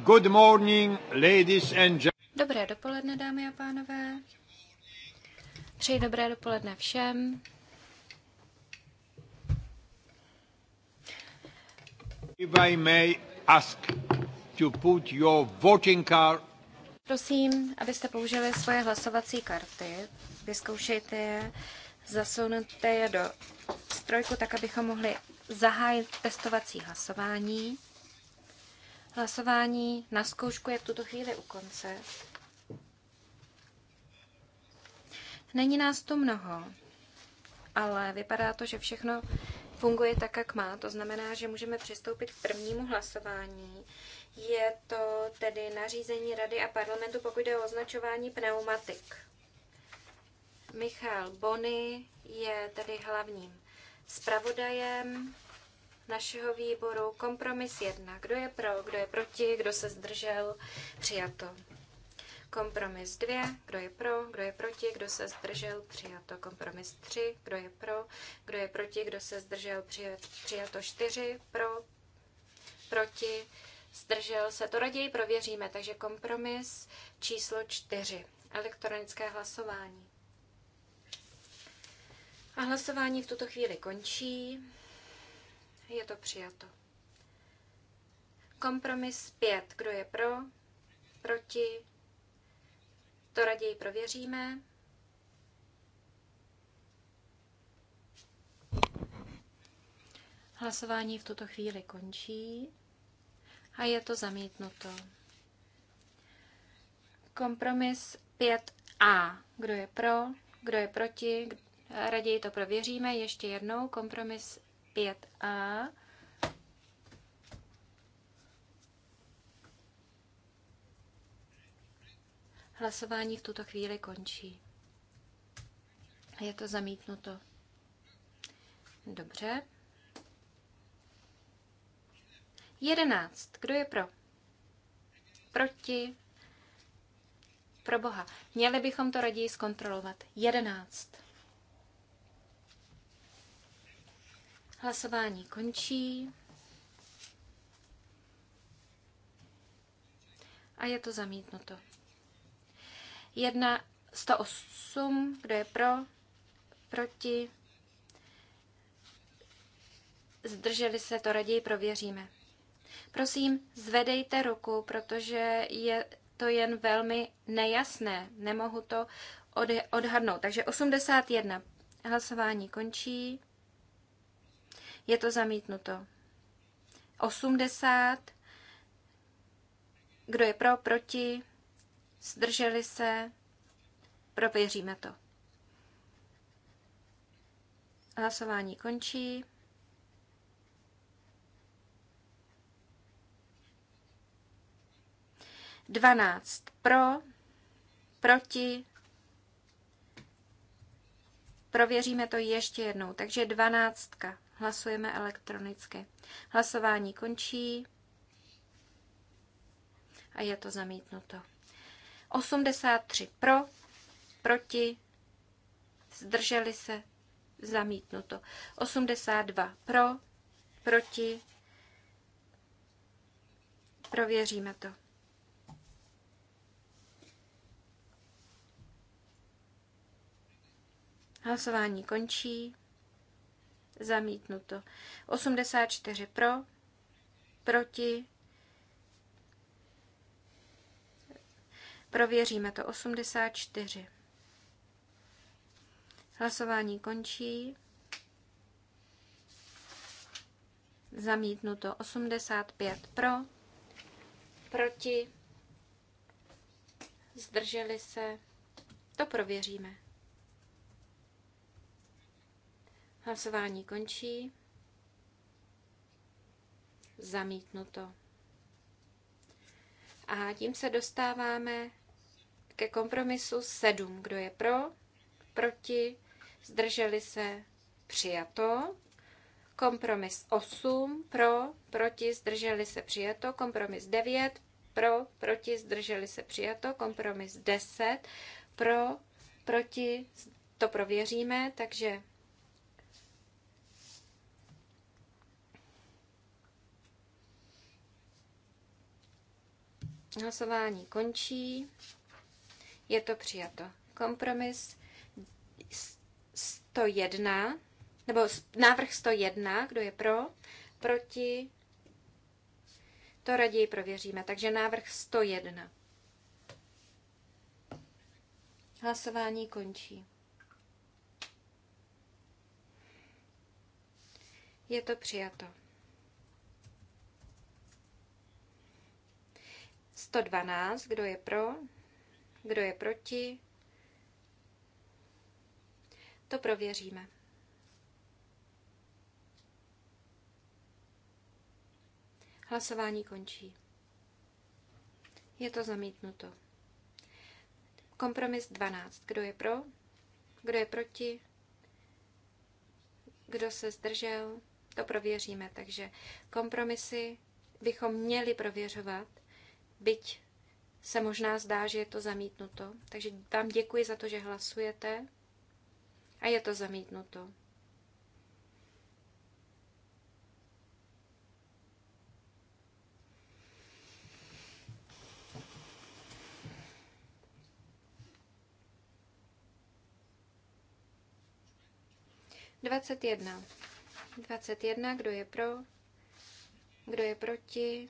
Good morning, ladies and Dobré dopoledne, dámy a pánové. Přeji dobré dopoledne všem. If I may ask to put your voting card. Prosím, abyste použili svoje hlasovací karty. Vyzkoušejte je, zasunete je do strojku, tak abychom mohli zahájit testovací hlasování. Hlasování na zkoušku je v tuto chvíli u konce. Není nás tu mnoho, ale vypadá to, že všechno funguje tak, jak má. To znamená, že můžeme přistoupit k prvnímu hlasování. Je to tedy nařízení Rady a parlamentu, pokud jde o označování pneumatik. Michal Bony je tedy hlavním zpravodajem našeho výboru. Kompromis 1. Kdo je pro, kdo je proti, kdo se zdržel, přijato. Kompromis 2. Kdo je pro, kdo je proti, kdo se zdržel, přijato. Kompromis 3. Kdo je pro, kdo je proti, kdo se zdržel, přijato. 4. Pro, proti, zdržel se. To raději prověříme, takže kompromis číslo 4. Elektronické hlasování. A hlasování v tuto chvíli končí je to přijato. Kompromis 5. Kdo je pro? Proti? To raději prověříme. Hlasování v tuto chvíli končí a je to zamítnuto. Kompromis 5a. Kdo je pro, kdo je proti, raději to prověříme ještě jednou. Kompromis 5a. Hlasování v tuto chvíli končí. Je to zamítnuto. Dobře. 11. Kdo je pro? Proti? Pro boha. Měli bychom to raději zkontrolovat. 11. Hlasování končí. A je to zamítnuto. 1, 108, kdo je pro, proti, zdrželi se, to raději prověříme. Prosím, zvedejte ruku, protože je to jen velmi nejasné, nemohu to odhadnout. Takže 81 hlasování končí je to zamítnuto. 80. Kdo je pro, proti? Zdrželi se? Prověříme to. Hlasování končí. Dvanáct pro, proti. Prověříme to ještě jednou. Takže dvanáctka. Hlasujeme elektronicky. Hlasování končí a je to zamítnuto. 83 pro, proti, zdrželi se, zamítnuto. 82 pro, proti, prověříme to. Hlasování končí zamítnuto. 84 pro, proti, prověříme to 84. Hlasování končí. Zamítnuto 85 pro, proti, zdrželi se, to prověříme. Hlasování končí. Zamítnuto. A tím se dostáváme ke kompromisu 7. Kdo je pro? Proti? Zdrželi se? Přijato. Kompromis 8. Pro? Proti? Zdrželi se? Přijato. Kompromis 9. Pro? Proti? Zdrželi se? Přijato. Kompromis 10. Pro? Proti? To prověříme, takže Hlasování končí. Je to přijato. Kompromis 101, nebo návrh 101, kdo je pro, proti, to raději prověříme. Takže návrh 101. Hlasování končí. Je to přijato. 112, kdo je pro, kdo je proti. To prověříme. Hlasování končí. Je to zamítnuto. Kompromis 12. Kdo je pro? Kdo je proti? Kdo se zdržel? To prověříme. Takže kompromisy bychom měli prověřovat byť se možná zdá, že je to zamítnuto. Takže vám děkuji za to, že hlasujete a je to zamítnuto. Dvacet jedna. Dvacet jedna, kdo je pro, kdo je proti,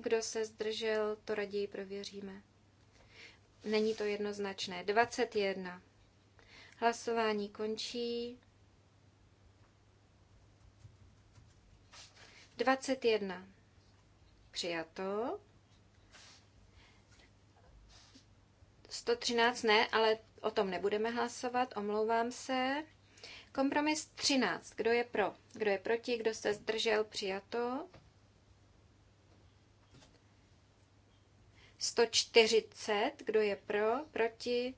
kdo se zdržel, to raději prověříme. Není to jednoznačné. 21. Hlasování končí. 21. Přijato. 113 ne, ale o tom nebudeme hlasovat, omlouvám se. Kompromis 13. Kdo je pro? Kdo je proti? Kdo se zdržel? Přijato. 140, kdo je pro, proti.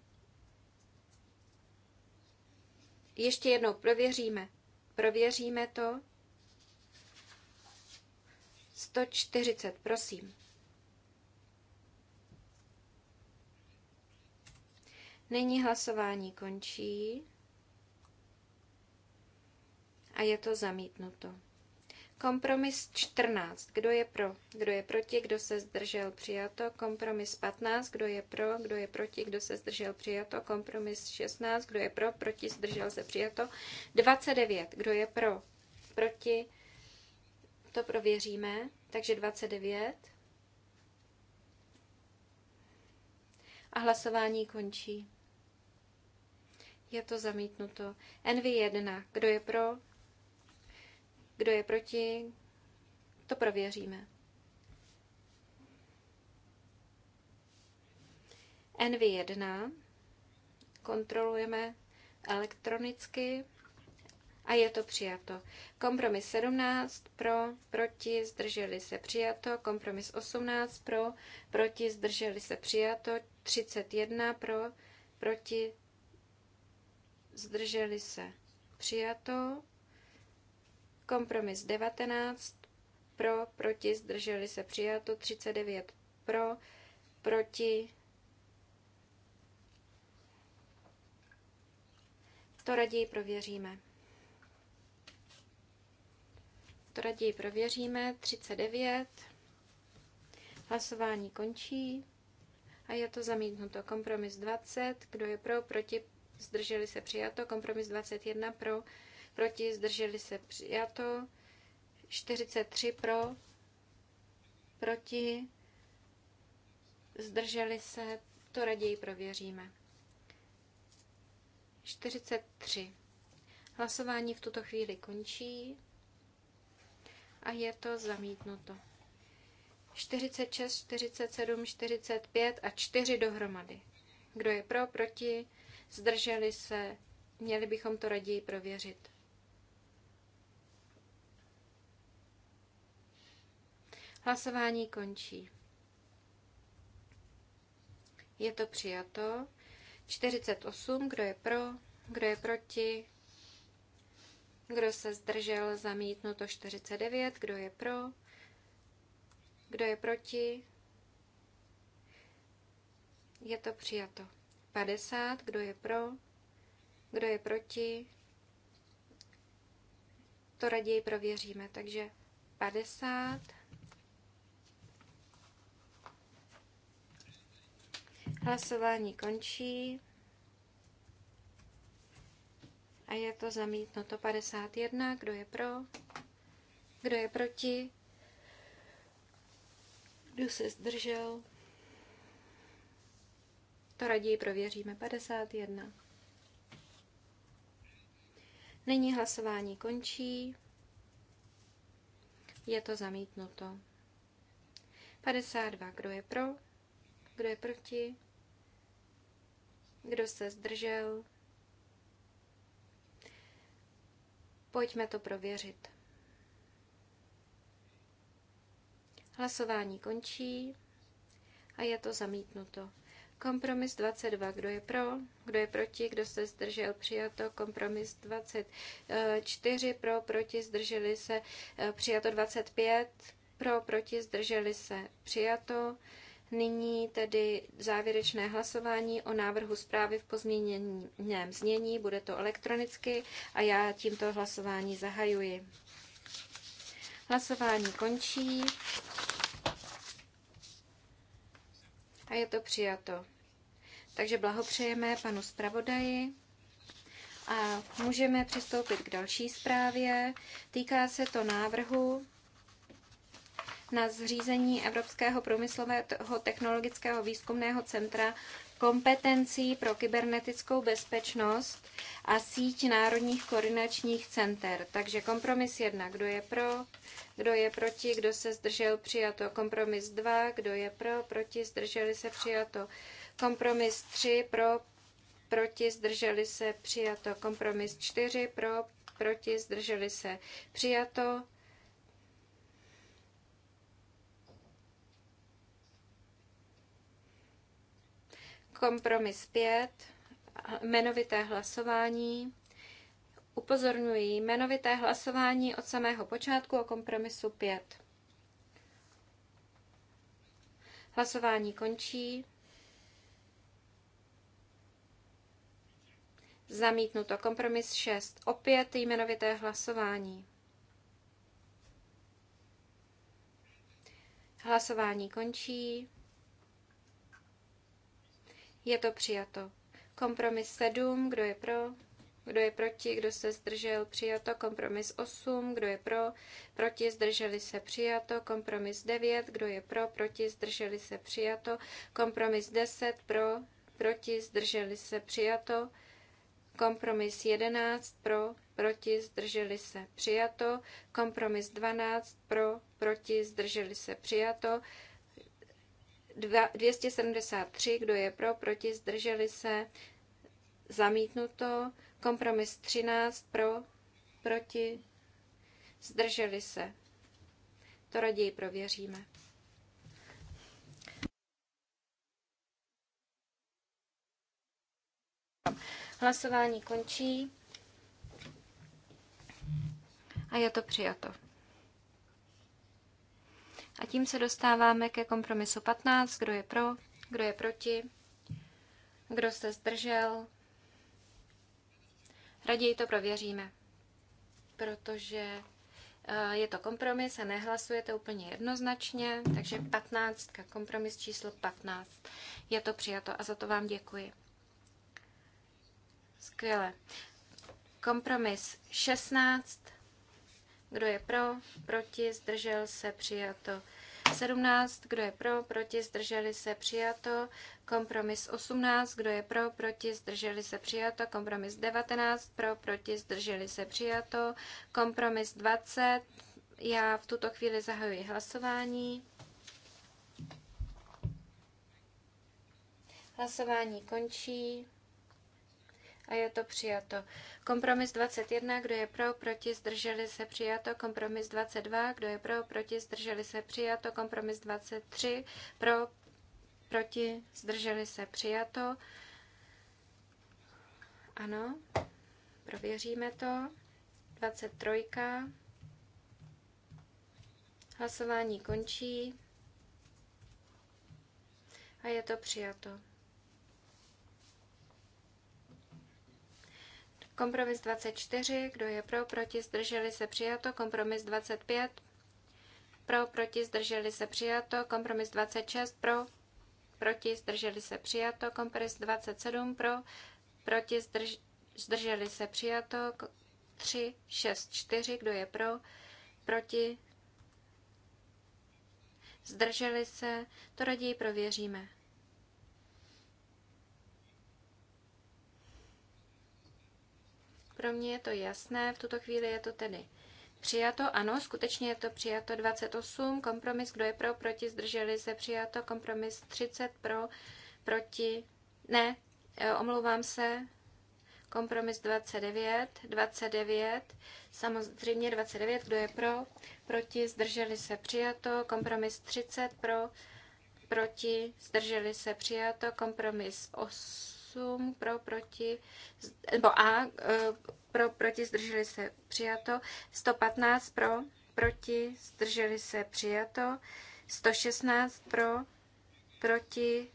Ještě jednou prověříme. Prověříme to. 140, prosím. Nyní hlasování končí a je to zamítnuto. Kompromis 14. Kdo je pro? Kdo je proti? Kdo se zdržel? Přijato. Kompromis 15. Kdo je pro? Kdo je proti? Kdo se zdržel? Přijato. Kompromis 16. Kdo je pro? Proti? Zdržel se? Přijato. 29. Kdo je pro? Proti? To prověříme. Takže 29. A hlasování končí. Je to zamítnuto. NV1. Kdo je pro? Kdo je proti? To prověříme. NV1 kontrolujeme elektronicky a je to přijato. Kompromis 17 pro, proti, zdrželi se přijato. Kompromis 18 pro, proti, zdrželi se přijato. 31 pro, proti, zdrželi se přijato. Kompromis 19 pro, proti, zdrželi se přijato, 39 pro, proti. To raději prověříme. To raději prověříme, 39. Hlasování končí a je to zamítnuto. Kompromis 20, kdo je pro, proti, zdrželi se přijato, kompromis 21 pro, proti, zdrželi se přijato, 43 pro, proti, zdrželi se, to raději prověříme. 43. Hlasování v tuto chvíli končí a je to zamítnuto. 46, 47, 45 a 4 dohromady. Kdo je pro, proti, zdrželi se, měli bychom to raději prověřit. Hlasování končí. Je to přijato. 48, kdo je pro, kdo je proti, kdo se zdržel, zamítnuto 49, kdo je pro, kdo je proti, je to přijato. 50, kdo je pro, kdo je proti, to raději prověříme. Takže 50, Hlasování končí. A je to zamítnuto 51. Kdo je pro? Kdo je proti? Kdo se zdržel? To raději prověříme. 51. Nyní hlasování končí. Je to zamítnuto. 52. Kdo je pro? Kdo je proti? Kdo se zdržel? Pojďme to prověřit. Hlasování končí a je to zamítnuto. Kompromis 22. Kdo je pro? Kdo je proti? Kdo se zdržel? Přijato. Kompromis 24. Pro, proti, zdrželi se. Přijato 25. Pro, proti, zdrželi se. Přijato. Nyní tedy závěrečné hlasování o návrhu zprávy v pozměněném znění. Bude to elektronicky a já tímto hlasování zahajuji. Hlasování končí a je to přijato. Takže blahopřejeme panu zpravodaji. A můžeme přistoupit k další zprávě. Týká se to návrhu na zřízení Evropského průmyslového technologického výzkumného centra kompetencí pro kybernetickou bezpečnost a síť národních koordinačních center. Takže kompromis 1, kdo je pro, kdo je proti, kdo se zdržel, přijato. Kompromis 2, kdo je pro, proti, zdrželi se, přijato. Kompromis 3, pro, proti, zdrželi se, přijato. Kompromis 4, pro, proti, zdrželi se, přijato. Kompromis 5, jmenovité hlasování. Upozorňuji, jmenovité hlasování od samého počátku o kompromisu 5. Hlasování končí. Zamítnuto. Kompromis 6. Opět jmenovité hlasování. Hlasování končí. Je to přijato. Kompromis 7, kdo je pro? Kdo je proti? Kdo se zdržel? Přijato. Kompromis 8. Kdo je pro? Proti? Zdrželi se? Přijato. Kompromis 9. Kdo je pro? Proti? Zdrželi se? Přijato. Kompromis 10. Pro? Proti? Zdrželi se? Přijato. Kompromis 11. Pro? Proti? Zdrželi se? Přijato. Kompromis 12. Pro? Proti? Zdrželi se? Přijato. 273, kdo je pro, proti, zdrželi se, zamítnuto. Kompromis 13, pro, proti, zdrželi se. To raději prověříme. Hlasování končí a je to přijato. A tím se dostáváme ke kompromisu 15. Kdo je pro? Kdo je proti? Kdo se zdržel? Raději to prověříme, protože eh, je to kompromis a nehlasujete úplně jednoznačně, takže 15, kompromis číslo 15. Je to přijato a za to vám děkuji. Skvěle. Kompromis 16. Kdo je pro? Proti? Zdržel se? Přijato. 17. Kdo je pro? Proti? Zdrželi se? Přijato. Kompromis 18. Kdo je pro? Proti? Zdrželi se? Přijato. Kompromis 19. Pro? Proti? Zdrželi se? Přijato. Kompromis 20. Já v tuto chvíli zahajuji hlasování. Hlasování končí a je to přijato. Kompromis 21, kdo je pro, proti, zdrželi se přijato. Kompromis 22, kdo je pro, proti, zdrželi se přijato. Kompromis 23, pro, proti, zdrželi se přijato. Ano, prověříme to. 23. Hlasování končí a je to přijato. Kompromis 24, kdo je pro, proti, zdrželi se přijato. Kompromis 25, pro, proti, zdrželi se přijato. Kompromis 26, pro, proti, zdrželi se přijato. Kompromis 27, pro, proti, zdrž, zdrželi se přijato. 3, 6, 4, kdo je pro, proti, zdrželi se, to raději prověříme. pro mě je to jasné, v tuto chvíli je to tedy přijato, ano, skutečně je to přijato 28, kompromis, kdo je pro, proti, zdrželi se, přijato, kompromis 30 pro, proti, ne, e, omlouvám se, kompromis 29, 29, samozřejmě 29, kdo je pro, proti, zdrželi se, přijato, kompromis 30 pro, proti, zdrželi se, přijato, kompromis 8, 8 pro proti, nebo A e, pro proti zdrželi se přijato, 115 pro proti zdrželi se přijato, 116 pro proti,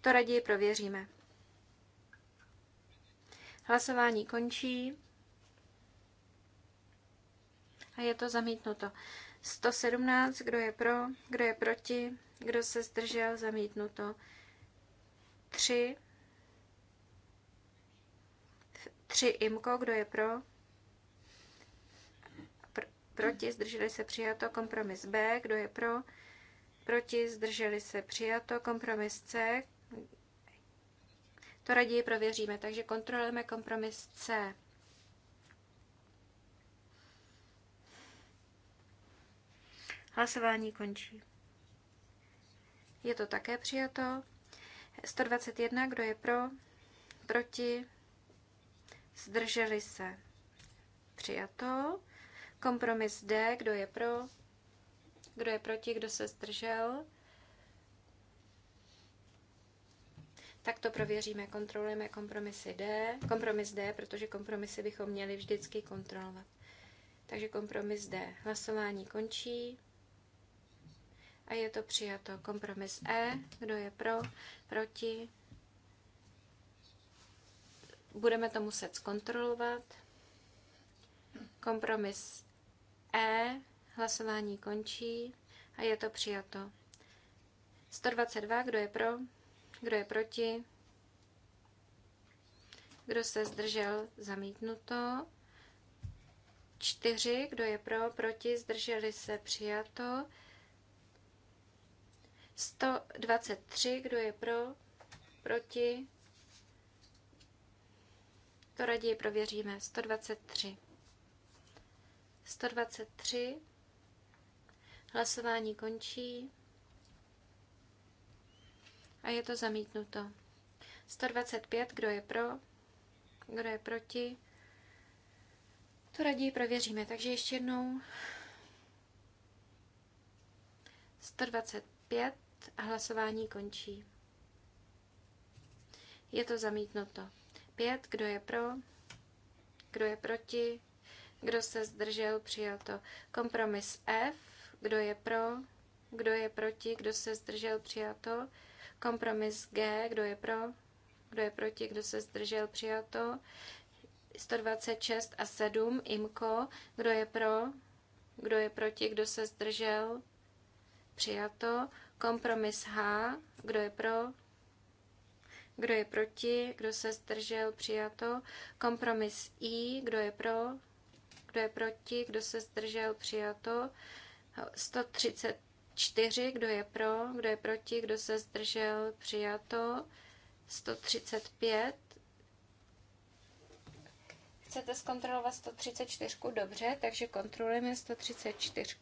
to raději prověříme. Hlasování končí a je to zamítnuto. 117, kdo je pro, kdo je proti, kdo se zdržel, zamítnuto. 3. 3 IMKO, kdo je pro? Pr- proti, zdrželi se přijato. Kompromis B, kdo je pro? Proti, zdrželi se přijato. Kompromis C, to raději prověříme, takže kontrolujeme kompromis C. Hlasování končí. Je to také přijato. 121, kdo je pro, proti, zdrželi se. Přijato. Kompromis D, kdo je pro, kdo je proti, kdo se zdržel. Tak to prověříme, kontrolujeme kompromisy D, kompromis D, protože kompromisy bychom měli vždycky kontrolovat. Takže kompromis D. Hlasování končí a je to přijato. Kompromis E, kdo je pro, proti. Budeme to muset zkontrolovat. Kompromis E, hlasování končí a je to přijato. 122, kdo je pro, kdo je proti, kdo se zdržel, zamítnuto. 4, kdo je pro, proti, zdrželi se, přijato. 123, kdo je pro, proti, to raději prověříme, 123. 123, hlasování končí a je to zamítnuto. 125, kdo je pro, kdo je proti, to raději prověříme. Takže ještě jednou 125, a hlasování končí. Je to zamítnuto. Pět, Kdo je pro? Kdo je proti? Kdo se zdržel? Přijato. Kompromis F. Kdo je pro? Kdo je proti? Kdo se zdržel? Přijato. Kompromis G. Kdo je pro? Kdo je proti? Kdo se zdržel? Přijato. 126 a 7. Imko. Kdo je pro? Kdo je proti? Kdo se zdržel? Přijato. Kompromis H. Kdo je pro? Kdo je proti? Kdo se zdržel? Přijato. Kompromis I. Kdo je pro? Kdo je proti? Kdo se zdržel? Přijato. 134. Kdo je pro? Kdo je proti? Kdo se zdržel? Přijato. 135. Chcete zkontrolovat 134? Dobře, takže kontrolujeme 134.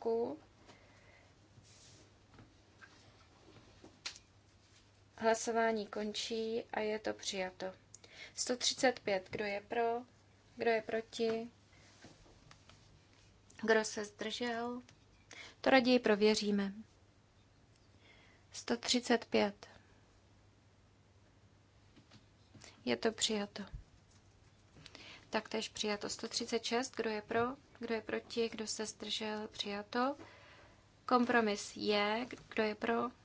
Hlasování končí a je to přijato. 135. Kdo je pro? Kdo je proti? Kdo se zdržel? To raději prověříme. 135. Je to přijato. Taktéž přijato 136. Kdo je pro? Kdo je proti? Kdo se zdržel? Přijato. Kompromis je. Kdo je pro?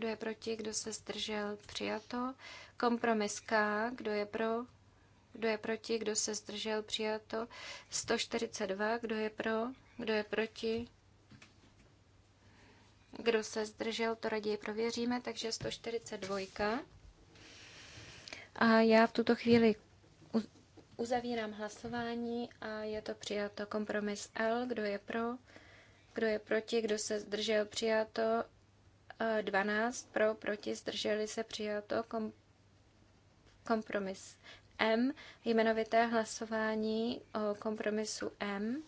kdo je proti, kdo se zdržel, přijato. Kompromis K, kdo je pro, kdo je proti, kdo se zdržel, přijato. 142, kdo je pro, kdo je proti, kdo se zdržel, to raději prověříme, takže 142. A já v tuto chvíli uzavírám hlasování a je to přijato kompromis L, kdo je pro, kdo je proti, kdo se zdržel, přijato 12 pro, proti, zdrželi se přijato kom, kompromis M, jmenovité hlasování o kompromisu M.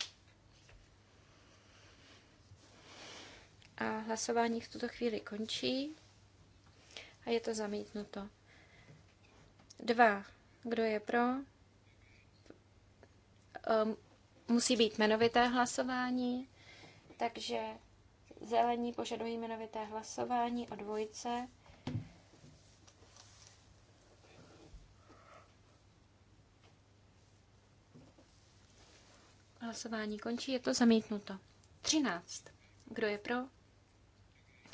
A hlasování v tuto chvíli končí a je to zamítnuto. 2. Kdo je pro? Ehm, musí být jmenovité hlasování, takže Zelení požadují jmenovité hlasování o dvojce. Hlasování končí, je to zamítnuto. 13. Kdo je pro?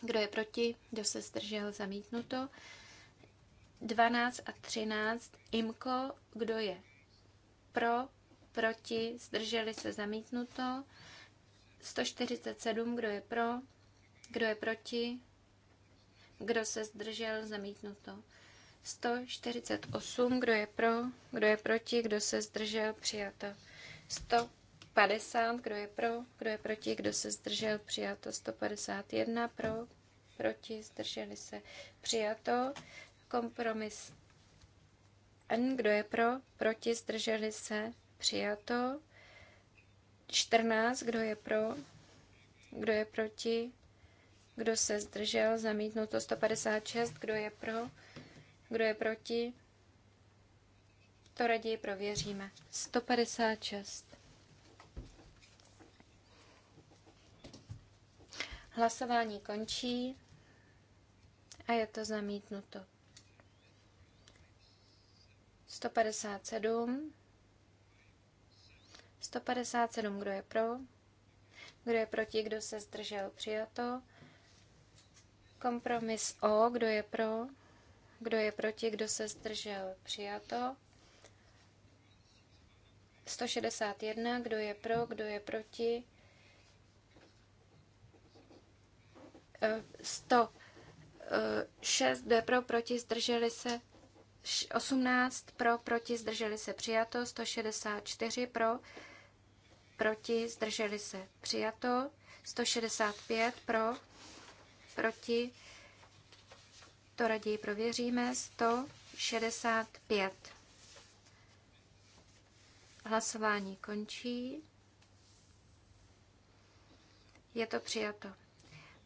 Kdo je proti? Kdo se zdržel? Zamítnuto. 12 a 13. Imko, kdo je pro? Proti? Zdrželi se? Zamítnuto. 147, kdo je pro, kdo je proti, kdo se zdržel, zamítnuto. 148, kdo je pro, kdo je proti, kdo se zdržel, přijato. 150, kdo je pro, kdo je proti, kdo se zdržel, přijato. 151, pro, proti, zdrželi se, přijato. Kompromis N, kdo je pro, proti, zdrželi se, přijato. 14, kdo je pro, kdo je proti, kdo se zdržel, zamítnuto 156, kdo je pro, kdo je proti, to raději prověříme. 156. Hlasování končí a je to zamítnuto. 157 157, kdo je pro, kdo je proti, kdo se zdržel, přijato. Kompromis O, kdo je pro, kdo je proti, kdo se zdržel, přijato. 161, kdo je pro, kdo je proti. 106, eh, eh, kdo je pro, proti, zdrželi se. 18 pro, proti, zdrželi se přijato, 164 pro, proti, zdrželi se, přijato. 165 pro, proti, to raději prověříme, 165. Hlasování končí. Je to přijato.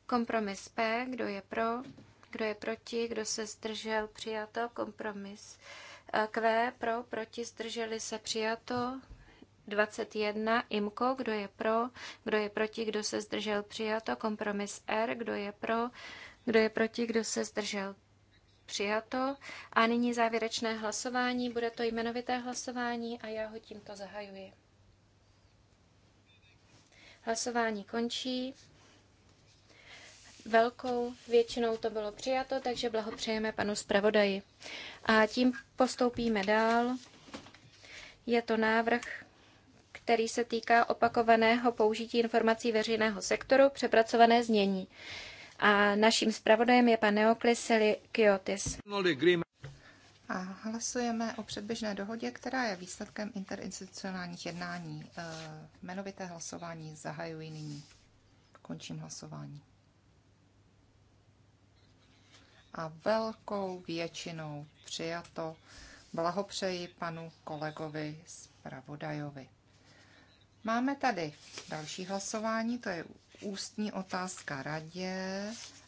Kompromis P, kdo je pro, kdo je proti, kdo se zdržel, přijato. Kompromis eh, Q, pro, proti, zdrželi se, přijato. 21 IMKO, kdo je pro, kdo je proti, kdo se zdržel přijato, kompromis R, kdo je pro, kdo je proti, kdo se zdržel přijato. A nyní závěrečné hlasování, bude to jmenovité hlasování a já ho tímto zahajuji. Hlasování končí. Velkou většinou to bylo přijato, takže blahopřejeme panu zpravodaji. A tím postoupíme dál. Je to návrh který se týká opakovaného použití informací veřejného sektoru, přepracované znění. A naším zpravodajem je pan Neoklis Kiotis. A hlasujeme o předběžné dohodě, která je výsledkem interinstitucionálních jednání. E, jmenovité hlasování zahajuji nyní. Končím hlasování. A velkou většinou přijato. Blahopřeji panu kolegovi zpravodajovi. Máme tady další hlasování, to je ústní otázka radě.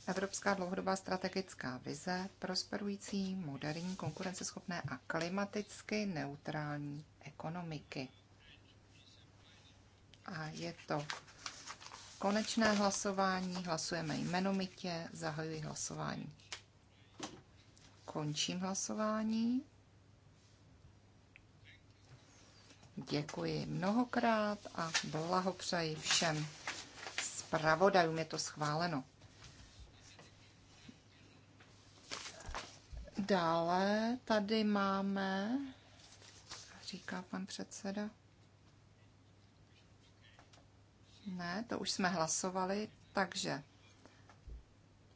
Evropská dlouhodobá strategická vize, prosperující, moderní, konkurenceschopné a klimaticky neutrální ekonomiky. A je to konečné hlasování, hlasujeme jmenomitě, zahajuji hlasování. Končím hlasování. Děkuji mnohokrát a blahopřeji všem zpravodajům. Je to schváleno. Dále tady máme, říká pan předseda. Ne, to už jsme hlasovali, takže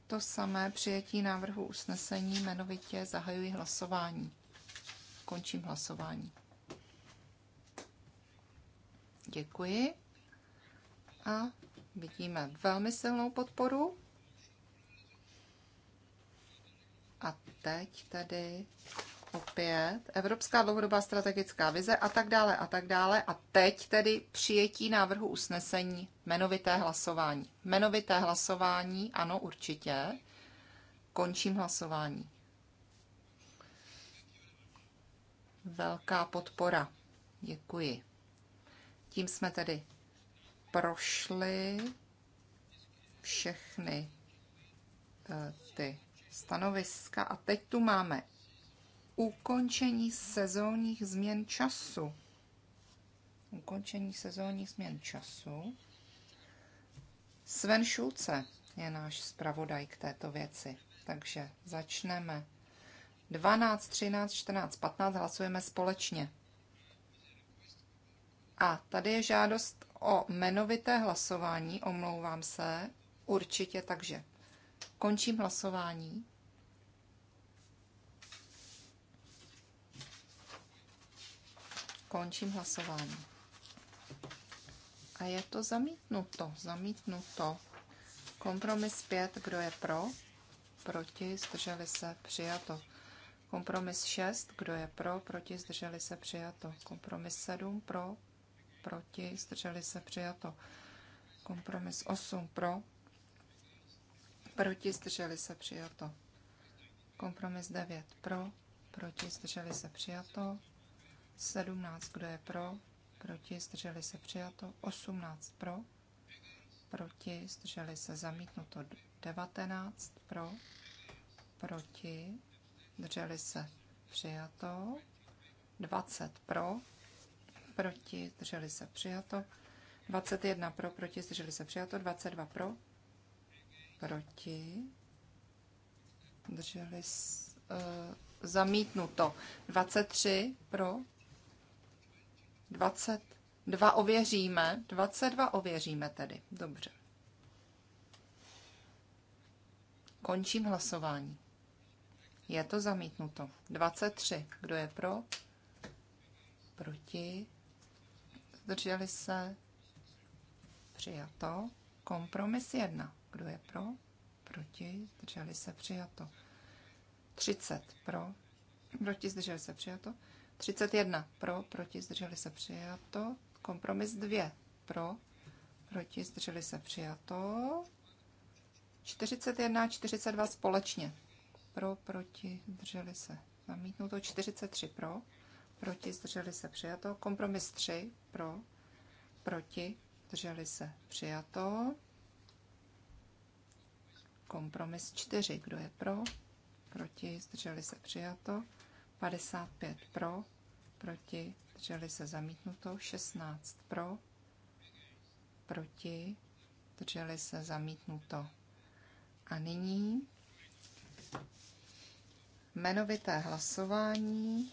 to samé přijetí návrhu usnesení jmenovitě zahajuji hlasování. Končím hlasování. Děkuji. A vidíme velmi silnou podporu. A teď tady opět Evropská dlouhodobá strategická vize a tak dále a tak dále. A teď tedy přijetí návrhu usnesení, jmenovité hlasování. Jmenovité hlasování, ano, určitě. Končím hlasování. Velká podpora. Děkuji. Tím jsme tedy prošli všechny eh, ty stanoviska a teď tu máme ukončení sezónních změn času. Ukončení sezónních změn času. Sven Šulce je náš zpravodaj k této věci. Takže začneme. 12, 13, 14, 15 hlasujeme společně. A tady je žádost o jmenovité hlasování, omlouvám se, určitě, takže končím hlasování. Končím hlasování. A je to zamítnuto, zamítnuto. Kompromis 5, kdo je pro? Proti, zdrželi se, přijato. Kompromis 6, kdo je pro? Proti, zdrželi se, přijato. Kompromis 7, pro? proti, zdrželi se přijato. Kompromis 8 pro, proti, zdrželi se přijato. Kompromis 9 pro, proti, zdrželi se přijato. 17, kdo je pro, proti, zdrželi se přijato. 18 pro, proti, zdrželi se zamítnuto. 19 pro, proti, zdrželi se přijato. 20 pro, proti, zdrželi se přijato. 21 pro, proti, zdrželi se přijato. 22 pro, proti, zdrželi se, uh, zamítnuto. 23 pro, 22 ověříme, 22 ověříme tedy, dobře. Končím hlasování. Je to zamítnuto. 23. Kdo je pro? Proti? zdrželi se, přijato. Kompromis jedna. kdo je pro, proti, zdrželi se, přijato. 30 pro, proti, zdrželi se, přijato. 31 pro, proti, zdrželi se, přijato. Kompromis 2 pro, proti, zdrželi se, přijato. 41 a 42 společně. Pro, proti, zdrželi se. Zamítnuto 43 pro, proti, zdrželi se přijato. Kompromis 3 pro, proti, zdrželi se přijato. Kompromis 4, kdo je pro, proti, zdrželi se přijato. 55 pro, proti, zdrželi se zamítnuto. 16 pro, proti, zdrželi se zamítnuto. A nyní jmenovité hlasování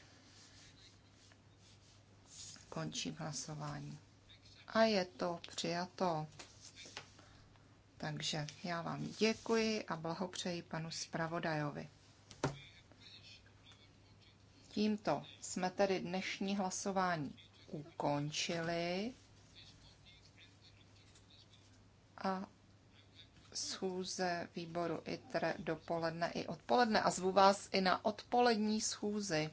Končím hlasování. A je to přijato. Takže já vám děkuji a blahopřeji panu zpravodajovi. Tímto jsme tedy dnešní hlasování ukončili a schůze výboru ITRE dopoledne i odpoledne a zvu vás i na odpolední schůzi.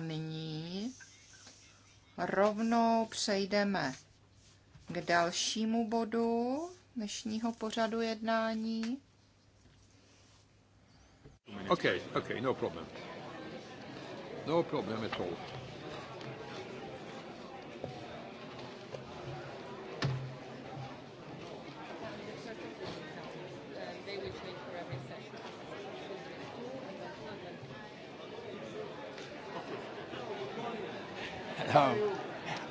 nyní rovnou přejdeme k dalšímu bodu dnešního pořadu jednání. Okay, okay, no problem. No problem at all.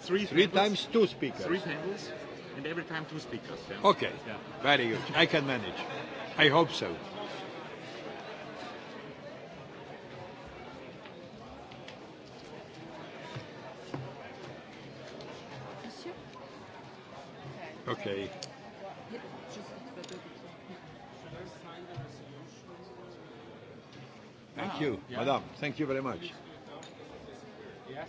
three, three times two speakers. Three tables, and every time two speakers. Yeah. Okay, yeah. very good. I can manage. I hope so. Okay. Thank ah, you, yeah. madame. Thank you very much. Yes,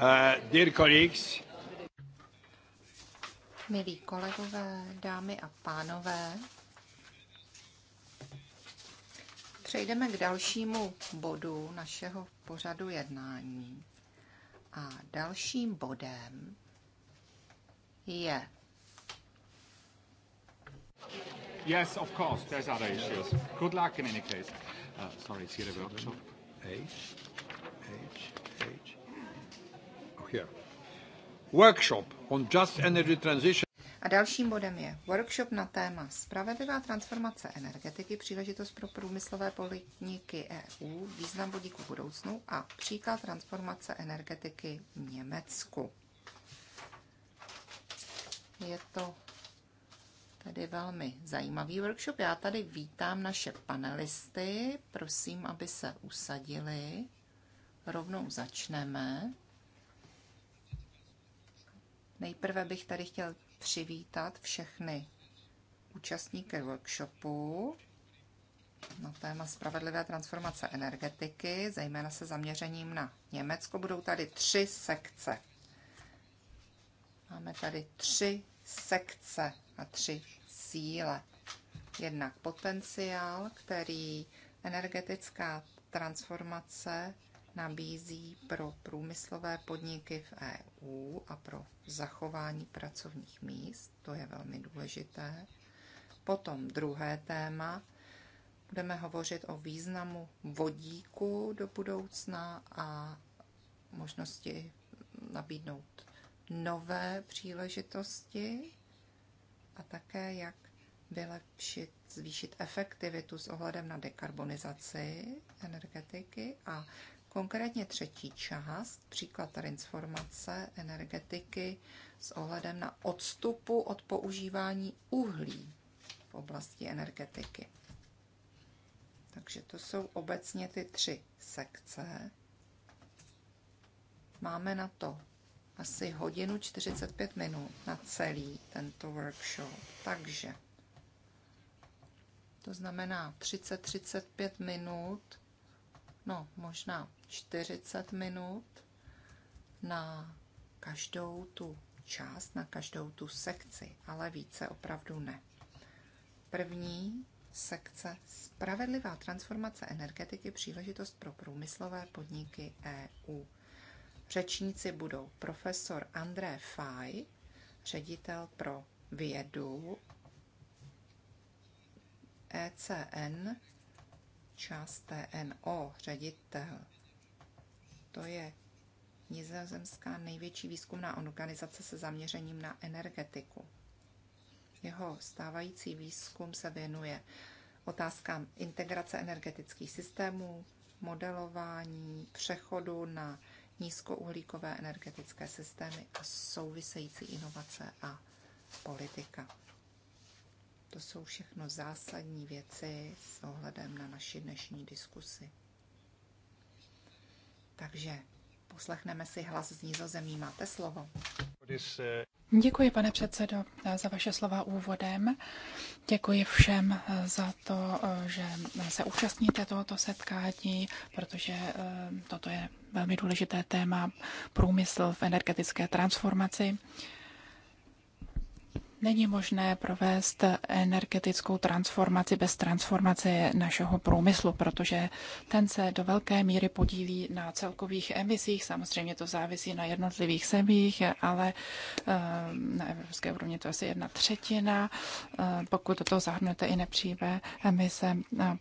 Uh, dear colleagues. Milí kolegové, dámy a pánové, přejdeme k dalšímu bodu našeho pořadu jednání. A dalším bodem je. Yes, of course, there's other issues. Good luck in any case. Uh, sorry, it's here a workshop. H, H here. Workshop on just energy transition. A dalším bodem je workshop na téma Spravedlivá transformace energetiky, příležitost pro průmyslové politiky EU, význam vodíku budoucnu a příklad transformace energetiky v Německu. Je to tady velmi zajímavý workshop. Já tady vítám naše panelisty. Prosím, aby se usadili. Rovnou začneme. Nejprve bych tady chtěl přivítat všechny účastníky workshopu na téma spravedlivé transformace energetiky, zejména se zaměřením na Německo. Budou tady tři sekce. Máme tady tři sekce a tři síle. Jednak potenciál, který energetická transformace nabízí pro průmyslové podniky v EU a pro zachování pracovních míst, to je velmi důležité. Potom druhé téma, budeme hovořit o významu vodíku do budoucna a možnosti nabídnout nové příležitosti a také jak vylepšit, zvýšit efektivitu s ohledem na dekarbonizaci energetiky a Konkrétně třetí část, příklad transformace energetiky s ohledem na odstupu od používání uhlí v oblasti energetiky. Takže to jsou obecně ty tři sekce. Máme na to asi hodinu 45 minut na celý tento workshop. Takže to znamená 30-35 minut no možná 40 minut na každou tu část, na každou tu sekci, ale více opravdu ne. První sekce Spravedlivá transformace energetiky příležitost pro průmyslové podniky EU. Řečníci budou profesor André Faj, ředitel pro vědu ECN část TNO, ředitel. To je nizozemská největší výzkumná organizace se zaměřením na energetiku. Jeho stávající výzkum se věnuje otázkám integrace energetických systémů, modelování, přechodu na nízkouhlíkové energetické systémy a související inovace a politika. To jsou všechno zásadní věci s ohledem na naši dnešní diskusi. Takže poslechneme si hlas z Nízozemí. Máte slovo. Děkuji, pane předsedo, za vaše slova úvodem. Děkuji všem za to, že se účastníte tohoto setkání, protože eh, toto je velmi důležité téma průmysl v energetické transformaci. Není možné provést energetickou transformaci bez transformace našeho průmyslu, protože ten se do velké míry podílí na celkových emisích. Samozřejmě to závisí na jednotlivých zemích, ale eh, na evropské úrovni to asi jedna třetina. Eh, pokud to zahrnete i nepřívé emise,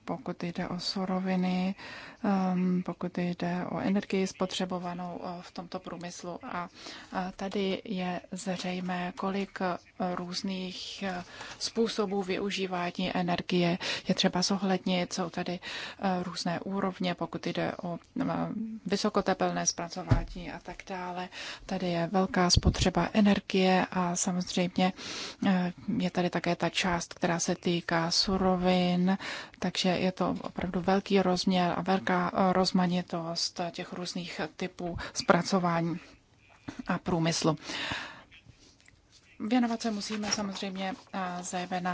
pokud jde o suroviny, Ehm, pokud jde o energii spotřebovanou eh, v tomto průmyslu. A tady je zřejmé, kolik eh, různých eh, způsobů využívání energie je třeba zohlednit. Jsou tady různé úrovně, pokud jde o vysokotepelné zpracování a tak dále. Tady je velká spotřeba energie a samozřejmě je tady také ta část, která se týká surovin, takže je to opravdu velký rozměr a velká velká rozmanitost těch různých typů zpracování a průmyslu. Věnovat se musíme samozřejmě zejména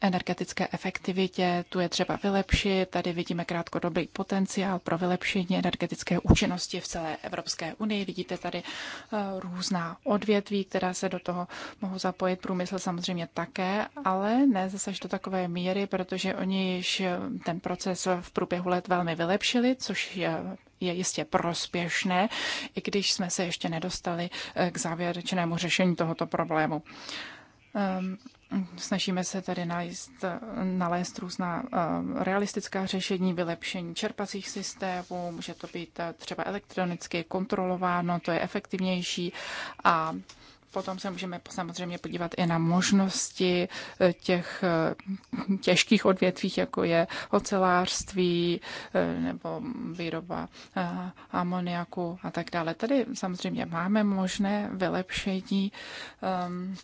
energetické efektivitě, tu je třeba vylepšit. Tady vidíme krátkodobý potenciál pro vylepšení energetické účinnosti v celé Evropské unii. Vidíte tady eh, různá odvětví, která se do toho mohou zapojit. Průmysl samozřejmě také, ale ne zase do takové míry, protože oni již eh, ten proces v průběhu let velmi vylepšili, což je je jistě prospěšné, i když jsme se ještě nedostali eh, k závěrečnému řešení tohoto problému. Ehm, Snažíme se tedy najít, nalézt různá eh, realistická řešení, vylepšení čerpacích systémů, může to být eh, třeba elektronicky kontrolováno, to je efektivnější a Potom se můžeme samozřejmě podívat i na možnosti eh, těch těžkých odvětví, jako je ocelářství nebo výroba amoniaku a tak dále. Tady samozřejmě máme možné vylepšení. Um,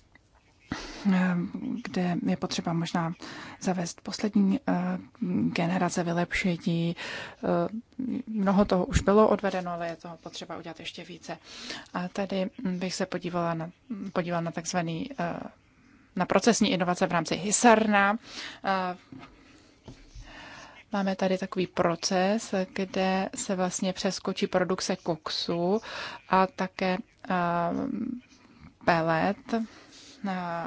Eh, kde je potřeba možná zavést poslední eh, generace vylepšení. Eh, mnoho toho už bylo odvedeno, ale je toho potřeba udělat ještě více. A tady bych se podívala na, podívala na takzvaný na procesní inovace v rámci HISARNA. Máme tady takový proces, kde se vlastně přeskočí produkce koksu a také pelet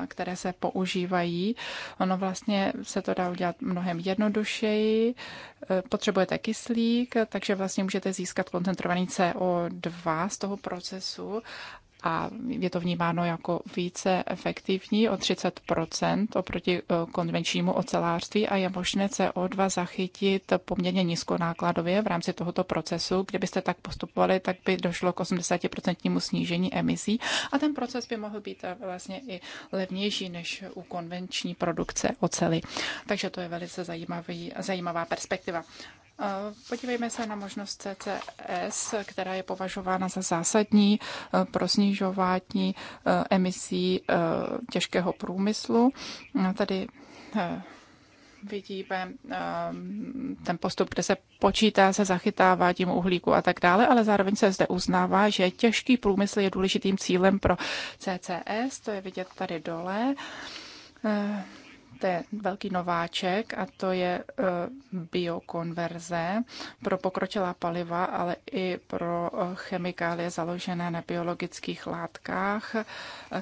které se používají. Ono vlastně se to dá udělat mnohem jednodušeji. E, potřebujete kyslík, takže vlastně můžete získat koncentrovaný CO2 z toho procesu a je to vnímáno jako více efektivní o 30 oproti e, konvenčnímu ocelářství a je možné CO2 zachytit poměrně nízkonákladově v rámci tohoto procesu. Kdybyste tak postupovali, tak by došlo k 80 snížení emisí a ten proces by mohl být e, vlastně i levnější než u konvenční produkce oceli. Takže to je velice zajímavý, zajímavá perspektiva. Podívejme se na možnost CCS, která je považována za zásadní e, pro snižování e, emisí e, těžkého průmyslu. Tady vidíme ten postup, kde se počítá se zachytáváním uhlíku a tak dále, ale zároveň se zde uznává, že těžký průmysl je důležitým cílem pro CCS, to je vidět tady dole to je velký nováček a to je e, biokonverze pro pokročilá paliva, ale i pro e, chemikálie založené na biologických látkách, e,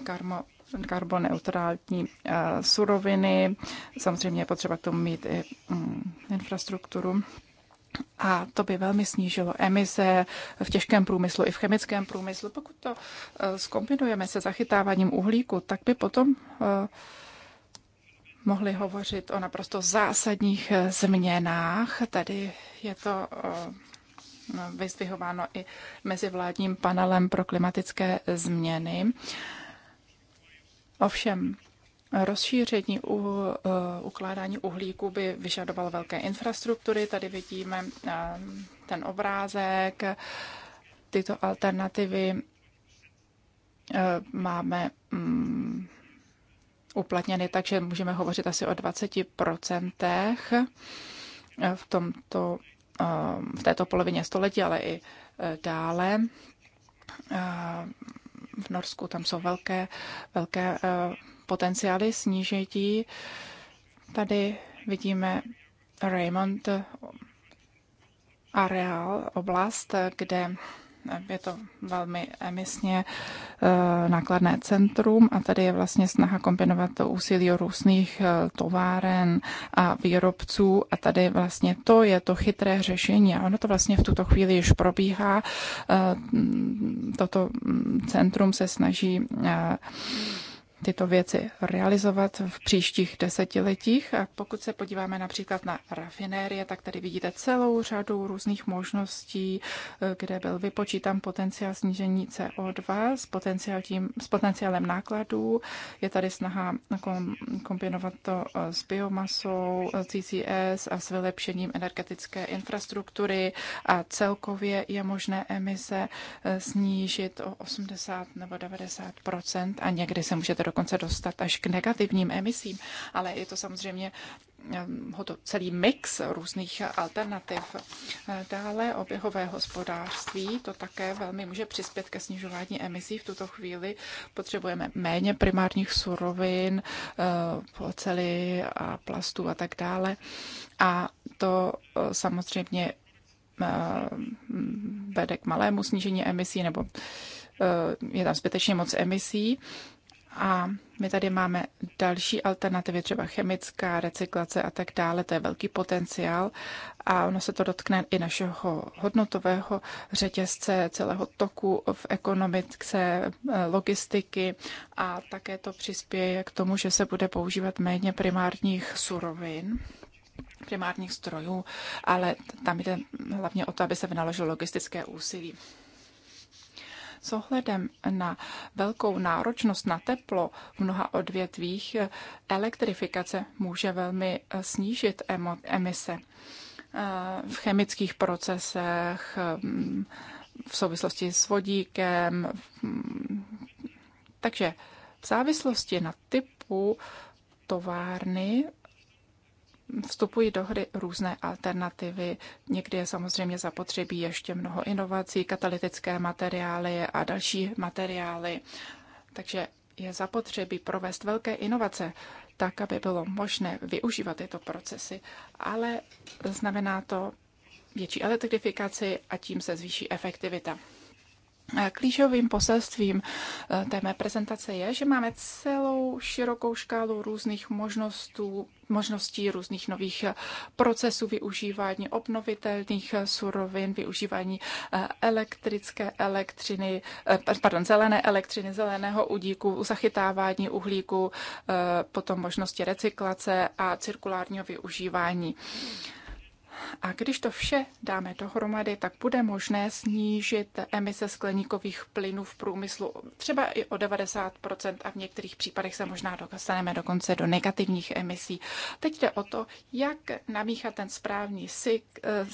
karmo, karboneutrální suroviny. Samozřejmě je potřeba k tomu mít i mm, infrastrukturu. A to by velmi snížilo emise v těžkém průmyslu i v chemickém průmyslu. Pokud to skombinujeme se zachytáváním uhlíku, tak by potom mohli hovořit o naprosto zásadních eh, změnách. Tady je to eh, vyzdvihováno i mezivládním panelem pro klimatické změny. Ovšem, rozšíření u, eh, ukládání uhlíku by vyžadoval velké infrastruktury. Tady vidíme ten obrázek. Tyto alternativy máme mm, uplatněny, takže můžeme hovořit asi o 20% v, tomto, um, v této polovině století, ale i eh, dále. Eh, v Norsku tam jsou velké, velké eh, potenciály snížení. Tady vidíme Raymond areál, oblast, kde je to velmi emisně eh, nákladné centrum a tady je vlastně snaha kombinovat to úsilí různých eh, továren a výrobců a tady vlastně to je to chytré řešení a ono to vlastně v tuto chvíli již probíhá. Eh, toto mm, centrum se snaží tyto věci realizovat v příštích desetiletích. A pokud se podíváme například na rafinérie, tak tady vidíte celou řadu různých možností, eh, kde byl vypočítán potenciál snížení CO2 s, potenciál tím, s potenciálem nákladů. Je tady snaha kombinovat to eh, s biomasou, eh, CCS a s vylepšením energetické infrastruktury a celkově je možné emise snížit o 80 nebo 90 a někdy se můžete dokonce dostat až k negativním emisím, ale je to samozřejmě ehm, celý mix různých alternativ. Eh, dále oběhové hospodářství, to také velmi může přispět ke snižování emisí. V tuto chvíli potřebujeme méně primárních surovin, eh, oceli a plastů a tak dále. A to eh, samozřejmě vede k malému snížení emisí nebo je tam zbytečně moc emisí a my tady máme další alternativy, třeba chemická recyklace a tak dále, to je velký potenciál a ono se to dotkne i našeho hodnotového řetězce, celého toku v ekonomice, logistiky a také to přispěje k tomu, že se bude používat méně primárních surovin primárních strojů, ale tam jde hlavně o to, aby se vynaložilo logistické úsilí. S ohledem na velkou náročnost na teplo v mnoha odvětvích elektrifikace může velmi eh, snížit emise eh, v chemických procesech, mm, v souvislosti s vodíkem. Mm. Takže v závislosti na typu továrny vstupují do hry různé alternativy. Někdy je samozřejmě zapotřebí ještě mnoho inovací, katalytické materiály a další materiály. Takže je zapotřebí provést velké inovace, tak, aby bylo možné využívat tyto procesy, ale znamená to větší elektrifikaci a tím se zvýší efektivita. Eh, Klíčovým poselstvím eh, té mé prezentace je, že máme celou širokou škálu různých možností, možností, různých nových eh, procesů využívání obnovitelných surovin, využívání elektrické elektřiny, pardon, zelené elektřiny, zeleného udíku, zachytávání uhlíku, potom možnosti recyklace a cirkulárního využívání. Hmm. A když to vše dáme dohromady, tak bude možné snížit emise skleníkových plynů v průmyslu třeba i o 90 a v některých případech se možná dostaneme dokonce do negativních emisí. Teď jde o to, jak namíchat ten správný eh,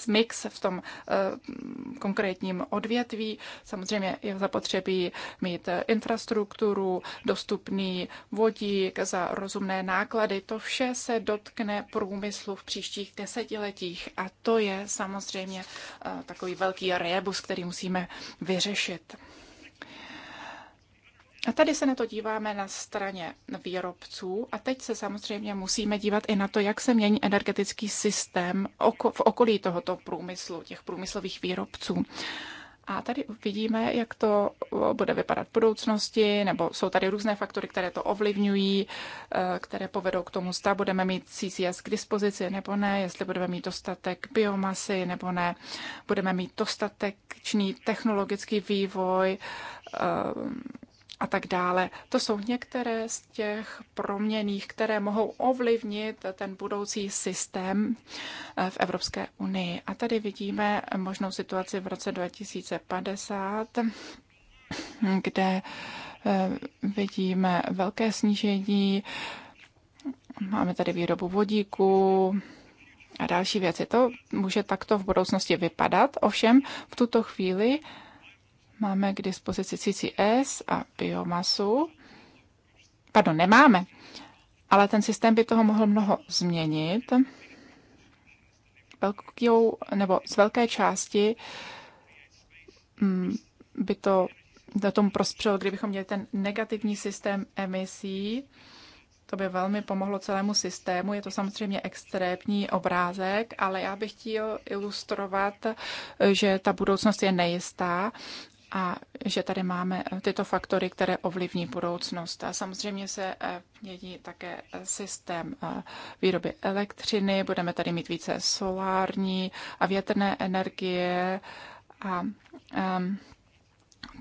mix v tom eh, konkrétním odvětví. Samozřejmě je zapotřebí mít infrastrukturu, dostupný vodík za rozumné náklady. To vše se dotkne průmyslu v příštích desetiletích. A to je samozřejmě eh, takový velký rebus, který musíme vyřešit. A tady se na to díváme na straně výrobců a teď se samozřejmě musíme dívat i na to, jak se mění energetický systém v okolí tohoto průmyslu, těch průmyslových výrobců. A tady vidíme, jak to bude vypadat v budoucnosti, nebo jsou tady různé faktory, které to ovlivňují, e, které povedou k tomu, zda budeme mít CCS k dispozici nebo ne, jestli budeme mít dostatek biomasy nebo ne, budeme mít dostatečný technologický vývoj, e, a tak dále. To jsou některé z těch proměných, které mohou ovlivnit ten budoucí systém eh, v Evropské unii. A tady vidíme možnou situaci v roce 2050, kde eh, vidíme velké snížení. Máme tady výrobu vodíku, a další věci. To může takto v budoucnosti vypadat, ovšem v tuto chvíli Máme k dispozici CCS a biomasu. Pardon, nemáme, ale ten systém by toho mohl mnoho změnit. Velkou, nebo z velké části mm, by to na tom prospřelo, kdybychom měli ten negativní systém emisí. To by velmi pomohlo celému systému. Je to samozřejmě extrémní obrázek, ale já bych chtěl ilustrovat, že ta budoucnost je nejistá a že tady máme eh, tyto faktory, které ovlivní budoucnost. A samozřejmě se eh, mění také eh, systém výroby elektřiny, budeme tady mít více solární a větrné energie a ehm,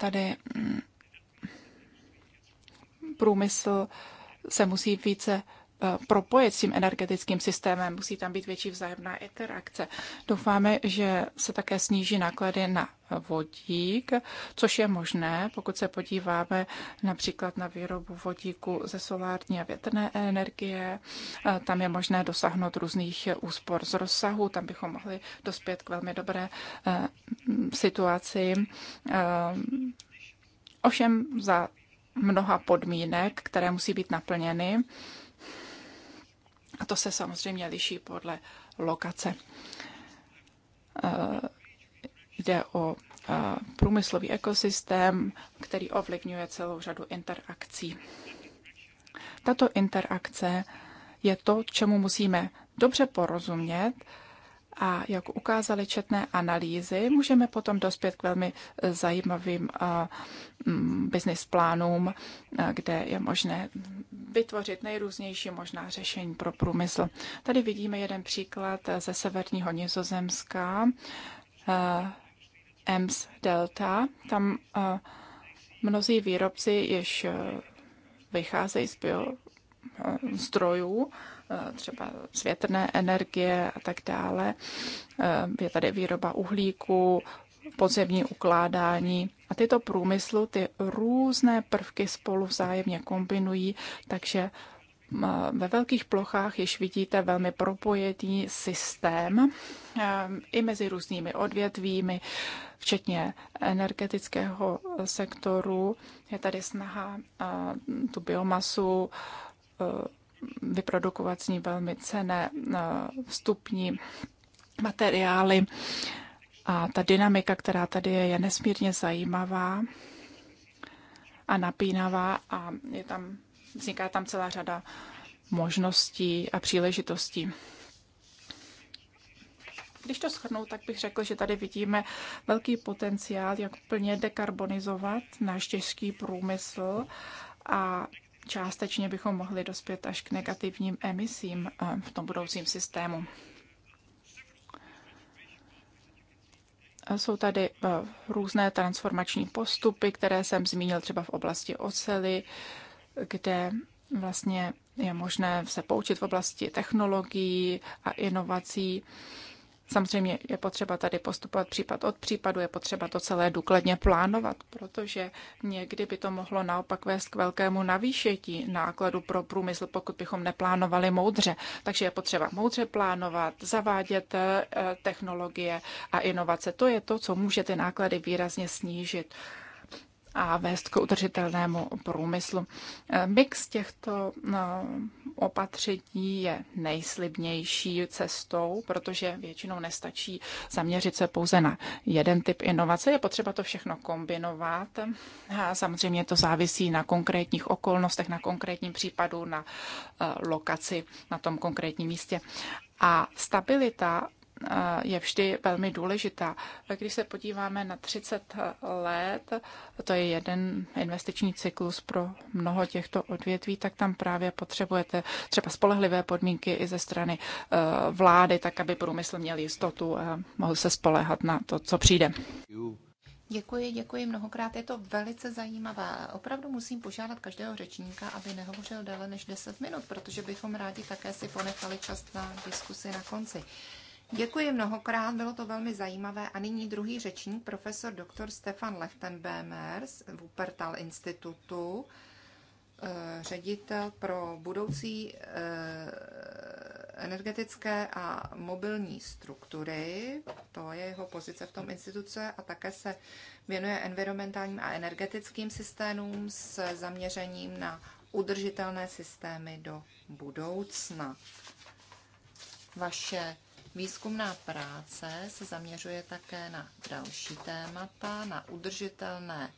tady mm, průmysl se musí více Eh, propojit s tím energetickým systémem. Musí tam být větší vzájemná interakce. Doufáme, že se také sníží náklady na vodík, což je možné, pokud se podíváme například na výrobu vodíku ze solární a větrné energie. Eh, tam je možné dosáhnout různých úspor z rozsahu, tam bychom mohli dospět k velmi dobré eh, situaci. Ovšem za mnoha podmínek, které musí být naplněny. A to se samozřejmě liší podle lokace. Eh, jde o eh, průmyslový ekosystém, který ovlivňuje celou řadu interakcí. Tato interakce je to, čemu musíme dobře porozumět, a jak ukázaly četné analýzy, můžeme potom dospět k velmi zajímavým mm, business plánům, kde je možné vytvořit nejrůznější možná řešení pro průmysl. Tady vidíme jeden příklad ze severního Nizozemska, EMS Delta. Tam mnozí výrobci již vycházejí z bio zdrojů třeba z větrné energie a tak dále. Eh, je tady výroba uhlíku, podzemní ukládání. A tyto průmyslu, ty různé prvky spolu vzájemně kombinují, takže eh, ve velkých plochách již vidíte velmi propojený systém eh, i mezi různými odvětvími, včetně energetického sektoru. Je tady snaha tu biomasu vyprodukovat z ní velmi cené eh, vstupní materiály. A ta dynamika, která tady je, je nesmírně zajímavá a napínavá a je tam, vzniká tam celá řada možností a příležitostí. Když to shrnu, tak bych řekl, že tady vidíme velký potenciál, jak plně dekarbonizovat náš těžký průmysl a částečně bychom mohli dospět až k negativním emisím eh, v tom budoucím systému. Jsou tady eh, různé transformační postupy, které jsem zmínil třeba v oblasti ocely, kde vlastně je možné se poučit v oblasti technologií a inovací Samozřejmě je potřeba tady postupovat případ od případu, je potřeba to celé důkladně plánovat, protože někdy by to mohlo naopak vést k velkému navýšení nákladu pro průmysl, pokud bychom neplánovali moudře. Takže je potřeba moudře plánovat, zavádět eh, technologie a inovace. To je to, co může ty náklady výrazně snížit a vést k udržitelnému průmyslu. Eh, mix těchto no, opatření je nejslibnější cestou, protože většinou nestačí zaměřit se pouze na jeden typ inovace. Je potřeba to všechno kombinovat. A samozřejmě to závisí na konkrétních okolnostech, na konkrétním případu, na eh, lokaci, na tom konkrétním místě. A stabilita je vždy velmi důležitá. Když se podíváme na 30 let, to je jeden investiční cyklus pro mnoho těchto odvětví, tak tam právě potřebujete třeba spolehlivé podmínky i ze strany e, vlády, tak aby průmysl měl jistotu a mohl se spolehat na to, co přijde. Děkuji, děkuji mnohokrát. Je to velice zajímavé. Opravdu musím požádat každého řečníka, aby nehovořil déle než 10 minut, protože bychom rádi také si ponechali čas na diskusi na konci. Děkuji mnohokrát, bylo to velmi zajímavé. A nyní druhý řečník, profesor dr. Stefan Lechtenbémer z Wuppertal institutu, eh, ředitel pro budoucí eh, energetické a mobilní struktury, to je jeho pozice v tom instituce a také se věnuje environmentálním a energetickým systémům s zaměřením na udržitelné systémy do budoucna. Vaše Výzkumná práce se zaměřuje také na další témata, na udržitelné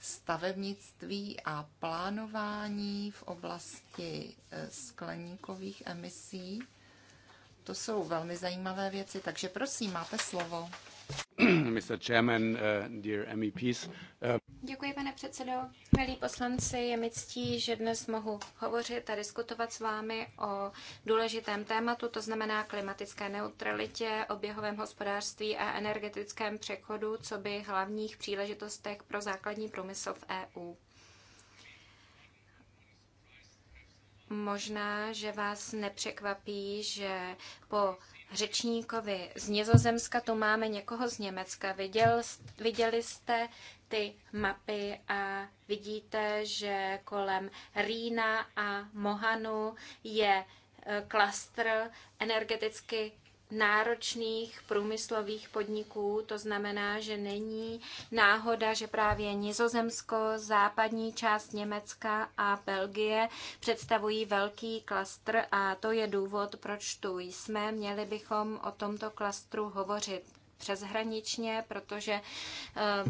stavebnictví a plánování v oblasti e, skleníkových emisí. To jsou velmi zajímavé věci, takže prosím, máte slovo. Uh, e uh, Děkuji, pane předsedo. Milí poslanci, je mi ctí, že dnes mohu hovořit a diskutovat s vámi o důležitém tématu, to znamená klimatické neutralitě, oběhovém hospodářství a energetickém přechodu, co by hlavních příležitostech pro základní průmysl v EU. Možná, že vás nepřekvapí, že po řečníkovi z Nizozemska, tu máme někoho z Německa. Viděl, viděli jste ty mapy a vidíte, že kolem Rýna a Mohanu je eh, klastr energeticky náročných průmyslových podniků. To znamená, že není náhoda, že právě Nizozemsko, západní část Německa a Belgie představují velký klastr a to je důvod, proč tu jsme. Měli bychom o tomto klastru hovořit přeshraničně, protože eh,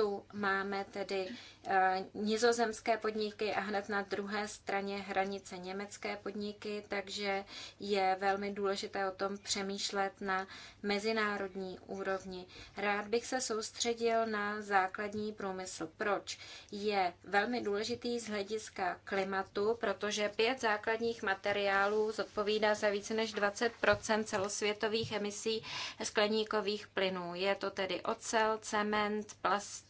tu máme tedy eh, nizozemské podniky a hned na druhé straně hranice německé podniky, takže je velmi důležité o tom přemýšlet na mezinárodní úrovni. Rád bych se soustředil na základní průmysl. Proč? Je velmi důležitý z hlediska klimatu, protože pět základních materiálů zodpovídá za více než 20 celosvětových emisí skleníkových plynů. Je to tedy ocel, cement, plast,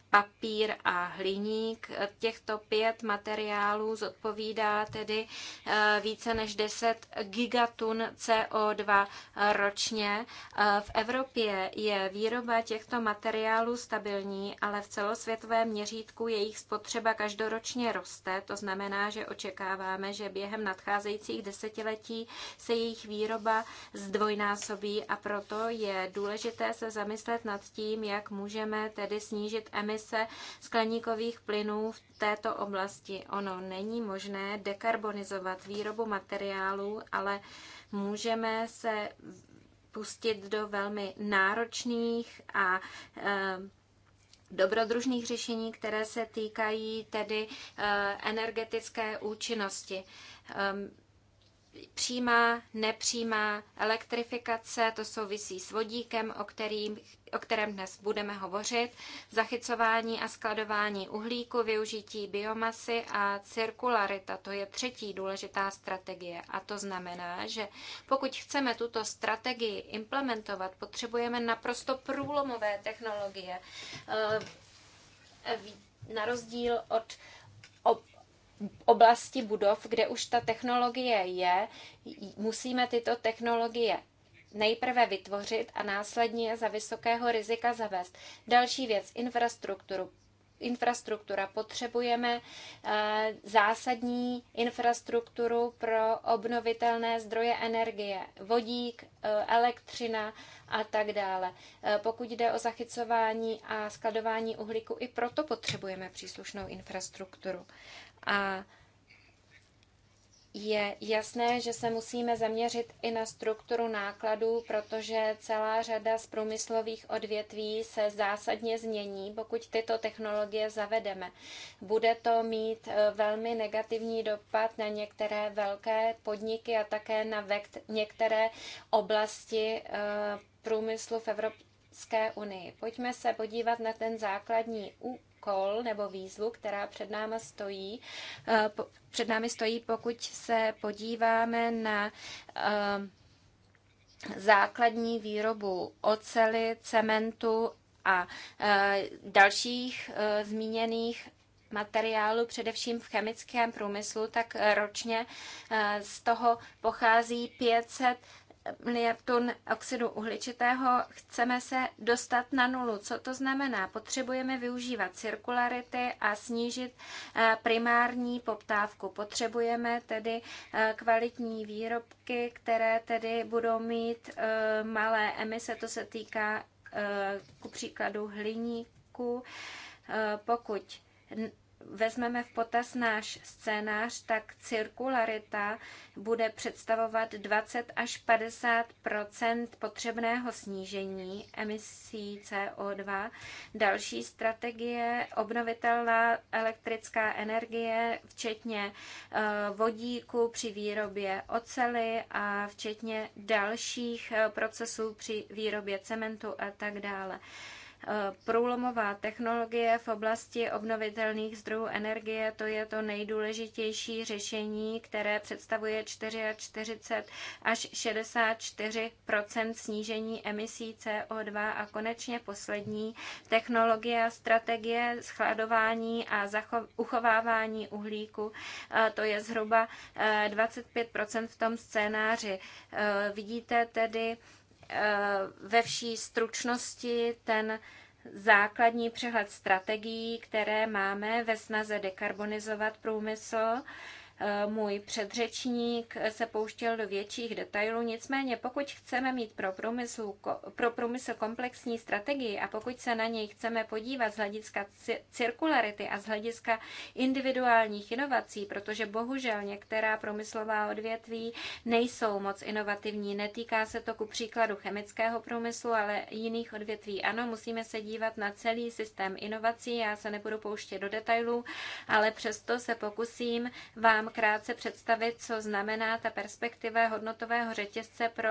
papír a hliník. Těchto pět materiálů zodpovídá tedy eh, více než 10 gigatun CO2 ročně. Eh, v Evropě je výroba těchto materiálů stabilní, ale v celosvětovém měřítku jejich spotřeba každoročně roste. To znamená, že očekáváme, že během nadcházejících desetiletí se jejich výroba zdvojnásobí a proto je důležité se zamyslet nad tím, jak můžeme tedy snížit emise emise skleníkových plynů v této oblasti. Ono není možné dekarbonizovat výrobu materiálů, ale můžeme se pustit do velmi náročných a eh, dobrodružných řešení, které se týkají tedy eh, energetické účinnosti. Ehm, přímá, nepřímá elektrifikace, to souvisí s vodíkem, o, kterým, o kterém dnes budeme hovořit, zachycování a skladování uhlíku, využití biomasy a cirkularita, to je třetí důležitá strategie. A to znamená, že pokud chceme tuto strategii implementovat, potřebujeme naprosto průlomové technologie. Eh, na rozdíl od oblasti budov, kde už ta technologie je, musíme tyto technologie nejprve vytvořit a následně za vysokého rizika zavést. Další věc, infrastrukturu. Infrastruktura. Potřebujeme eh, zásadní infrastrukturu pro obnovitelné zdroje energie, vodík, eh, elektřina a tak dále. Eh, pokud jde o zachycování a skladování uhlíku, i proto potřebujeme příslušnou infrastrukturu. A je jasné, že se musíme zaměřit i na strukturu nákladů, protože celá řada z průmyslových odvětví se zásadně změní, pokud tyto technologie zavedeme. Bude to mít e, velmi negativní dopad na některé velké podniky a také na některé oblasti e, průmyslu v Evropě. Unii. Pojďme se podívat na ten základní úkol nebo výzvu, která před námi stojí. Eh, před námi stojí, pokud se podíváme na eh, základní výrobu oceli, cementu a eh, dalších zmíněných materiálu, především v chemickém průmyslu, tak ročně z toho pochází 500 miliard tun oxidu uhličitého, chceme se dostat na nulu. Co to znamená? Potřebujeme využívat cirkularity a snížit eh, primární poptávku. Potřebujeme tedy eh, kvalitní výrobky, které tedy budou mít eh, malé emise. To se týká ku příkladu hliníku. Pokud vezmeme v potaz náš scénář, tak cirkularita bude představovat 20 až 50 potřebného snížení emisí CO2. Další strategie obnovitelná elektrická energie, včetně e, vodíku při výrobě ocely a včetně dalších e, procesů při výrobě cementu a tak dále průlomová technologie v oblasti obnovitelných zdrojů energie, to je to nejdůležitější řešení, které představuje 44 až 64 snížení emisí CO2 a konečně poslední technologie a strategie schladování a uchovávání uhlíku, to je zhruba 25 eh, v tom scénáři. Eh, vidíte tedy, Eh, ve vší stručnosti ten základní přehled strategií, které máme ve snaze dekarbonizovat průmysl. Eh, můj předřečník se pouštěl do větších detailů. Nicméně, pokud chceme mít pro průmysl, pro průmysl komplexní strategii a pokud se na něj chceme podívat z hlediska cirkularity a z hlediska individuálních inovací, protože bohužel některá průmyslová odvětví nejsou moc inovativní, netýká se to ku příkladu chemického průmyslu, ale jiných odvětví. Ano, musíme se dívat na celý systém inovací. Já se nebudu pouštět do detailů, ale přesto se pokusím vám krátce představit, co znamená ta perspektiva hodnotového řetězce pro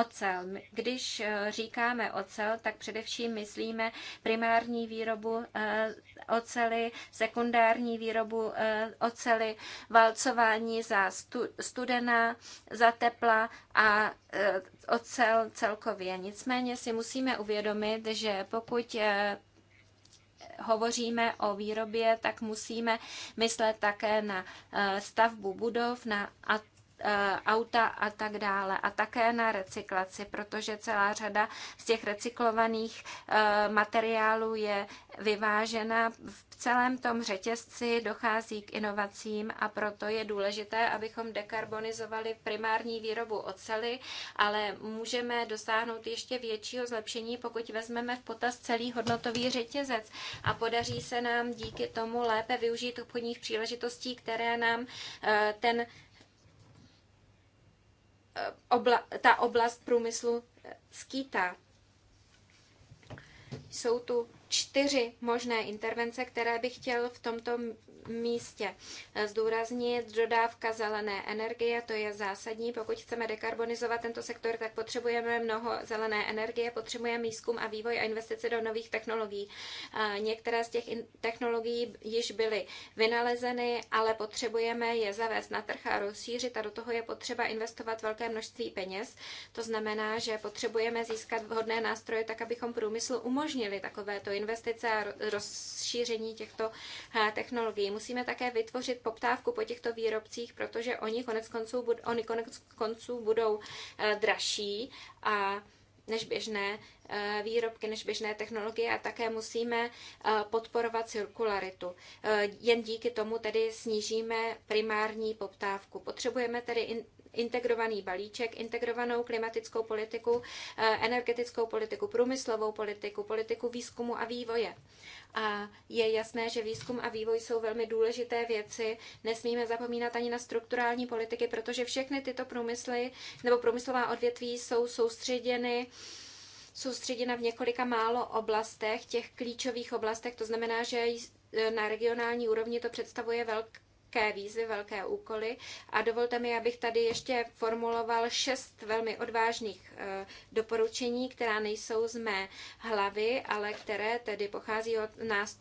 ocel. Když eh, říkáme ocel, tak především myslíme primární výrobu eh, ocely, sekundární výrobu eh, ocely, valcování za studena, za tepla a ocel celkově. Nicméně si musíme uvědomit, že pokud hovoříme o výrobě, tak musíme myslet také na eh, stavbu budov, na Eh, auta a tak dále. A také na recyklaci, protože celá řada z těch recyklovaných eh, materiálů je vyvážena v celém tom řetězci dochází k inovacím a proto je důležité, abychom dekarbonizovali primární výrobu ocely, ale můžeme dosáhnout ještě většího zlepšení, pokud vezmeme v potaz celý hodnotový řetězec a podaří se nám díky tomu lépe využít obchodních příležitostí, které nám eh, ten Eh, obla, ta oblast průmyslu eh, skýtá. Jsou tu čtyři možné intervence, které bych chtěl v tomto místě zdůraznit. Dodávka zelené energie, to je zásadní. Pokud chceme dekarbonizovat tento sektor, tak potřebujeme mnoho zelené energie, potřebujeme výzkum a vývoj a investice do nových technologií. Některé z těch technologií již byly vynalezeny, ale potřebujeme je zavést na trh a rozšířit a do toho je potřeba investovat velké množství peněz. To znamená, že potřebujeme získat vhodné nástroje tak, abychom průmyslu umožnili takovéto investice a rozšíření těchto eh, technologií. Musíme také vytvořit poptávku po těchto výrobcích, protože oni konec konců, bud, oni konec konců budou eh, dražší a než běžné eh, výrobky, než běžné technologie a také musíme eh, podporovat cirkularitu. Jen díky tomu tedy snížíme primární poptávku. Potřebujeme tedy integrovaný balíček, integrovanou klimatickou politiku, energetickou politiku, průmyslovou politiku, politiku výzkumu a vývoje. A je jasné, že výzkum a vývoj jsou velmi důležité věci. Nesmíme zapomínat ani na strukturální politiky, protože všechny tyto průmysly nebo průmyslová odvětví jsou soustředěny soustředěna v několika málo oblastech, těch klíčových oblastech. To znamená, že e, na regionální úrovni to představuje velk, velké výzvy, velké úkoly a dovolte mi, abych tady ještě formuloval šest velmi odvážných eh, doporučení, která nejsou z mé hlavy, ale které tedy pochází od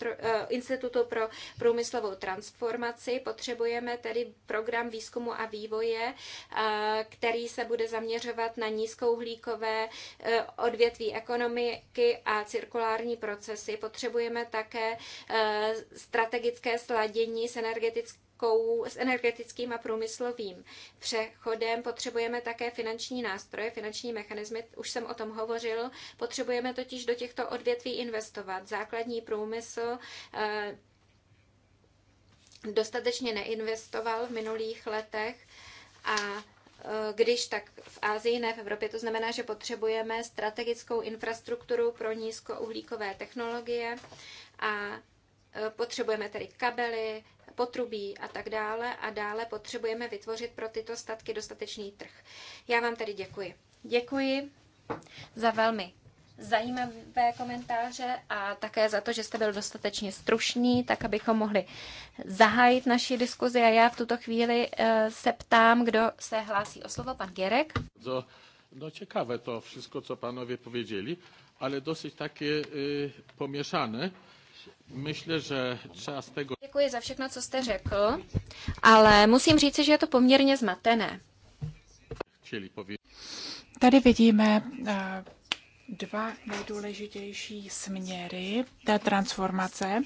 eh, Institutu pro průmyslovou transformaci. Potřebujeme tedy program výzkumu a vývoje, eh, který se bude zaměřovat na nízkouhlíkové odvětví ekonomiky a cirkulární procesy. Potřebujeme také strategické sladění s energetickým energetikou, s energetickým a průmyslovým přechodem. Potřebujeme také finanční nástroje, finanční mechanismy, už jsem o tom hovořil. Potřebujeme totiž do těchto odvětví investovat. Základní průmysl eh, dostatečně neinvestoval v minulých letech a eh, když tak v Ázii, ne v Evropě. To znamená, že potřebujeme strategickou infrastrukturu pro nízkouhlíkové technologie a eh, potřebujeme tedy kabely, potrubí a tak dále a dále potřebujeme vytvořit pro tyto statky dostatečný trh. Já vám tedy děkuji. Děkuji za velmi zajímavé komentáře a také za to, že jste byl dostatečně stručný, tak abychom mohli zahájit naši diskuzi. A já v tuto chvíli eh, se ptám, kdo se hlásí o slovo, pan Gerek. No, no ciekawe to wszystko, co panowie powiedzieli, ale dosyć takie y, pomieszane. Myslím, že tego... Děkuji za všechno, co jste řekl, ale musím říct, že je to poměrně zmatené. Tady vidíme eh, dva nejdůležitější směry té transformace.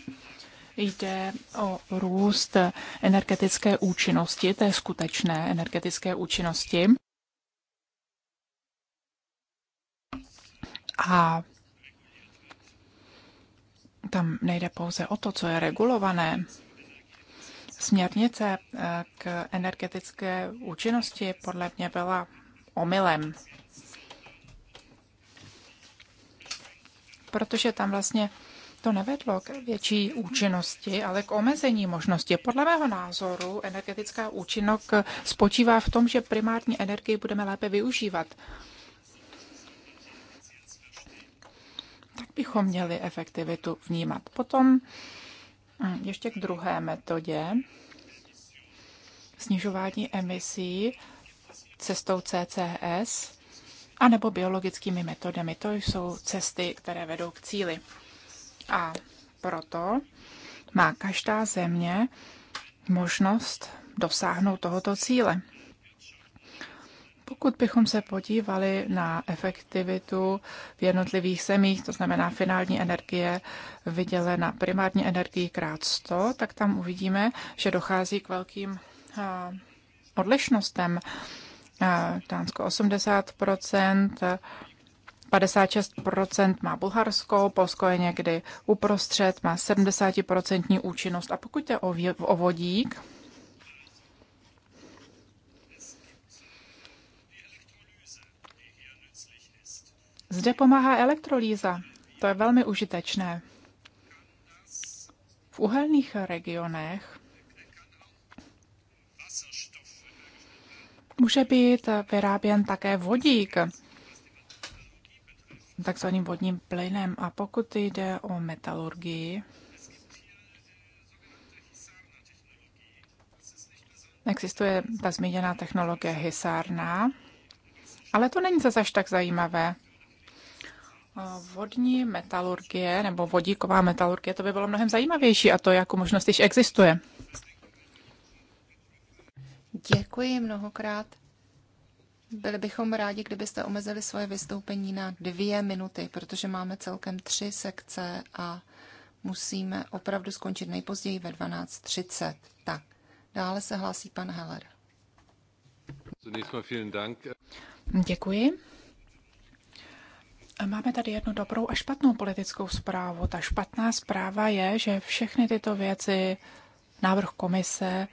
Jde o růst energetické účinnosti, té skutečné energetické účinnosti. A tam nejde pouze o to, co je regulované. Směrnice eh, k energetické účinnosti podle mě byla omylem. Protože tam vlastně to nevedlo k větší účinnosti, ale k omezení možnosti. Podle mého názoru energetická účinnost spočívá v tom, že primární energii budeme lépe využívat. bychom měli efektivitu vnímat. Potom ještě k druhé metodě snižování emisí cestou CCS anebo biologickými metodami. To jsou cesty, které vedou k cíli. A proto má každá země možnost dosáhnout tohoto cíle. Pokud bychom se podívali na efektivitu v jednotlivých zemích, to znamená finální energie vydělena primární energii krát 100, tak tam uvidíme, že dochází k velkým odlišnostem. Dánsko 80 56% má Bulharsko, Polsko je někdy uprostřed, má 70% účinnost. A pokud je o, o vodík, Zde pomáhá elektrolýza. To je velmi užitečné. V uhelných regionech může být vyráběn také vodík takzvaným vodním plynem. A pokud jde o metalurgii, existuje ta zmíněná technologie Hisárna, ale to není zase až tak zajímavé. Vodní metalurgie nebo vodíková metalurgie, to by bylo mnohem zajímavější a to jako možnost již existuje. Děkuji mnohokrát. Byli bychom rádi, kdybyste omezili svoje vystoupení na dvě minuty, protože máme celkem tři sekce a musíme opravdu skončit nejpozději ve 12.30. Tak, dále se hlásí pan Heller. Děkuji. Máme tady jednu dobrou a špatnou politickou zprávu. Ta špatná zpráva je, že všechny tyto věci, návrh komise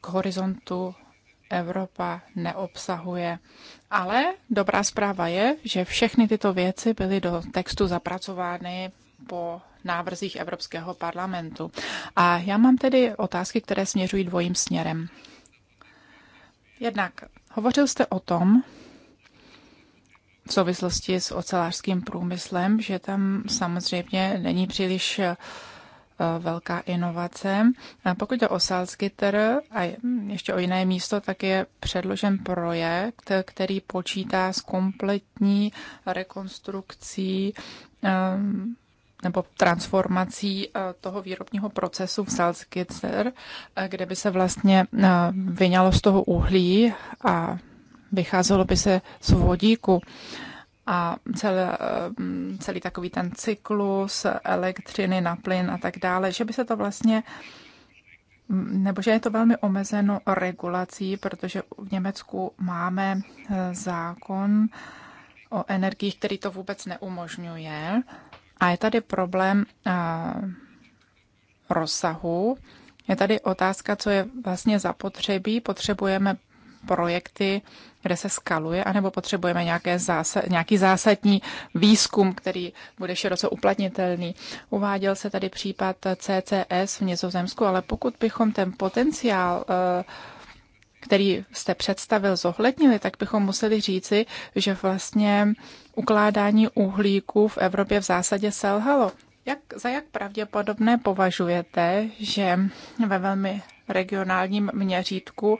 k horizontu Evropa neobsahuje. Ale dobrá zpráva je, že všechny tyto věci byly do textu zapracovány po návrzích Evropského parlamentu. A já mám tedy otázky, které směřují dvojím směrem. Jednak hovořil jste o tom, v souvislosti s ocelářským průmyslem, že tam samozřejmě není příliš eh, velká inovace. A pokud jde o Salzgitter a hm, ještě o jiné místo, tak je předložen projekt, který počítá s kompletní rekonstrukcí eh, nebo transformací eh, toho výrobního procesu v Salzgitter, kde by se vlastně vyňalo z toho uhlí a vycházelo by se z vodíku a celý, eh, celý takový ten cyklus elektřiny na plyn a tak dále, že by se to vlastně mm, nebo že je to velmi omezeno regulací, protože v Německu máme eh, zákon o energiích, který to vůbec neumožňuje. A je tady problém eh, rozsahu. Je tady otázka, co je vlastně zapotřebí. Potřebujeme projekty, kde se skaluje, anebo potřebujeme nějaké zása- nějaký zásadní výzkum, který bude široce uplatnitelný. Uváděl se tady případ CCS v Nizozemsku, ale pokud bychom ten potenciál eh, který jste představil, zohlednili, tak bychom museli říci, že vlastně ukládání uhlíku v Evropě v zásadě selhalo. Jak, za jak pravděpodobné považujete, že ve velmi regionálním měřítku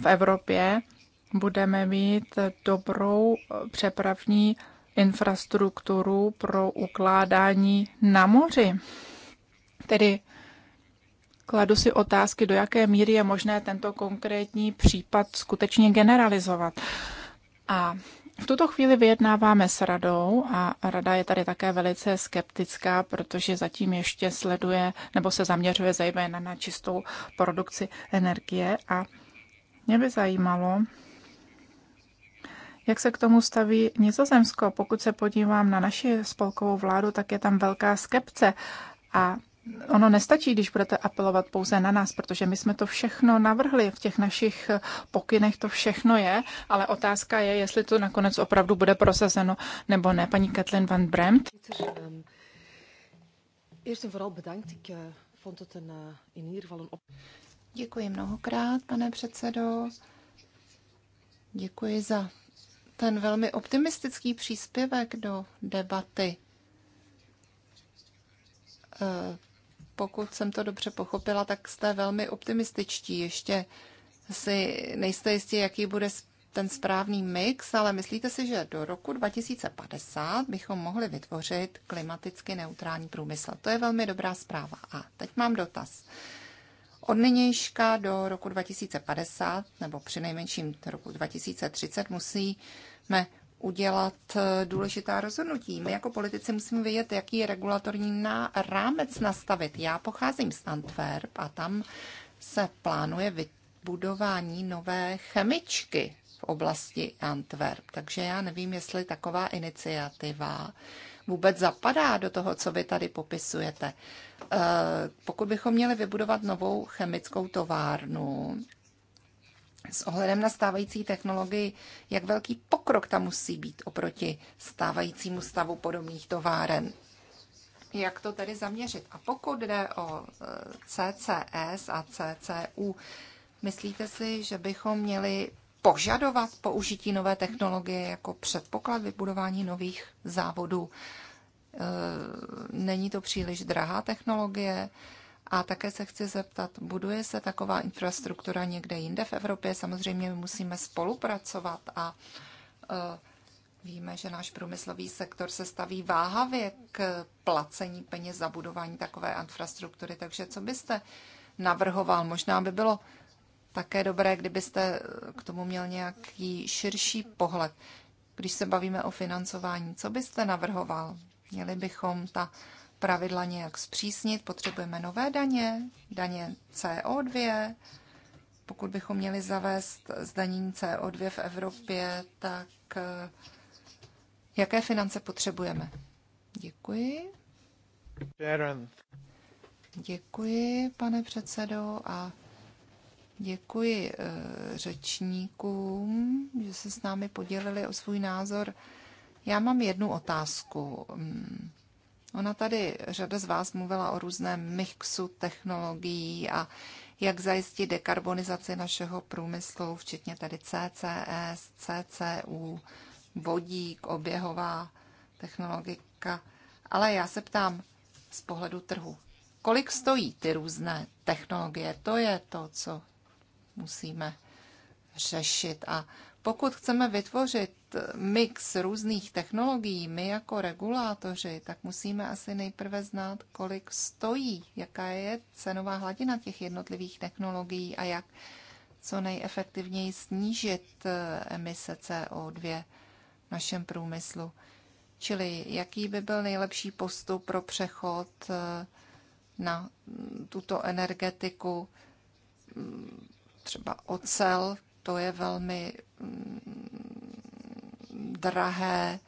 v Evropě budeme mít dobrou přepravní infrastrukturu pro ukládání na moři. Tedy kladu si otázky, do jaké míry je možné tento konkrétní případ skutečně generalizovat. A v tuto chvíli vyjednáváme s radou a rada je tady také velice skeptická, protože zatím ještě sleduje nebo se zaměřuje zejména na čistou produkci energie a mě by zajímalo, jak se k tomu staví Nizozemsko? Pokud se podívám na naši spolkovou vládu, tak je tam velká skepce. A ono nestačí, když budete apelovat pouze na nás, protože my jsme to všechno navrhli, v těch našich pokynech to všechno je, ale otázka je, jestli to nakonec opravdu bude prosazeno nebo ne. Paní Kathleen van Bremt. Ehm, eerst en vooral bedankt. Ik eh, vond het een, eh, in ieder geval een op... Děkuji mnohokrát, pane předsedo. Děkuji za ten velmi optimistický příspěvek do debaty. Eh, pokud jsem to dobře pochopila, tak jste velmi optimističtí. Ještě si nejste jistí, jaký bude ten správný mix, ale myslíte si, že do roku 2050 bychom mohli vytvořit klimaticky neutrální průmysl. To je velmi dobrá zpráva. A teď mám dotaz. Uh, od nynějška do roku 2050, nebo přinejmenším do roku 2030, musíme udělat eh, důležitá rozhodnutí. My jako politici musíme vědět, jaký regulatorní na rámec nastavit. Já pocházím z Antwerp a tam se plánuje vybudování nové chemičky v oblasti Antwerp. Takže já nevím, jestli taková iniciativa vůbec zapadá do toho, co vy tady popisujete. Eh, pokud bychom měli vybudovat novou chemickou továrnu, s ohledem na stávající technologii, jak velký pokrok tam musí být oproti stávajícímu stavu podobných továren. Jak to tedy zaměřit? A pokud jde o eh, CCS a CCU, myslíte si, že bychom měli požadovat použití nové technologie jako předpoklad vybudování nových závodů. E, není to příliš drahá technologie. A také se chci zeptat, buduje se taková infrastruktura někde jinde v Evropě? Samozřejmě my musíme spolupracovat a e, Víme, že náš průmyslový sektor se staví váhavě k placení peněz za budování takové infrastruktury, takže co byste navrhoval? Možná by bylo také dobré, kdybyste eh, k tomu měl nějaký širší pohled. Když se bavíme o financování, co byste navrhoval? Měli bychom ta pravidla nějak zpřísnit? Potřebujeme nové daně, daně CO2? Pokud bychom měli zavést zdanění CO2 v Evropě, tak eh, jaké finance potřebujeme? Děkuji. Děkuji, pane předsedo, a Děkuji eh, řečníkům, že se s námi podělili o svůj názor. Já mám jednu otázku. Mm, ona tady řada z vás mluvila o různém mixu technologií a jak zajistit dekarbonizaci našeho průmyslu, včetně tady CCS, CCU, vodík, oběhová technologika. Ale já se ptám z pohledu trhu, kolik stojí ty různé technologie? To je to, co musíme řešit. A pokud chceme vytvořit mix různých technologií, my jako regulátoři, tak musíme asi nejprve znát, kolik stojí, jaká je cenová hladina těch jednotlivých technologií a jak co nejefektivněji snížit eh, emise CO2 v našem průmyslu. Čili jaký by byl nejlepší postup pro přechod eh, na tuto energetiku třeba ocel, to je velmi mm, drahé.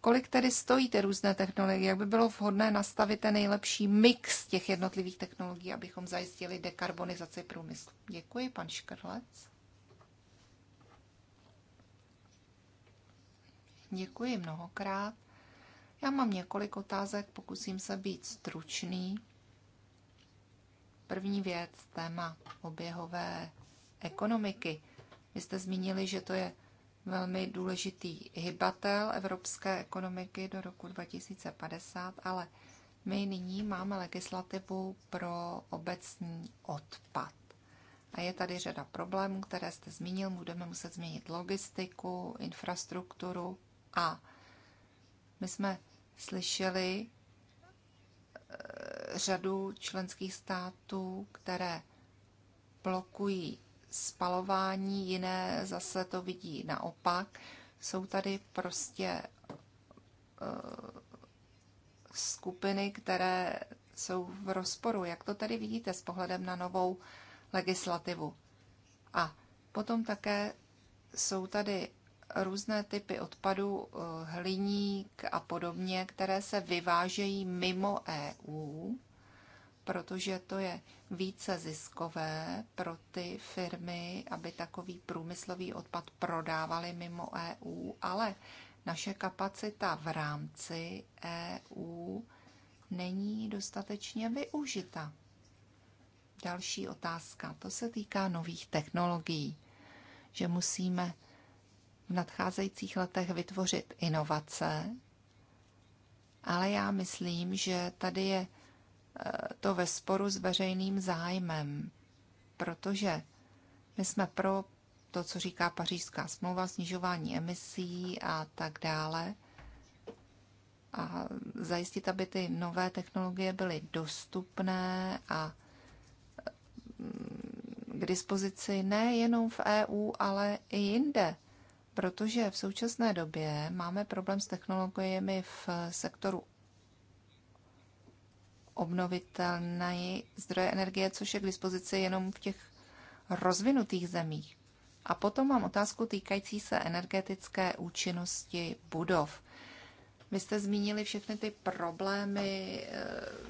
Kolik tedy stojí ty různé technologie? Jak by bylo vhodné nastavit ten nejlepší mix těch jednotlivých technologií, abychom zajistili dekarbonizaci průmyslu? Děkuji, pan Škrlec. Děkuji mnohokrát. Já mám několik otázek, pokusím se být stručný. První věc, téma oběhové ekonomiky. Vy jste zmínili, že to je velmi důležitý hybatel evropské ekonomiky do roku 2050, ale my nyní máme legislativu pro obecní odpad. A je tady řada problémů, které jste zmínil. Budeme muset změnit logistiku, infrastrukturu a my jsme slyšeli eh, řadu členských států, které blokují spalování, jiné zase to vidí naopak. Jsou tady prostě eh, skupiny, které jsou v rozporu. Jak to tady vidíte s pohledem na novou legislativu? A potom také jsou tady různé typy odpadů, eh, hliník a podobně, které se vyvážejí mimo EU protože to je více ziskové pro ty firmy, aby takový průmyslový odpad prodávali mimo EU, ale naše kapacita v rámci EU není dostatečně využita. Další otázka, to se týká nových technologií, že musíme v nadcházejících letech vytvořit inovace, ale já myslím, že tady je to ve sporu s veřejným zájmem, protože my jsme pro to, co říká pařížská smlouva, snižování emisí a tak dále. A zajistit, aby ty nové technologie byly dostupné a mm, k dispozici nejenom v EU, ale i jinde. Protože v současné době máme problém s technologiemi v sektoru obnovitelné zdroje energie, což je k dispozici jenom v těch rozvinutých zemích. A potom mám otázku týkající se energetické účinnosti budov. Vy jste zmínili všechny ty problémy eh,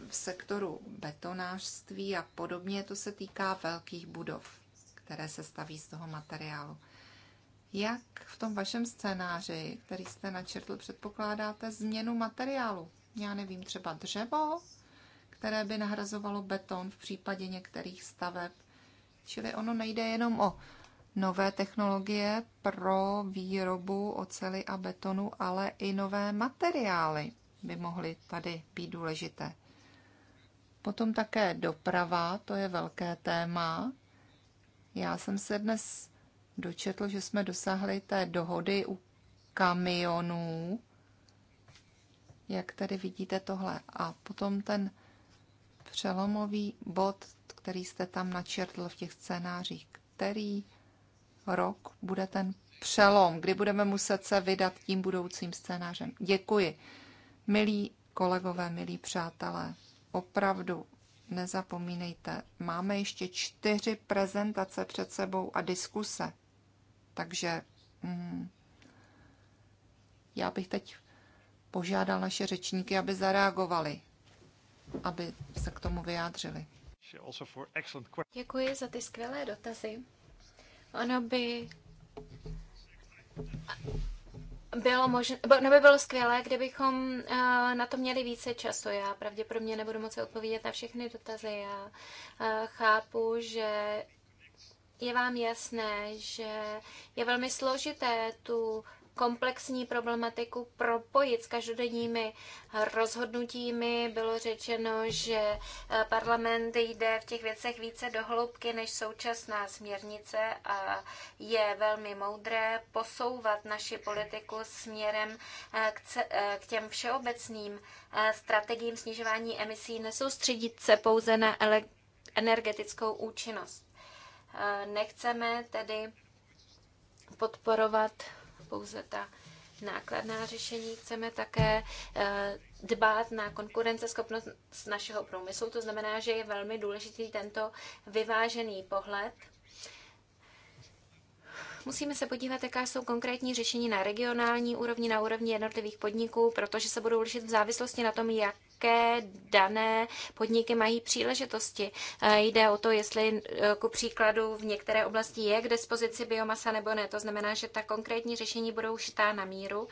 v sektoru betonářství a podobně. To se týká velkých budov, které se staví z toho materiálu. Jak v tom vašem scénáři, který jste načrtl, předpokládáte změnu materiálu? Já nevím, třeba dřevo, které by nahrazovalo beton v případě některých staveb. Čili ono nejde jenom o nové technologie pro výrobu ocely a betonu, ale i nové materiály by mohly tady být důležité. Potom také doprava, to je velké téma. Já jsem se dnes dočetl, že jsme dosáhli té dohody u kamionů. Jak tady vidíte tohle. A potom ten přelomový bod, který jste tam načrtl v těch scénářích. Který rok bude ten přelom, kdy budeme muset se vydat tím budoucím scénářem? Děkuji. Milí kolegové, milí přátelé, opravdu nezapomínejte, máme ještě čtyři prezentace před sebou a diskuse. Takže mm, já bych teď požádal naše řečníky, aby zareagovali aby se k tomu vyjádřili. Děkuji za ty skvělé dotazy. Ono by bylo možné, by bylo skvělé, kdybychom eh, na to měli více času. Já pravděpodobně nebudu moci odpovědět na všechny dotazy. Já eh, chápu, že je vám jasné, že je velmi složité tu komplexní problematiku propojit s každodenními rozhodnutími. Bylo řečeno, že eh, parlament jde v těch věcech více do hloubky než současná směrnice a je velmi moudré posouvat naši politiku směrem eh, eh, k těm všeobecným strategiím snižování emisí, nesoustředit se pouze na energetickou účinnost. Nechceme tedy podporovat pouze ta nákladná řešení. Chceme také eh, dbát na konkurenceschopnost našeho průmyslu. To znamená, že je velmi důležitý tento vyvážený pohled. Musíme se podívat, jaká jsou konkrétní řešení na regionální úrovni, na úrovni jednotlivých podniků, protože se budou lišit v závislosti na tom, jak jaké dané podniky mají příležitosti. E, jde o to, jestli e, ku příkladu v některé oblasti je k dispozici biomasa nebo ne. To znamená, že ta konkrétní řešení budou šitá na míru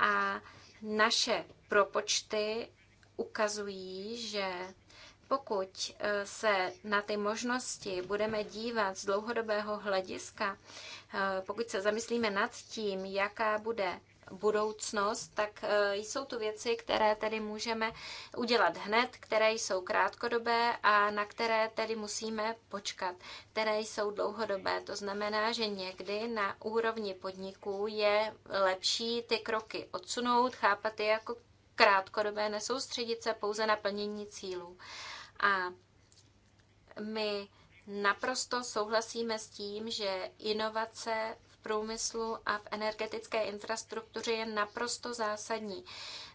a naše propočty ukazují, že pokud e, se na ty možnosti budeme dívat z dlouhodobého hlediska, pokud se zamyslíme nad tím, jaká bude budoucnost, tak e, jsou tu věci, které tedy můžeme udělat hned, které jsou krátkodobé a na které tedy musíme počkat, které jsou dlouhodobé. To znamená, že někdy na úrovni podniků je lepší ty kroky odsunout, chápat je jako krátkodobé, nesoustředit se pouze na plnění cílů. A my naprosto souhlasíme s tím, že inovace průmyslu a v energetické infrastruktuře je naprosto zásadní.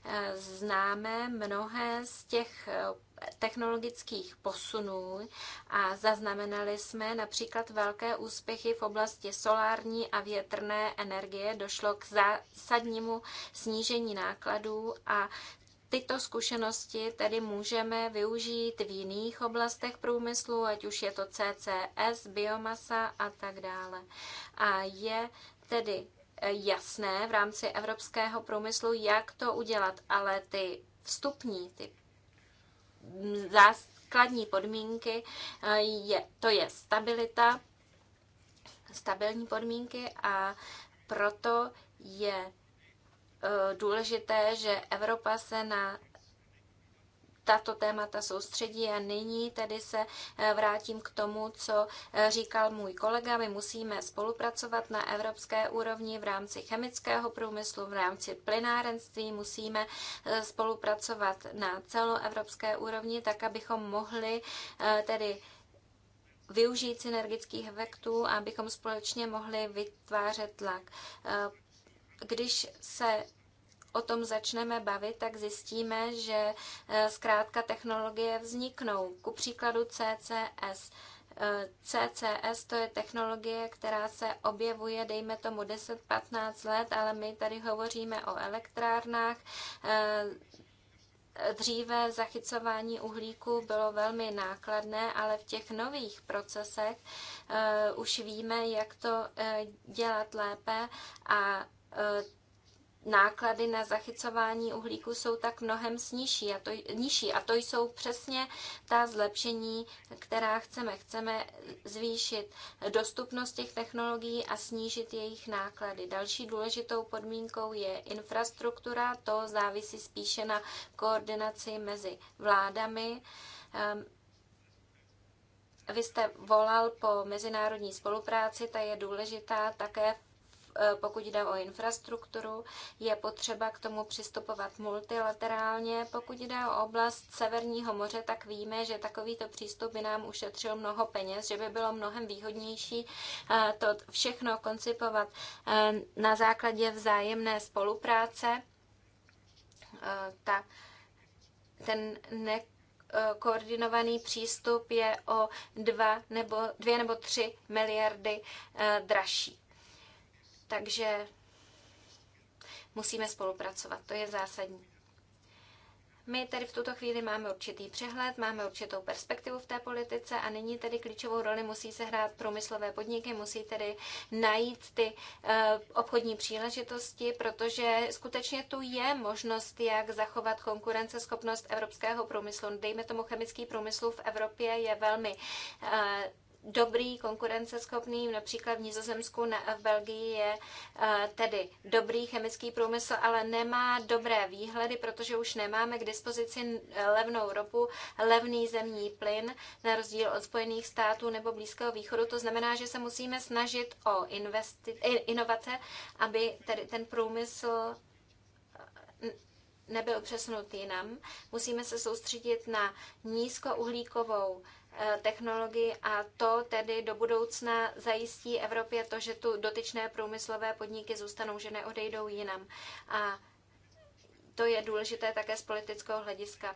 Eh, známe mnohé z těch eh, technologických posunů a zaznamenali jsme například velké úspěchy v oblasti solární a větrné energie. Došlo k zásadnímu snížení nákladů a tyto zkušenosti tedy můžeme využít v jiných oblastech průmyslu, ať už je to CCS, biomasa a tak dále. A je tedy eh, jasné v rámci evropského průmyslu, jak to udělat, ale ty vstupní, ty základní podmínky, eh, je, to je stabilita, stabilní podmínky a proto je Eh, důležité, že Evropa se na tato témata soustředí a nyní tedy se eh, vrátím k tomu, co eh, říkal můj kolega. My musíme spolupracovat na evropské úrovni v rámci chemického průmyslu, v rámci plynárenství, musíme spolupracovat na celoevropské úrovni, tak abychom mohli tedy využít synergických efektů, abychom společně mohli vytvářet tlak když se o tom začneme bavit, tak zjistíme, že eh, zkrátka technologie vzniknou. Ku příkladu CCS. Eh, CCS to je technologie, která se objevuje, dejme tomu 10-15 let, ale my tady hovoříme o elektrárnách. Eh, dříve zachycování uhlíku bylo velmi nákladné, ale v těch nových procesech už víme, jak to dělat lépe a Eh, náklady na zachycování uhlíku jsou tak mnohem nižší a to, nižší. A to jsou přesně ta zlepšení, která chceme. Chceme zvýšit dostupnost těch technologií a snížit jejich náklady. Další důležitou podmínkou je infrastruktura. To závisí spíše na koordinaci mezi vládami. Ehm, vy jste volal po mezinárodní spolupráci, ta je důležitá také v Eh, pokud jde o infrastrukturu, je potřeba k tomu přistupovat multilaterálně. Pokud jde o oblast Severního moře, tak víme, že takovýto přístup by nám ušetřil mnoho peněz, že by bylo mnohem výhodnější eh, to všechno koncipovat eh, na základě vzájemné spolupráce. Ta, ten ne, koordinovaný přístup je o dva nebo, dvě nebo tři miliardy dražší. Takže musíme spolupracovat, to je zásadní. My tedy v tuto chvíli máme určitý přehled, máme určitou perspektivu v té politice a nyní tedy klíčovou roli musí se hrát průmyslové podniky, musí tedy najít ty eh, obchodní příležitosti, protože skutečně tu je možnost, jak zachovat konkurenceschopnost evropského průmyslu. Dejme tomu chemický průmysl v Evropě je velmi eh, dobrý, konkurenceschopný, například v Nizozemsku ne, v Belgii je eh, tedy dobrý chemický průmysl, ale nemá dobré výhledy, protože už nemáme k dispozici levnou ropu, levný zemní plyn, na rozdíl od Spojených států nebo Blízkého východu. To znamená, že se musíme snažit o investi- inovace, aby tedy ten průmysl eh, nebyl přesunut jinam. Musíme se soustředit na nízkouhlíkovou Eh, technologii a to tedy do budoucna zajistí Evropě to, že tu dotyčné průmyslové podniky zůstanou, že neodejdou jinam. A to je důležité také z politického hlediska.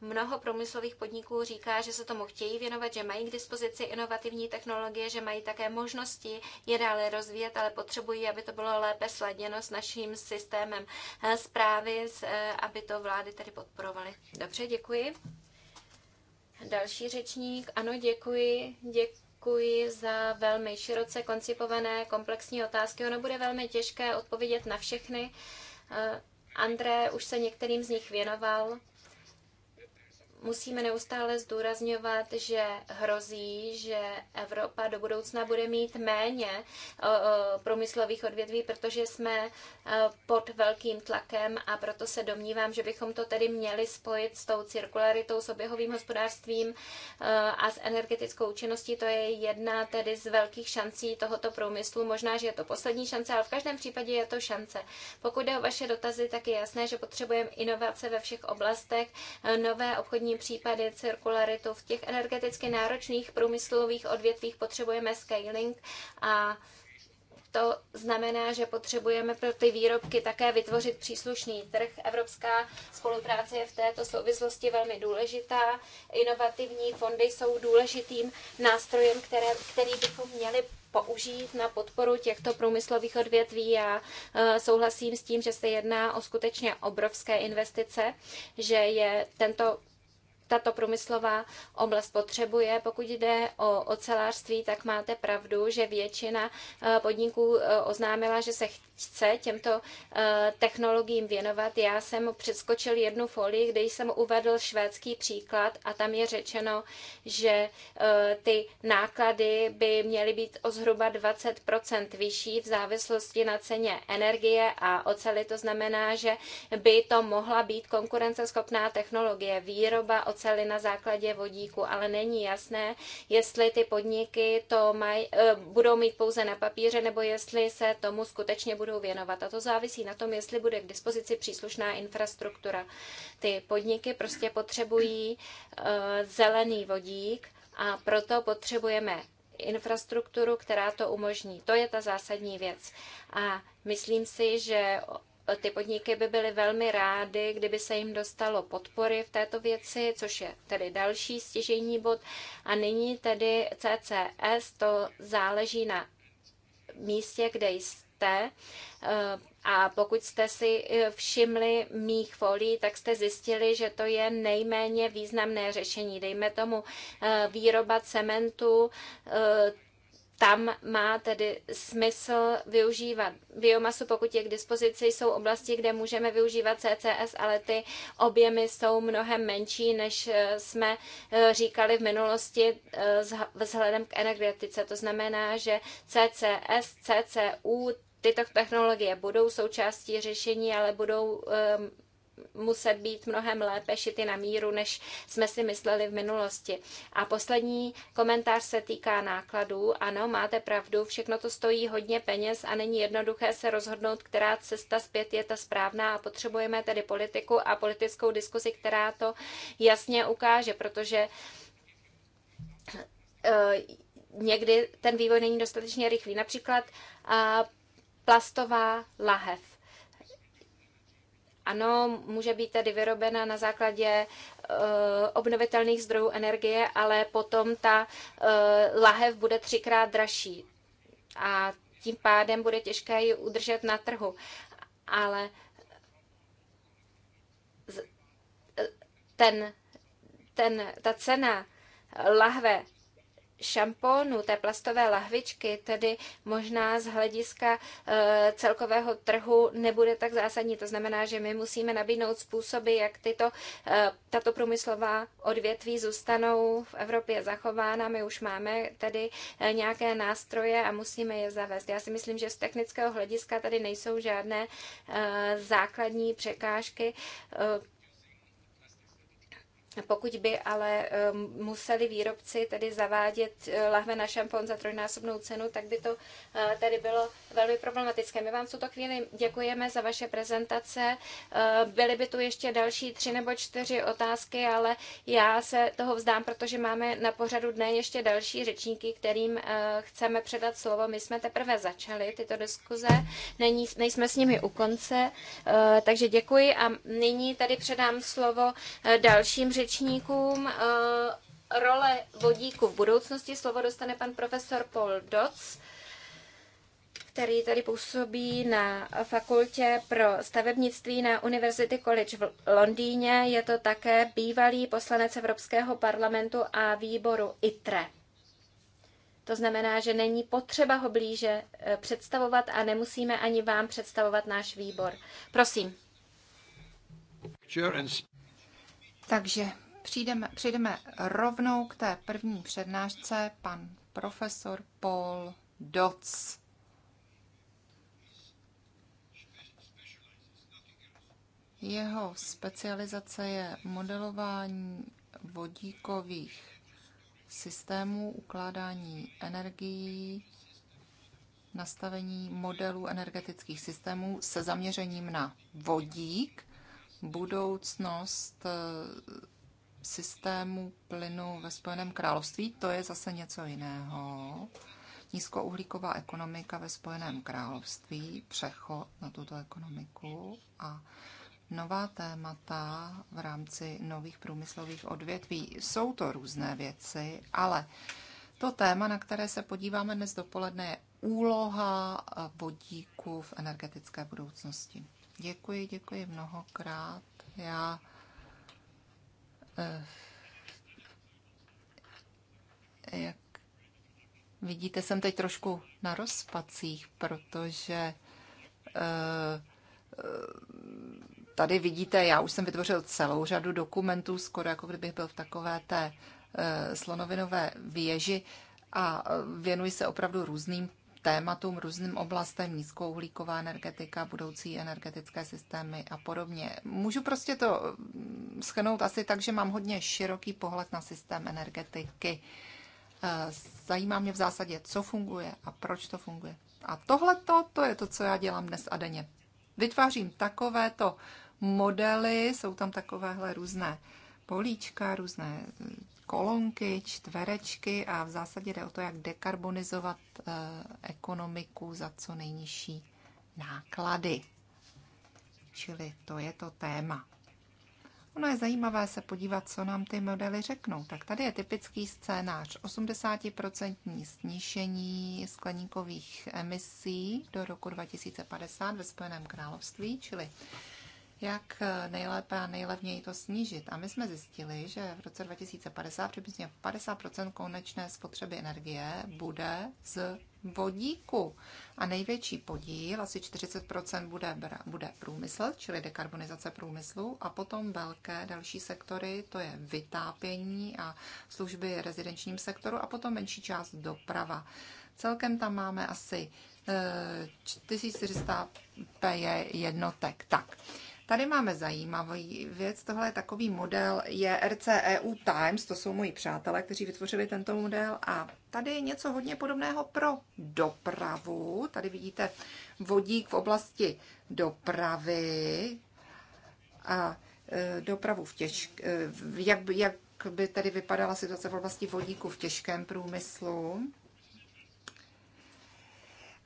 Mnoho průmyslových podniků říká, že se tomu chtějí věnovat, že mají k dispozici inovativní technologie, že mají také možnosti je dále rozvíjet, ale potřebují, aby to bylo lépe sladěno s naším systémem eh, zprávy, eh, aby to vlády tedy podporovaly. Dobře, děkuji. Další řečník. Ano, děkuji. Děkuji za velmi široce koncipované komplexní otázky. Ono bude velmi těžké odpovědět na všechny. Eh, André už se některým z nich věnoval musíme neustále zdůrazňovat, že hrozí, že Evropa do budoucna bude mít méně eh, eh, průmyslových odvětví, protože jsme eh, pod velkým tlakem a proto se domnívám, že bychom to tedy měli spojit s tou cirkularitou, s oběhovým hospodářstvím a s energetickou účinností. To je jedna tedy z velkých šancí tohoto průmyslu. Možná, že je to poslední šance, ale v každém případě je to šance. Pokud jde o vaše dotazy, tak je jasné, že potřebujeme inovace ve všech oblastech, nové obchodní extrémní případy cirkularitu. V těch energeticky náročných průmyslových odvětvích potřebujeme scaling a to znamená, že potřebujeme pro ty výrobky také vytvořit příslušný trh. Evropská spolupráce je v této souvislosti velmi důležitá. Inovativní fondy jsou důležitým nástrojem, které, který bychom měli použít na podporu těchto průmyslových odvětví. Já eh, souhlasím s tím, že se jedná o skutečně obrovské investice, že je tento tato průmyslová oblast potřebuje. Pokud jde o ocelářství, tak máte pravdu, že většina eh, podniků eh, oznámila, že se příručce těmto eh, technologiím věnovat. Já jsem předskočil jednu folii, kde jsem uvedl švédský příklad a tam je řečeno, že eh, ty náklady by měly být o zhruba 20 vyšší v závislosti na ceně energie a oceli. To znamená, že by to mohla být konkurenceschopná technologie, výroba oceli na základě vodíku, ale není jasné, jestli ty podniky to maj, eh, budou mít pouze na papíře nebo jestli se tomu skutečně budou budou věnovat. A to závisí na tom, jestli bude k dispozici příslušná infrastruktura. Ty podniky prostě potřebují eh, zelený vodík a proto potřebujeme infrastrukturu, která to umožní. To je ta zásadní věc. A myslím si, že ty podniky by byly velmi rády, kdyby se jim dostalo podpory v této věci, což je tedy další stěžení bod. A nyní tedy CCS, to záleží na místě, kde jste jste. Eh, a pokud jste si eh, všimli mých folí, tak jste zjistili, že to je nejméně významné řešení. Dejme tomu eh, výroba cementu, tam má tedy smysl využívat biomasu, pokud je k dispozici. Jsou oblasti, kde můžeme využívat CCS, ale ty objemy jsou mnohem menší, než jsme říkali v minulosti vzhledem k energetice. To znamená, že CCS, CCU, tyto technologie budou součástí řešení, ale budou ehm, muset být mnohem lépe šity na míru, než jsme si mysleli v minulosti. A poslední komentář se týká nákladů. Ano, máte pravdu, všechno to stojí hodně peněz a není jednoduché se rozhodnout, která cesta zpět je ta správná a potřebujeme tedy politiku a politickou diskusi, která to jasně ukáže, protože eh, někdy ten vývoj není dostatečně rychlý. Například plastová lahev. Ano, může být tedy vyrobena na základě e, obnovitelných zdrojů energie, ale potom ta e, lahev bude třikrát dražší a tím pádem bude těžké ji udržet na trhu. Ale e, ten, ten, ta cena lahve šampónu, té plastové lahvičky, tedy možná z hlediska e, celkového trhu nebude tak zásadní. To znamená, že my musíme nabídnout způsoby, jak tyto, e, tato průmyslová odvětví zůstanou v Evropě zachována. My už máme tedy e, nějaké nástroje a musíme je zavést. Já si myslím, že z technického hlediska tady nejsou žádné základní překážky pokud by ale eh, museli výrobci tedy zavádět eh, lahve na šampon za trojnásobnou cenu, tak by to eh, tedy bylo velmi problematické. My vám v tuto chvíli děkujeme za vaše prezentace. Byly by tu ještě další tři nebo čtyři otázky, ale já se toho vzdám, protože máme na pořadu dne ještě další řečníky, kterým chceme předat slovo. My jsme teprve začali tyto diskuze, Není, nejsme s nimi u konce, takže děkuji a nyní tady předám slovo dalším řečníkům řečníkům eh, role vodíku v budoucnosti. Slovo dostane pan profesor Paul Dotz, který tady působí na fakultě pro stavebnictví na University College v Londýně. Je to také bývalý poslanec Evropského parlamentu a výboru ITRE. To znamená, že není potřeba ho blíže eh, představovat a nemusíme ani vám představovat náš výbor. Prosím. Takže přijdeme, přijdeme rovnou k té první přednášce, pan profesor Paul Doc. Jeho specializace je modelování vodíkových systémů, ukládání energií, nastavení modelů energetických systémů se zaměřením na vodík budoucnost eh, systému plynu ve Spojeném království, to je zase něco jiného. Nízkouhlíková ekonomika ve Spojeném království, přechod na tuto ekonomiku a nová témata v rámci nových průmyslových odvětví. Jsou to různé věci, ale to téma, na které se podíváme dnes dopoledne, je úloha eh, vodíku v energetické budoucnosti. Děkuji, děkuji mnohokrát. Já eh, jak vidíte, jsem teď trošku na rozpacích, protože eh, tady vidíte, já už jsem vytvořil celou řadu dokumentů, skoro jako kdybych byl v takové té eh, slonovinové věži a věnuji se opravdu různým tématům, různým oblastem, nízkouhlíková energetika, budoucí energetické systémy a podobně. Můžu prostě to mm, schrnout asi tak, že mám hodně široký pohled na systém energetiky. Eh, zajímá mě v zásadě, co funguje a proč to funguje. A tohle to je to, co já dělám dnes a denně. Vytvářím takovéto modely, jsou tam takovéhle různé políčka, různé kolonky, čtverečky a v zásadě jde o to, jak dekarbonizovat eh, ekonomiku za co nejnižší náklady. Čili to je to téma. Ono je zajímavé se podívat, co nám ty modely řeknou. Tak tady je typický scénář 80% snížení skleníkových emisí do roku 2050 ve Spojeném království, čili jak eh, nejlépe a nejlevněji to snížit. A my jsme zjistili, že v roce 2050 přibližně 50 konečné spotřeby energie bude z vodíku. A největší podíl, asi 40 bude, bude průmysl, čili dekarbonizace průmyslu, a potom velké další sektory, to je vytápění a služby rezidenčním sektoru, a potom menší část doprava. Celkem tam máme asi 1400 eh, PJ jednotek. Tak, Tady máme zajímavý věc, tohle je takový model, je RCEU Times, to jsou moji přátelé, kteří vytvořili tento model a tady je něco hodně podobného pro dopravu. Tady vidíte vodík v oblasti dopravy a e, dopravu v těžk, e, jak, jak by tady vypadala situace v oblasti vodíku v těžkém průmyslu.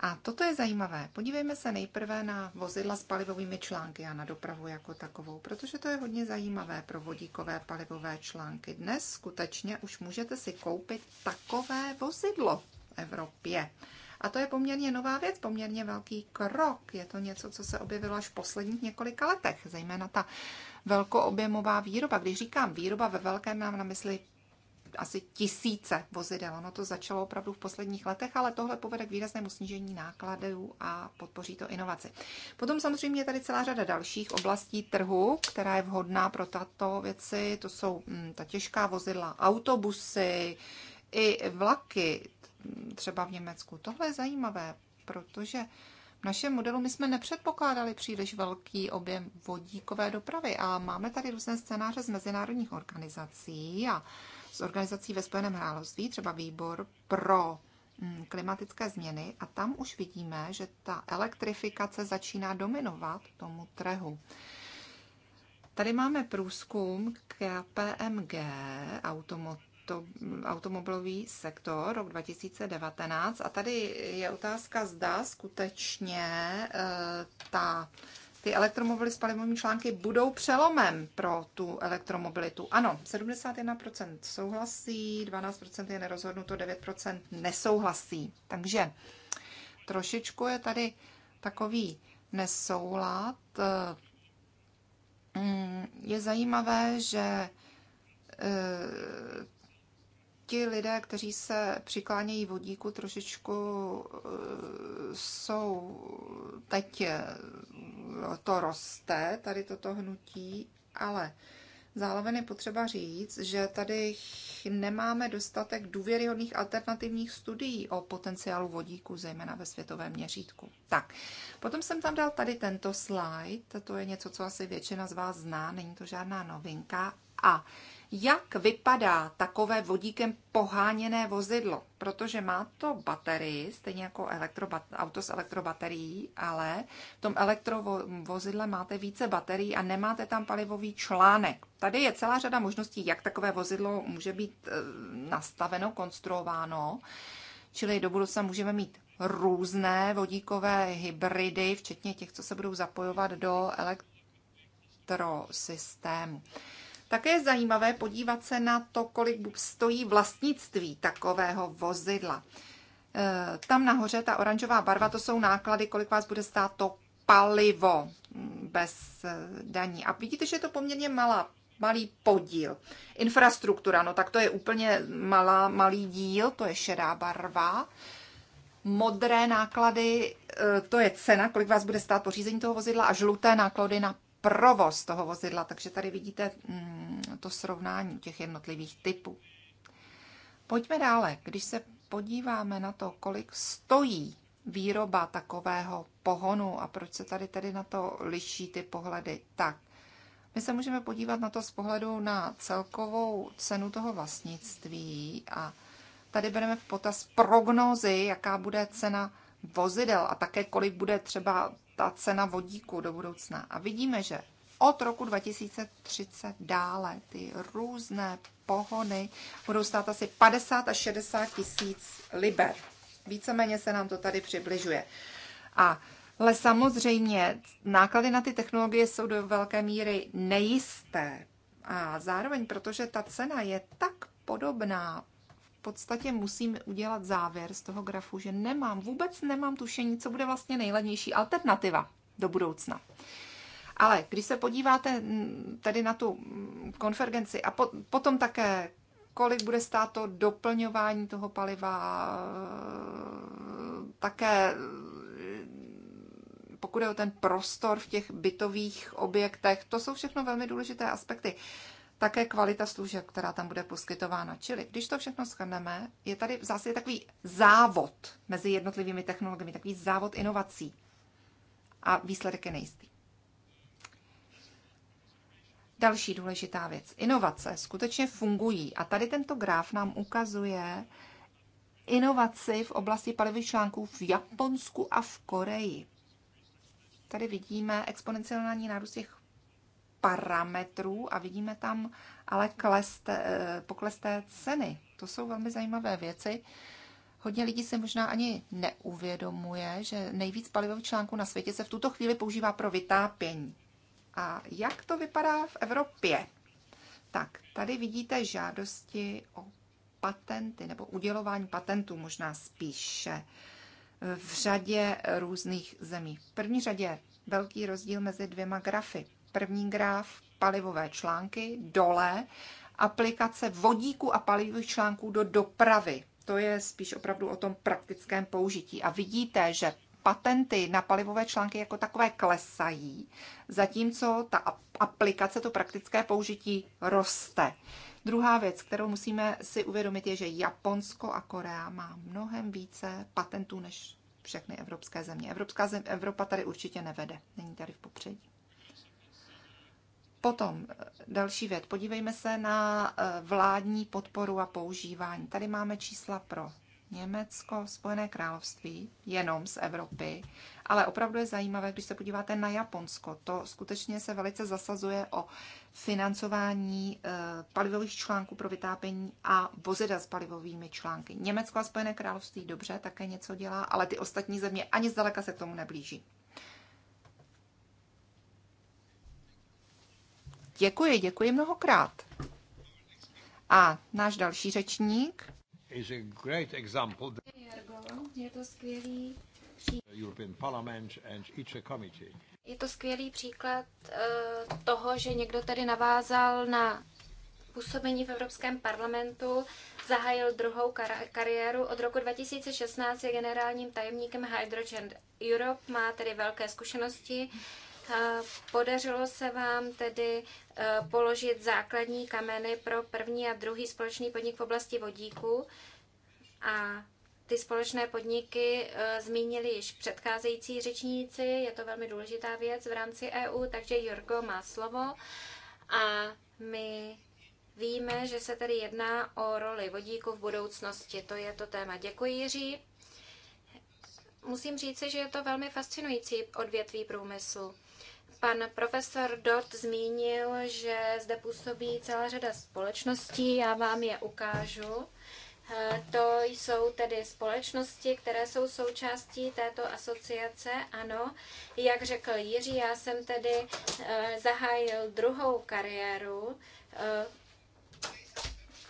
A toto je zajímavé. Podívejme se nejprve na vozidla s palivovými články a na dopravu jako takovou, protože to je hodně zajímavé pro vodíkové palivové články. Dnes skutečně už můžete si koupit takové vozidlo v Evropě. A to je poměrně nová věc, poměrně velký krok. Je to něco, co se objevilo až v posledních několika letech, zejména ta velkoobjemová výroba. Když říkám výroba ve velkém, mám na mysli asi tisíce vozidel. Ono to začalo opravdu v posledních letech, ale tohle povede k výraznému snížení nákladů a podpoří to inovaci. Potom samozřejmě je tady celá řada dalších oblastí trhu, která je vhodná pro tato věci. To jsou hm, ta těžká vozidla, autobusy, i vlaky, třeba v Německu. Tohle je zajímavé, protože v našem modelu my jsme nepředpokládali příliš velký objem vodíkové dopravy a máme tady různé scénáře z mezinárodních organizací a z organizací ve Spojeném království, třeba výbor pro mm, klimatické změny a tam už vidíme, že ta elektrifikace začíná dominovat tomu trhu. Tady máme průzkum KPMG, automoto, automobilový sektor, rok 2019 a tady je otázka, zda skutečně eh, ta ty elektromobily s palivovými články budou přelomem pro tu elektromobilitu. Ano, 71% souhlasí, 12% je nerozhodnuto, 9% nesouhlasí. Takže trošičku je tady takový nesoulad. Mm, je zajímavé, že eh, ti lidé, kteří se přiklánějí vodíku, trošičku eh, jsou teď eh, to roste, tady toto hnutí, ale zároveň je potřeba říct, že tady nemáme dostatek důvěryhodných alternativních studií o potenciálu vodíku, zejména ve světovém měřítku. Tak, potom jsem tam dal tady tento slide, to je něco, co asi většina z vás zná, není to žádná novinka. A jak vypadá takové vodíkem poháněné vozidlo, protože má to baterii, stejně jako elektrobat, auto s elektrobaterií, ale v tom elektrovozidle máte více baterií a nemáte tam palivový článek. Tady je celá řada možností, jak takové vozidlo může být eh, nastaveno, konstruováno, čili do budoucna můžeme mít různé vodíkové hybridy, včetně těch, co se budou zapojovat do elektrosystému. Také je zajímavé podívat se na to, kolik stojí vlastnictví takového vozidla. E, tam nahoře ta oranžová barva, to jsou náklady, kolik vás bude stát to palivo mm, bez e, daní. A vidíte, že je to poměrně malá malý podíl. Infrastruktura, no tak to je úplně malá, malý díl, to je šedá barva. Modré náklady, e, to je cena, kolik vás bude stát pořízení toho vozidla a žluté náklady na provoz toho vozidla. Takže tady vidíte mm, to srovnání těch jednotlivých typů. Pojďme dále. Když se podíváme na to, kolik stojí výroba takového pohonu a proč se tady tedy na to liší ty pohledy, tak my se můžeme podívat na to z pohledu na celkovou cenu toho vlastnictví a tady bereme v potaz prognózy, jaká bude cena vozidel a také kolik bude třeba ta cena vodíku do budoucna. A vidíme, že od roku 2030 dále ty různé pohony budou stát asi 50 až 60 tisíc liber. Víceméně se nám to tady přibližuje. A ale samozřejmě náklady na ty technologie jsou do velké míry nejisté. A zároveň, protože ta cena je tak podobná podstatě musím udělat závěr z toho grafu, že nemám, vůbec nemám tušení, co bude vlastně nejlevnější alternativa do budoucna. Ale když se podíváte mm, tedy na tu mm, konvergenci a po, potom také, kolik bude stát to doplňování toho paliva, eh, také eh, pokud je o ten prostor v těch bytových objektech, to jsou všechno velmi důležité aspekty také kvalita služeb, která tam bude poskytována. Čili když to všechno shrneme, je tady v zásadě takový závod mezi jednotlivými technologiemi, takový závod inovací. A výsledek je nejistý. Další důležitá věc. Inovace skutečně fungují. A tady tento graf nám ukazuje inovaci v oblasti palivých článků v Japonsku a v Koreji. Tady vidíme exponenciální nárůst těch parametrů a vidíme tam ale kleste, eh, poklesté ceny. To jsou velmi zajímavé věci. Hodně lidí se možná ani neuvědomuje, že nejvíc palivových článků na světě se v tuto chvíli používá pro vytápění. A jak to vypadá v Evropě? Tak, tady vidíte žádosti o patenty nebo udělování patentů možná spíše v řadě různých zemí. V první řadě velký rozdíl mezi dvěma grafy první graf palivové články, dole aplikace vodíku a palivových článků do dopravy. To je spíš opravdu o tom praktickém použití. A vidíte, že patenty na palivové články jako takové klesají, zatímco ta aplikace, to praktické použití roste. Druhá věc, kterou musíme si uvědomit, je, že Japonsko a Korea má mnohem více patentů než všechny evropské země. Evropská země, Evropa tady určitě nevede, není tady v popředí. Potom eh, další věc. Podívejme se na eh, vládní podporu a používání. Tady máme čísla pro Německo, Spojené království, jenom z Evropy. Ale opravdu je zajímavé, když se podíváte na Japonsko, to skutečně se velice zasazuje o financování eh, palivových článků pro vytápění a vozidel s palivovými články. Německo a Spojené království dobře také něco dělá, ale ty ostatní země ani zdaleka se k tomu neblíží. Děkuji, děkuji mnohokrát. A náš další řečník. Je to skvělý je to skvělý příklad eh, toho, že někdo tady navázal na působení v Evropském parlamentu, zahájil druhou kar- kariéru. Od roku 2016 je generálním tajemníkem Hydrogen Europe, má tedy velké zkušenosti Podařilo se vám tedy e, položit základní kameny pro první a druhý společný podnik v oblasti vodíku a ty společné podniky e, zmínili již předcházející řečníci, je to velmi důležitá věc v rámci EU, takže Jorgo má slovo a my víme, že se tedy jedná o roli vodíku v budoucnosti. To je to téma. Děkuji, Jiří. Musím říci, že je to velmi fascinující odvětví průmyslu. Pan profesor Dot zmínil, že zde působí celá řada společností, já vám je ukážu. Eh, to jsou tedy společnosti, které jsou součástí této asociace. Ano, jak řekl Jiří, já jsem tedy eh, zahájil druhou kariéru, eh,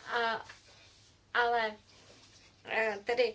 a, ale tedy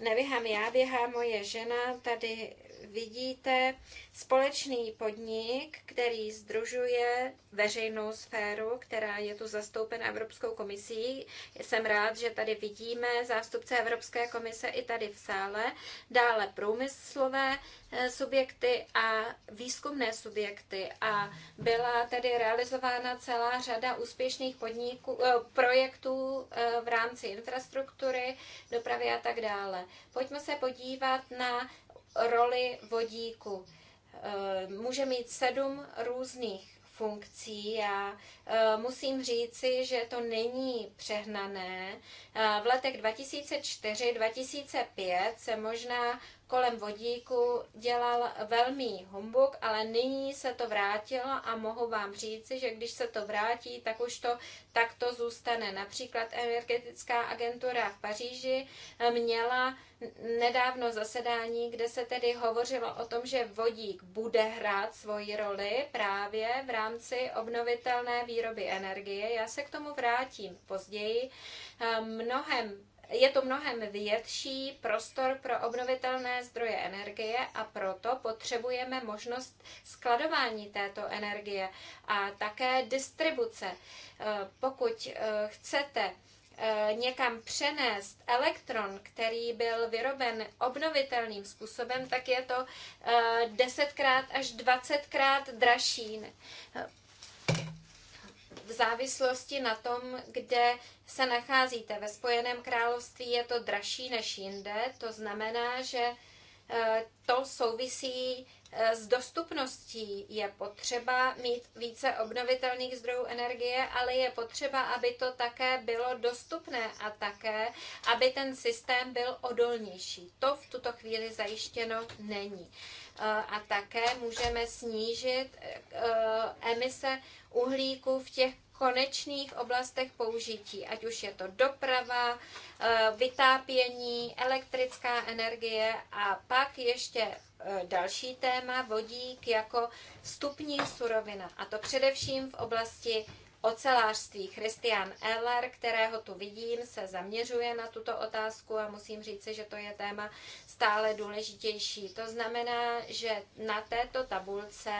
nevěhám já, běhá moje žena, tady vidíte společný podnik, který združuje veřejnou sféru, která je tu zastoupena Evropskou komisí. Jsem rád, že tady vidíme zástupce Evropské komise i tady v sále. Dále průmyslové eh, subjekty a výzkumné subjekty. A byla tedy realizována celá řada úspěšných podniků, eh, projektů eh, v rámci infrastruktury, dopravy a tak dále. Pojďme se podívat na roli vodíku. Eh, může mít sedm různých funkcí a eh, musím říci, že to není přehnané. Eh, v letech 2004-2005 se možná kolem vodíku dělal velmi humbuk, ale nyní se to vrátilo a mohu vám říci, že když se to vrátí, tak už to takto zůstane. Například energetická agentura v Paříži eh, měla nedávno zasedání, kde se tedy hovořilo o tom, že vodík bude hrát svoji roli právě v rámci rámci obnovitelné výroby energie. Já se k tomu vrátím později. Eh, mnohem je to mnohem větší prostor pro obnovitelné zdroje energie a proto potřebujeme možnost skladování této energie a také distribuce. Eh, pokud eh, chcete Eh, někam přenést elektron, který byl vyroben obnovitelným způsobem, tak je to eh, desetkrát až dvacetkrát dražší v závislosti na tom, kde se nacházíte. Ve Spojeném království je to dražší než jinde, to znamená, že eh, to souvisí E, s dostupností je potřeba mít více obnovitelných zdrojů energie, ale je potřeba, aby to také bylo dostupné a také, aby ten systém byl odolnější. To v tuto chvíli zajištěno není. E, a také můžeme snížit e, emise uhlíku v těch konečných oblastech použití, ať už je to doprava, eh, vytápění, elektrická energie a pak ještě eh, další téma vodík jako vstupní surovina, a to především v oblasti ocelářství. Christian Eller, kterého tu vidím, se zaměřuje na tuto otázku a musím říci, že to je téma, stále důležitější. To znamená, že na této tabulce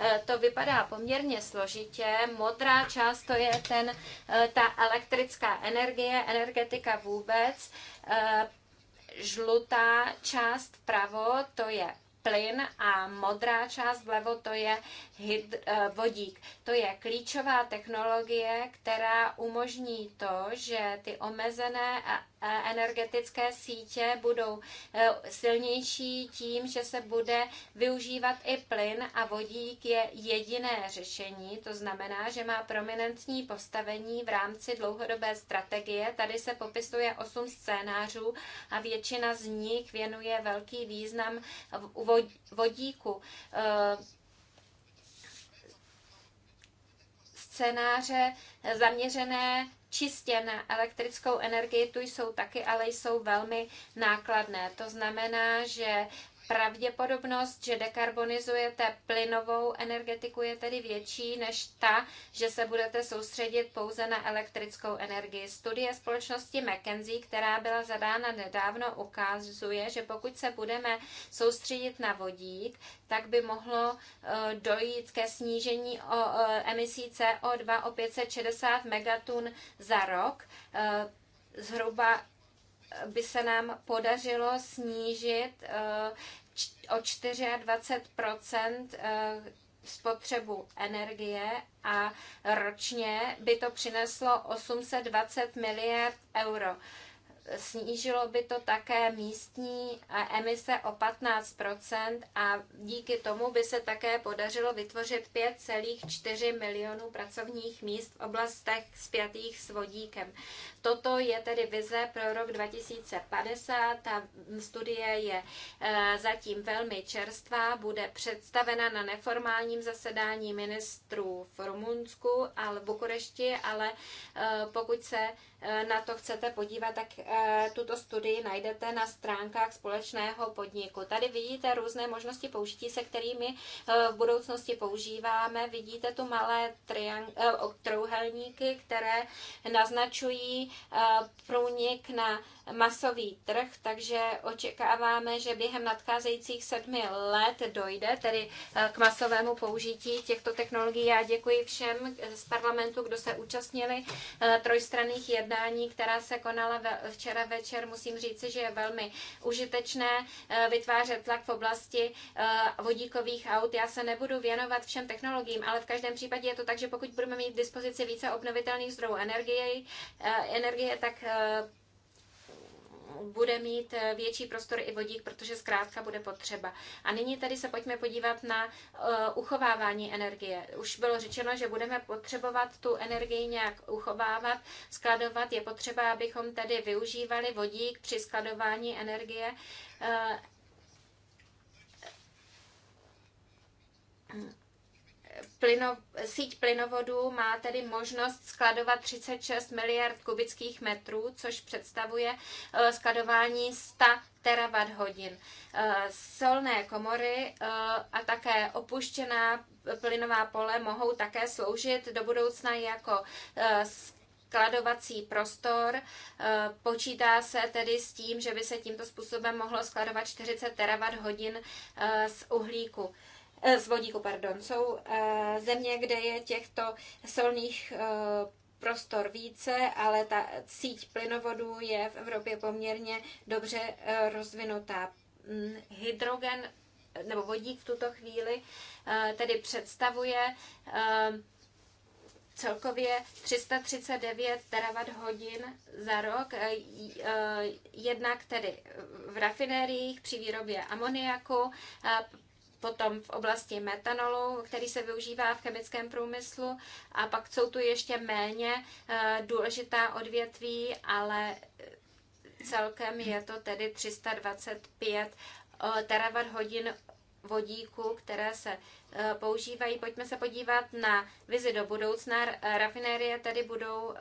eh, to vypadá poměrně složitě. Modrá část to je ten, eh, ta elektrická energie, energetika vůbec. Eh, žlutá část pravo to je plyn a modrá část vlevo to je hydr, vodík. To je klíčová technologie, která umožní to, že ty omezené energetické sítě budou eh, silnější tím, že se bude využívat i plyn a vodík je jediné řešení. To znamená, že má prominentní postavení v rámci dlouhodobé strategie. Tady se popisuje osm scénářů a většina z nich věnuje velký význam vodíku. Eh, scénáře zaměřené čistě na elektrickou energii, tu jsou taky, ale jsou velmi nákladné. To znamená, že Pravděpodobnost, že dekarbonizujete plynovou energetiku, je tedy větší než ta, že se budete soustředit pouze na elektrickou energii. Studie společnosti McKenzie, která byla zadána nedávno, ukazuje, že pokud se budeme soustředit na vodík, tak by mohlo eh, dojít ke snížení o eh, emisí CO2 o 560 megatun za rok, eh, zhruba by se nám podařilo snížit eh, o 24 eh, spotřebu energie a ročně by to přineslo 820 miliard euro. Snížilo by to také místní emise o 15 a díky tomu by se také podařilo vytvořit 5,4 milionů pracovních míst v oblastech spjatých s vodíkem. Toto je tedy vize pro rok 2050. Ta studie je e, zatím velmi čerstvá, bude představena na neformálním zasedání ministrů v Rumunsku a v Bukurešti, ale e, pokud se Eh, na to chcete podívat, tak eh, tuto studii najdete na stránkách společného podniku. Tady vidíte různé možnosti použití, se kterými eh, v budoucnosti používáme. Vidíte tu malé trouhelníky, které naznačují průnik na masový trh, takže očekáváme, že během nadcházejících sedmi let dojde tedy k masovému použití těchto technologií. Já děkuji všem z parlamentu, kdo se účastnili trojstranných jednání jednání, která se konala včera večer, musím říci, že je velmi užitečné eh, vytvářet tlak v oblasti eh, vodíkových aut. Já se nebudu věnovat všem technologiím, ale v každém případě je to tak, že pokud budeme mít k dispozici více obnovitelných zdrojů energie, eh, energie tak bude mít eh, větší prostor i vodík, protože zkrátka bude potřeba. A nyní tady se pojďme podívat na eh, uchovávání energie. Už bylo řečeno, že budeme potřebovat tu energii nějak uchovávat, skladovat. Je potřeba, abychom tedy využívali vodík při skladování energie eh, plyno, síť plynovodů má tedy možnost skladovat 36 miliard kubických metrů, což představuje eh, skladování 100 terawatt hodin. Eh, solné komory eh, a také opuštěná plynová pole mohou také sloužit do budoucna jako skladovací prostor. Počítá se tedy s tím, že by se tímto způsobem mohlo skladovat 40 terawatt hodin z uhlíku. Eh, z vodíku, pardon. Jsou eh, země, kde je těchto solných eh, prostor více, ale ta síť plynovodů je v Evropě poměrně dobře rozvinutá. Mm, hydrogen nebo vodík v tuto chvíli tedy představuje celkově 339 terawatt hodin za rok, jednak tedy v rafinériích při výrobě amoniaku, potom v oblasti metanolu, který se využívá v chemickém průmyslu a pak jsou tu ještě méně eh, důležitá odvětví, ale eh, celkem je to tedy 325 eh, terawatt hodin vodíku, které se používají. Pojďme se podívat na vizi do budoucna. Rafinérie tedy budou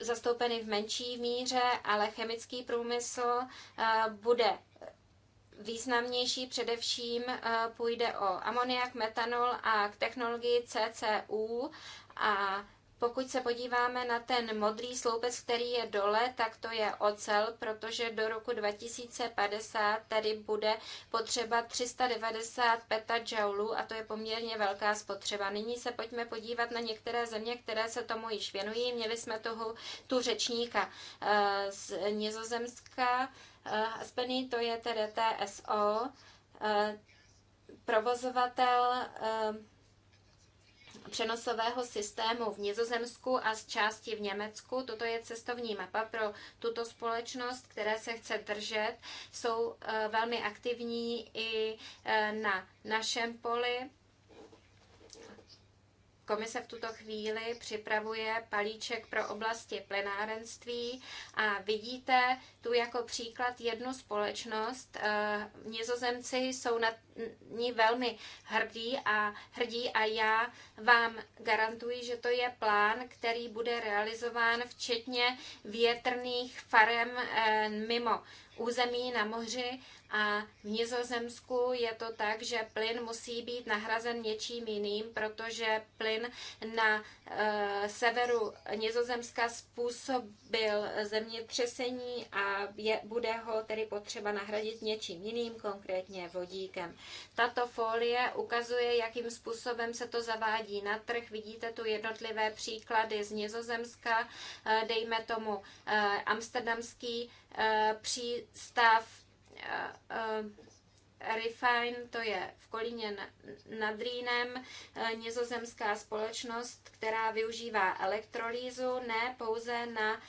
zastoupeny v menší míře, ale chemický průmysl bude významnější. Především eh, půjde o amoniak, metanol a k technologii CCU a pokud se podíváme na ten modrý sloupec, který je dole, tak to je ocel, protože do roku 2050 tady bude potřeba 390 petajoulů a to je poměrně velká spotřeba. Nyní se pojďme podívat na některé země, které se tomu již věnují. Měli jsme toho, tu řečníka eh, z Nizozemska, Eh, Aspený, to je tedy TSO, eh, provozovatel eh, přenosového systému v Nizozemsku a z části v Německu. Toto je cestovní mapa pro tuto společnost, které se chce držet. Jsou velmi aktivní i na našem poli. Komise v tuto chvíli připravuje palíček pro oblasti plenárenství a vidíte tu jako příklad jednu společnost. Eh, Nizozemci jsou na ní velmi hrdí a, hrdí a já vám garantuji, že to je plán, který bude realizován včetně větrných farem eh, mimo území na moři a v Nizozemsku je to tak, že plyn musí být nahrazen něčím jiným, protože plyn na e, severu Nizozemska způsobil zemětřesení a je, bude ho tedy potřeba nahradit něčím jiným, konkrétně vodíkem. Tato folie ukazuje, jakým způsobem se to zavádí na trh. Vidíte tu jednotlivé příklady z Nizozemska, e, dejme tomu e, amsterdamský přístav Eh, eh, Refine, to je v Kolíně nad Rýnem eh, nizozemská společnost, která využívá elektrolýzu ne pouze na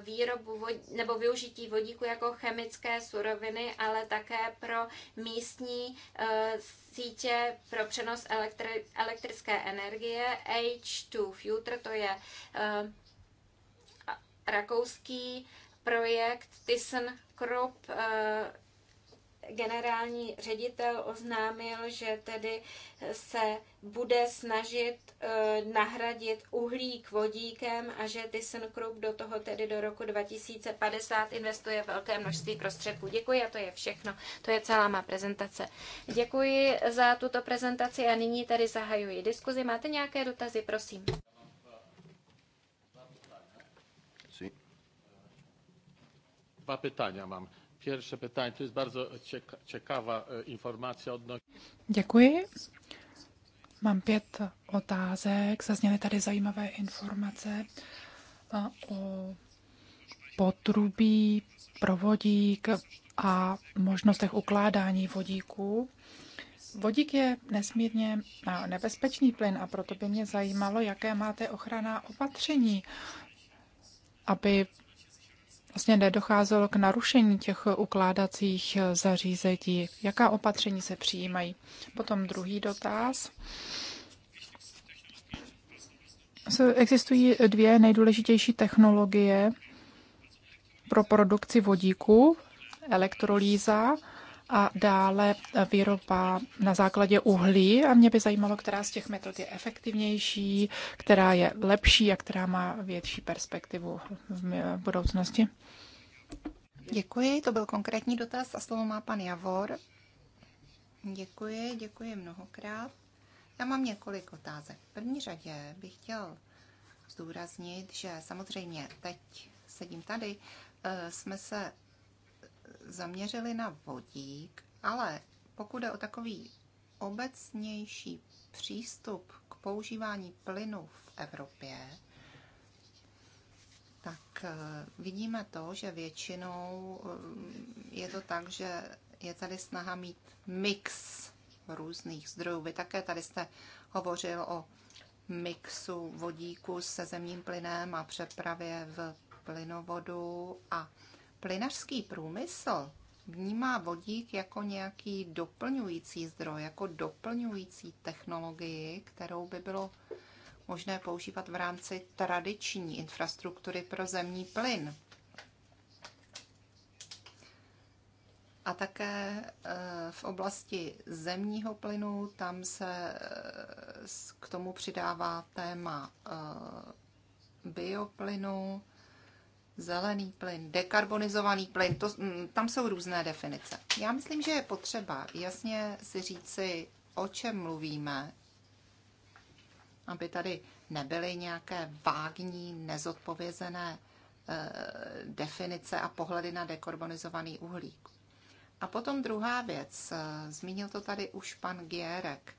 výrobu vod, nebo využití vodíku jako chemické suroviny, ale také pro místní sítě pro přenos elektri, elektrické energie. H2 Future, to je rakouský projekt Thyssen Krop eh, generální ředitel oznámil, že tedy se bude snažit eh, nahradit uhlík vodíkem a že ThyssenKrupp do toho tedy do roku 2050 investuje velké množství prostředků. Děkuji a to je všechno. To je celá má prezentace. Děkuji za tuto prezentaci a nyní tady zahajuji diskuzi. Máte nějaké dotazy, prosím? Dwa pytania mam. Pierwsze pytanie, to jest bardzo cieka, ciekawa e, informacja odnośnie... Dziękuję. Mam pięć otázek. Zazněly tady zajímavé informace o potrubí provodík a možnostech ukládání vodíku. Vodík je nesmírně nebezpečný plyn a proto by mě zajímalo, jaké máte ochranná opatření, aby vlastně nedocházelo k narušení těch ukládacích zařízení? Jaká opatření se přijímají? Potom druhý dotaz. Existují dvě nejdůležitější technologie pro produkci vodíku, elektrolýza a dále výroba na základě uhlí. A mě by zajímalo, která z těch metod je efektivnější, která je lepší a která má větší perspektivu v budoucnosti. Děkuji, to byl konkrétní dotaz a slovo má pan Javor. Děkuji, děkuji mnohokrát. Já mám několik otázek. V první řadě bych chtěl zdůraznit, že samozřejmě teď sedím tady, eh, jsme se zaměřili na vodík, ale pokud je o takový obecnější přístup k používání plynu v Evropě, tak eh, vidíme to, že většinou eh, je to tak, že je tady snaha mít mix různých zdrojů. Vy také tady jste hovořil o mixu vodíku se zemním plynem a přepravě v plynovodu a Plynařský průmysl vnímá vodík jako nějaký doplňující zdroj, jako doplňující technologii, kterou by bylo možné používat v rámci tradiční infrastruktury pro zemní plyn. A také eh, v oblasti zemního plynu, tam se eh, k tomu přidává téma eh, bioplynu, Zelený plyn, dekarbonizovaný plyn, to, mm, tam jsou různé definice. Já myslím, že je potřeba jasně si říci, o čem mluvíme, aby tady nebyly nějaké vágní, nezodpovězené e, definice a pohledy na dekarbonizovaný uhlík. A potom druhá věc, eh, zmínil to tady už pan Gierek,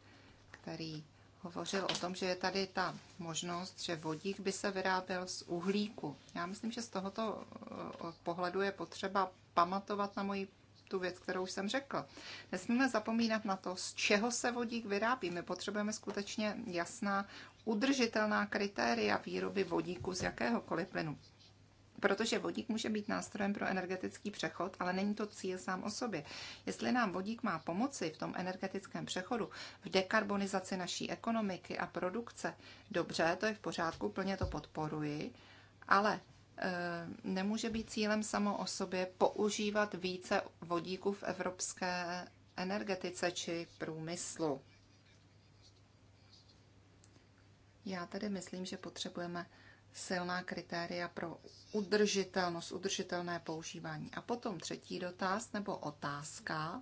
který hovořil o tom, že je tady ta možnost, že vodík by se vyráběl z uhlíku. Já myslím, že z tohoto eh, pohledu je potřeba pamatovat na moji tu věc, kterou jsem řekl. Nesmíme zapomínat na to, z čeho se vodík vyrábí. My potřebujeme skutečně jasná, udržitelná kritéria výroby vodíku z jakéhokoliv plynu. Protože vodík může být nástrojem pro energetický přechod, ale není to cíl sám o sobě. Jestli nám vodík má pomoci v tom energetickém přechodu, v dekarbonizaci naší ekonomiky a produkce, dobře, to je v pořádku, plně to podporuji, ale e, nemůže být cílem samo o sobě používat více vodíku v evropské energetice či průmyslu. Já tedy myslím, že potřebujeme silná kritéria pro udržitelnost, udržitelné používání. A potom třetí dotaz nebo otázka.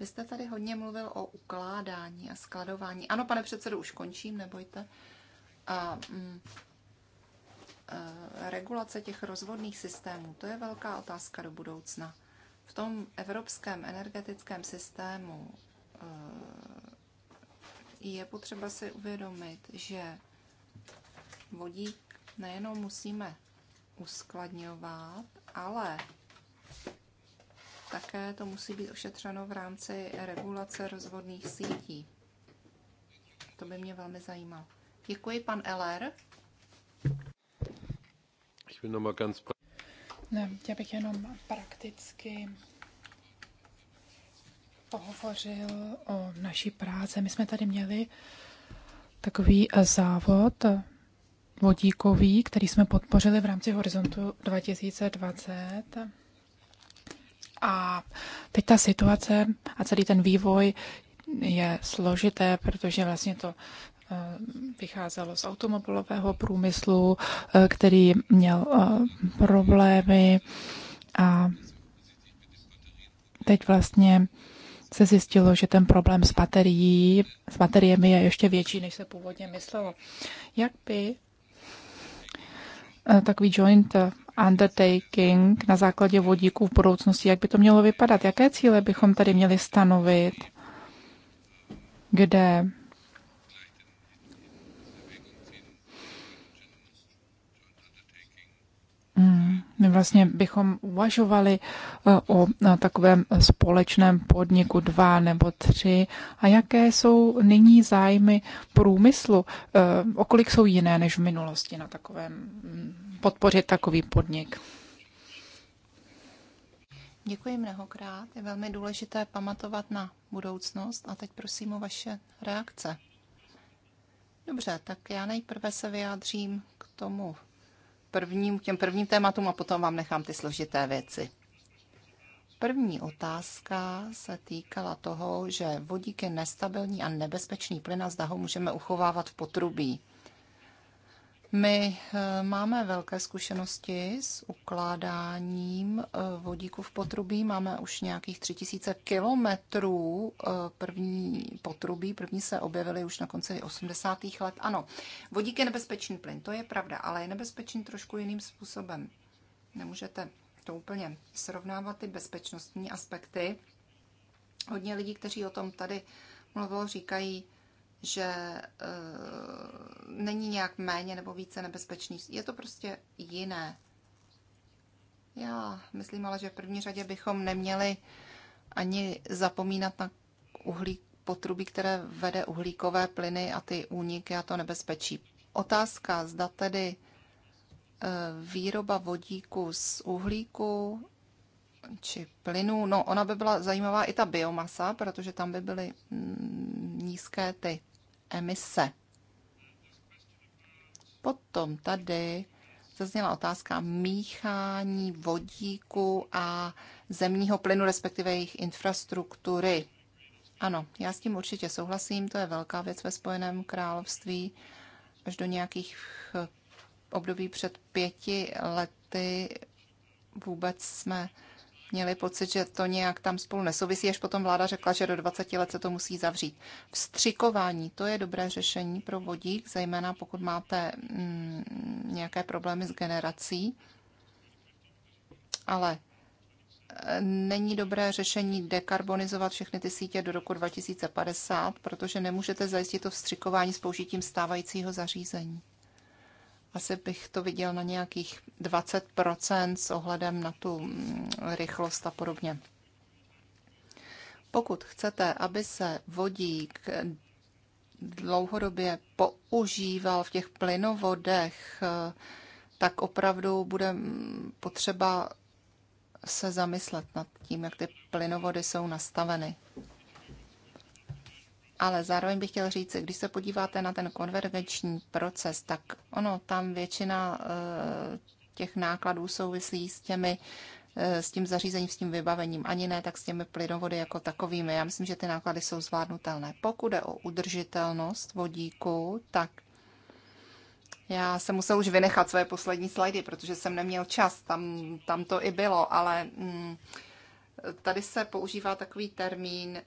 Vy jste tady hodně mluvil o ukládání a skladování. Ano, pane předsedo, už končím, nebojte. A, mm, a, regulace těch rozvodných systémů, to je velká otázka do budoucna. V tom evropském energetickém systému e, je potřeba si uvědomit, že vodík nejenom musíme uskladňovat, ale také to musí být ošetřeno v rámci regulace rozvodných sítí. To by mě velmi zajímalo. Děkuji, pan Eller. Ne, já bych jenom prakticky pohovořil o naší práci. My jsme tady měli takový závod vodíkový, který jsme podpořili v rámci Horizontu 2020. A teď ta situace a celý ten vývoj je složité, protože vlastně to eh, vycházelo z automobilového průmyslu, eh, který měl eh, problémy a teď vlastně se zjistilo, že ten problém s, baterií, s bateriemi je ještě větší, než se původně myslelo. Jak by Eh, takový joint eh, undertaking na základě vodíků v budoucnosti, jak by to mělo vypadat, jaké cíle bychom tady měli stanovit, kde Mm, my vlastně bychom uvažovali eh, o takovém společném podniku dva nebo tři a jaké jsou nyní zájmy průmyslu, eh, okolik jsou jiné než v minulosti na takovém, mm, podpořit takový podnik. Děkuji mnohokrát. Je velmi důležité pamatovat na budoucnost a teď prosím o vaše reakce. Dobře, tak já nejprve se vyjádřím k tomu prvním, těm prvním tématům a potom vám nechám ty složité věci. První otázka se týkala toho, že vodík je nestabilní a nebezpečný plyn a zda ho můžeme uchovávat v potrubí. My eh, máme velké zkušenosti s ukládáním eh, vodíku v potrubí. Máme už nějakých 3000 kilometrů eh, první potrubí. První se objevily už na konci 80. let. Ano, vodík je nebezpečný plyn, to je pravda, ale je nebezpečný trošku jiným způsobem. Nemůžete to úplně srovnávat ty bezpečnostní aspekty. Hodně lidí, kteří o tom tady mluvilo, říkají, že e, není nějak méně nebo více nebezpečný. Je to prostě jiné. Já myslím ale, že v první řadě bychom neměli ani zapomínat na uhlík, potrubí, které vede uhlíkové plyny a ty úniky a to nebezpečí. Otázka, zda tedy e, výroba vodíku z uhlíku či plynu, no ona by byla zajímavá i ta biomasa, protože tam by byly mm, nízké ty emise. Potom tady zazněla otázka míchání vodíku a zemního plynu, respektive jejich infrastruktury. Ano, já s tím určitě souhlasím, to je velká věc ve Spojeném království. Až do nějakých eh, období před pěti lety vůbec jsme měli pocit, že to nějak tam spolu nesouvisí, až potom vláda řekla, že do 20 let se to musí zavřít. Vstřikování, to je dobré řešení pro vodík, zejména pokud máte mm, nějaké problémy s generací, ale e, není dobré řešení dekarbonizovat všechny ty sítě do roku 2050, protože nemůžete zajistit to vstřikování s použitím stávajícího zařízení. Asi bych to viděl na nějakých 20% s ohledem na tu mm, rychlost a podobně. Pokud chcete, aby se vodík dlouhodobě používal v těch plynovodech, tak opravdu bude mm, potřeba se zamyslet nad tím, jak ty plynovody jsou nastaveny. Ale zároveň bych chtěl říct, když se podíváte na ten konvergenční proces, tak ono tam většina eh, těch nákladů souvisí s těmi eh, s tím zařízením, s tím vybavením, ani ne tak s těmi plynovody jako takovými. Já myslím, že ty náklady jsou zvládnutelné. Pokud je o udržitelnost vodíku, tak já jsem musel už vynechat své poslední slajdy, protože jsem neměl čas, tam, tam to i bylo, ale mm, tady se používá takový termín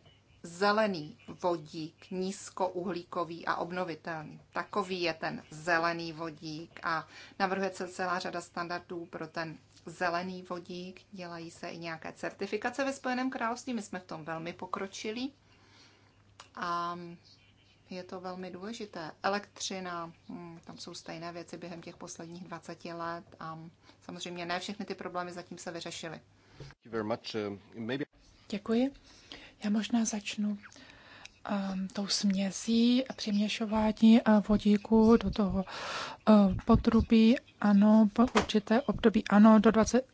zelený vodík, nízkouhlíkový a obnovitelný. Takový je ten zelený vodík a navrhuje se celá řada standardů pro ten zelený vodík, dělají se i nějaké certifikace ve Spojeném království, my jsme v tom velmi pokročili a je to velmi důležité. Elektřina, hm, tam jsou stejné věci během těch posledních 20 let a samozřejmě ne všechny ty problémy zatím se vyřešily. Uh, Děkuji. Já možná začnu um, tou směsí a přiměšování uh, vodíku do toho uh, potrubí. Ano, po určité období ano, do 20,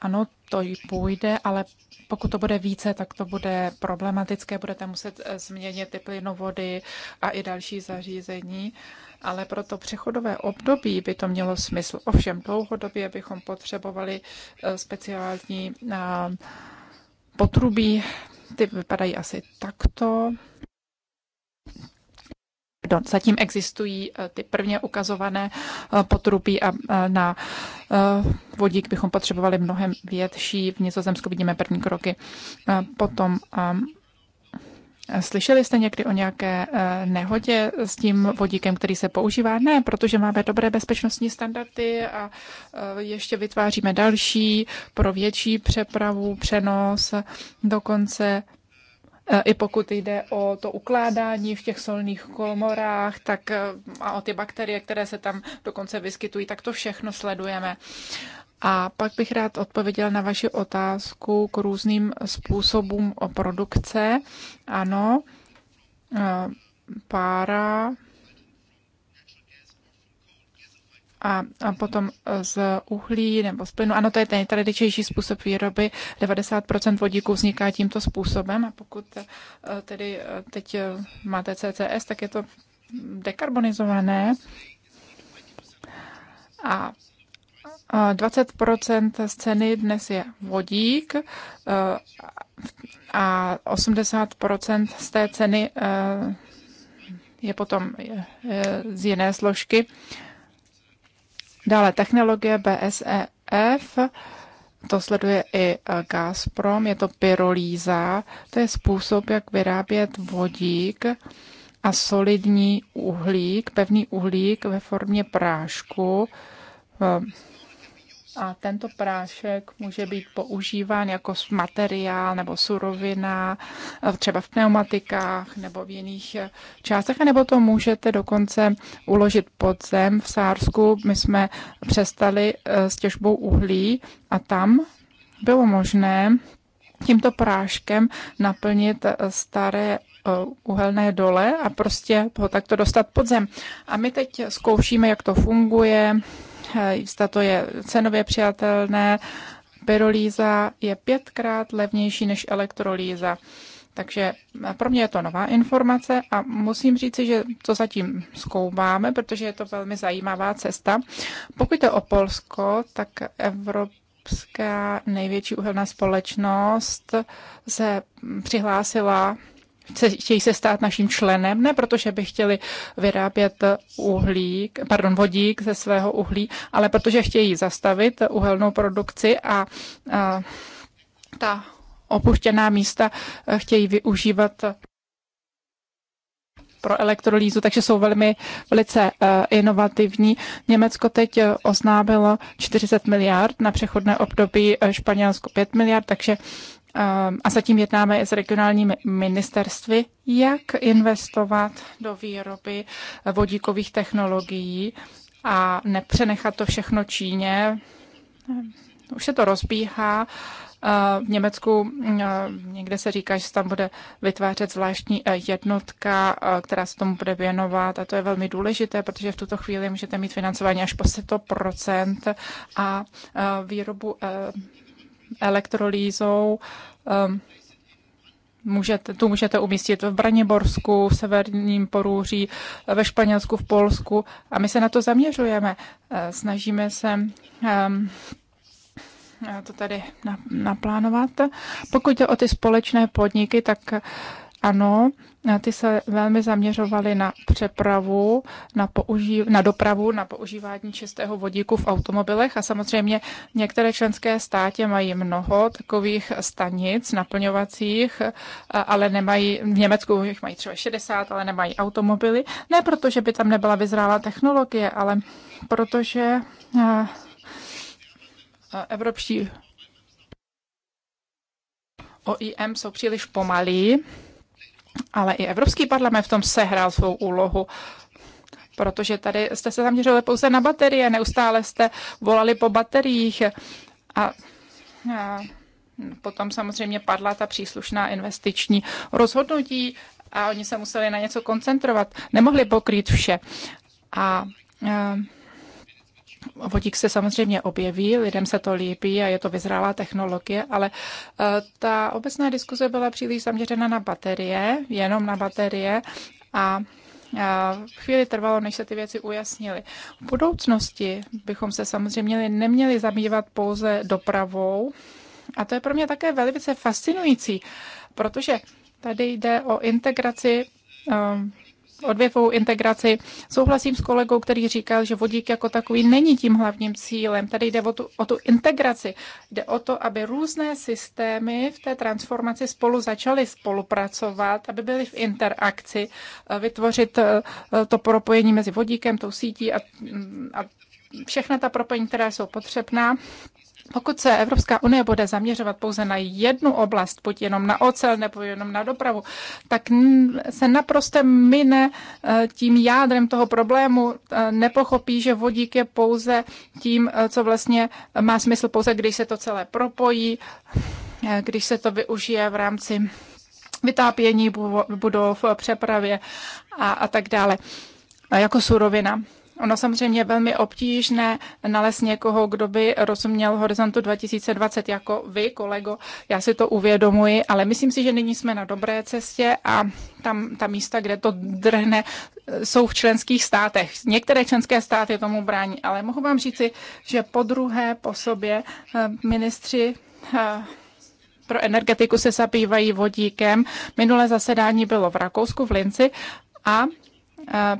ano, to jí půjde, ale pokud to bude více, tak to bude problematické, budete muset uh, změnit ty plynovody a i další zařízení, ale pro to přechodové období by to mělo smysl. Ovšem dlouhodobě bychom potřebovali uh, speciální potrubí ty vypadají asi takto. Pardon, zatím existují eh, ty prvně ukazované eh, potrubí a eh, na vodík bychom potřebovali mnohem větší. V Nizozemsku vidíme první kroky. Potom Slyšeli jste někdy o nějaké eh, nehodě s tím vodíkem, který se používá? Ne, protože máme dobré bezpečnostní standardy a eh, ještě vytváříme další pro větší přepravu, přenos, dokonce eh, i pokud jde o to ukládání v těch solných komorách tak, a o ty bakterie, které se tam dokonce vyskytují, tak to všechno sledujeme. A pak bych rád odpověděl na vaši otázku k různým způsobům o produkce. Ano, eh, pára a, a potom z uhlí nebo z plynu. Ano, to je ten nejtradičnější způsob výroby. 90% vodíku vzniká tímto způsobem a pokud eh, tedy eh, teď máte CCS, tak je to dekarbonizované. A 20 z ceny dnes je vodík eh, a 80 z té ceny eh, je potom eh, z jiné složky. Dále technologie BSEF, to sleduje i Gazprom, je to pyrolíza, to je způsob, jak vyrábět vodík a solidní uhlík, pevný uhlík ve formě prášku a tento prášek může být používán jako materiál nebo surovina, eh, třeba v pneumatikách nebo v jiných eh, částech, nebo to můžete dokonce uložit pod zem v Sársku. My jsme přestali eh, s těžbou uhlí a tam bylo možné tímto práškem naplnit staré uhelné dole a prostě ho takto dostat pod zem. A my teď zkoušíme, jak to funguje, zda to je cenově přijatelné. Pyrolíza je pětkrát levnější než elektrolíza, Takže pro mě je to nová informace a musím říci, že to zatím zkoumáme, protože je to velmi zajímavá cesta. Pokud je o Polsko, tak Evropská největší uhelná společnost se přihlásila chtějí se stát naším členem, ne protože by chtěli vyrábět uhlík, pardon, vodík ze svého uhlí, ale protože chtějí zastavit uhelnou produkci a, a ta opuštěná místa chtějí využívat pro elektrolýzu, takže jsou velmi velice eh, inovativní. Německo teď oznámilo 40 miliard, na přechodné období eh, Španělsko 5 miliard, takže Ehm, a zatím jednáme i s regionálními ministerstvy, jak investovat do výroby vodíkových technologií a nepřenechat to všechno Číně. Ehm, už se to rozbíhá. Ehm, v Německu někde se říká, že se tam bude vytvářet zvláštní eh, jednotka, eh, která se tomu bude věnovat a to je velmi důležité, protože v tuto chvíli můžete mít financování až po 100% a eh, výrobu elektrolýzou ehm, můžete, tu můžete umístit v Braniborsku, v severním Porůří, ve Španělsku, v Polsku a my se na to zaměřujeme. Eh, snažíme se ehm, eh, to tady naplánovat. Pokud jde o ty společné podniky, tak ano, ty se velmi zaměřovaly na přepravu, na, použí- na dopravu, na používání čistého vodíku v automobilech a samozřejmě některé členské státě mají mnoho takových stanic naplňovacích, ale nemají, v Německu jich mají třeba 60, ale nemají automobily. Ne proto, že by tam nebyla vyzrálá technologie, ale protože evropští OIM jsou příliš pomalí ale i Evropský parlament v tom sehrál svou úlohu protože tady jste se zaměřili pouze na baterie, neustále jste volali po bateriích a, a potom samozřejmě padla ta příslušná investiční rozhodnutí a oni se museli na něco koncentrovat, nemohli pokrýt vše. A, a vodík se samozřejmě objeví, lidem se to líbí a je to vyzrálá technologie, ale eh, ta obecná diskuze byla příliš zaměřena na baterie, jenom na baterie a eh, chvíli trvalo, než se ty věci ujasnily. V budoucnosti bychom se samozřejmě neměli zabývat pouze dopravou a to je pro mě také velice fascinující, protože tady jde o integraci eh, odvěvou integraci. Souhlasím s kolegou, který říkal, že vodík jako takový není tím hlavním cílem. Tady jde o tu, o tu integraci. Jde o to, aby různé systémy v té transformaci spolu začaly spolupracovat, aby byly v interakci, eh, vytvořit eh, eh, to propojení mezi vodíkem, tou sítí a, mm, a všechna ta propojení, která jsou potřebná. Pokud se Evropská unie bude zaměřovat pouze na jednu oblast, buď jenom na ocel nebo jenom na dopravu, tak se naprosto mine eh, tím jádrem toho problému, eh, nepochopí, že vodík je pouze tím, eh, co vlastně má smysl pouze, když se to celé propojí, když se to využije v rámci vytápění budov, přepravě a, a tak dále, jako surovina. Ono samozřejmě je velmi obtížné nalézt někoho, kdo by rozuměl horizontu 2020 jako vy, kolego. Já si to uvědomuji, ale myslím si, že nyní jsme na dobré cestě a tam ta místa, kde to drhne, jsou v členských státech. Některé členské státy tomu brání, ale mohu vám říci, že po druhé po sobě eh, ministři eh, pro energetiku se zabývají vodíkem. Minulé zasedání bylo v Rakousku, v Linci a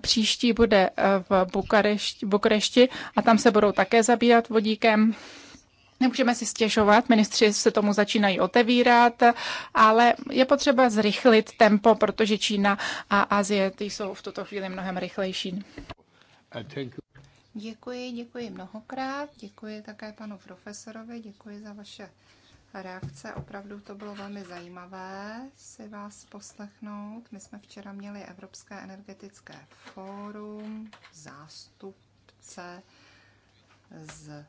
příští bude e, v Bukarešti, Bukarešti a tam se budou také zabírat vodíkem. Nemůžeme si stěžovat, ministři se tomu začínají otevírat, ale je potřeba zrychlit tempo, protože Čína a Asie ty jsou v tuto chvíli mnohem rychlejší. Uh, děkuji, děkuji mnohokrát, děkuji také panu profesorovi, děkuji za vaše reakce. Opravdu to bylo velmi zajímavé si vás poslechnout. My jsme včera měli Evropské energetické fórum, zástupce z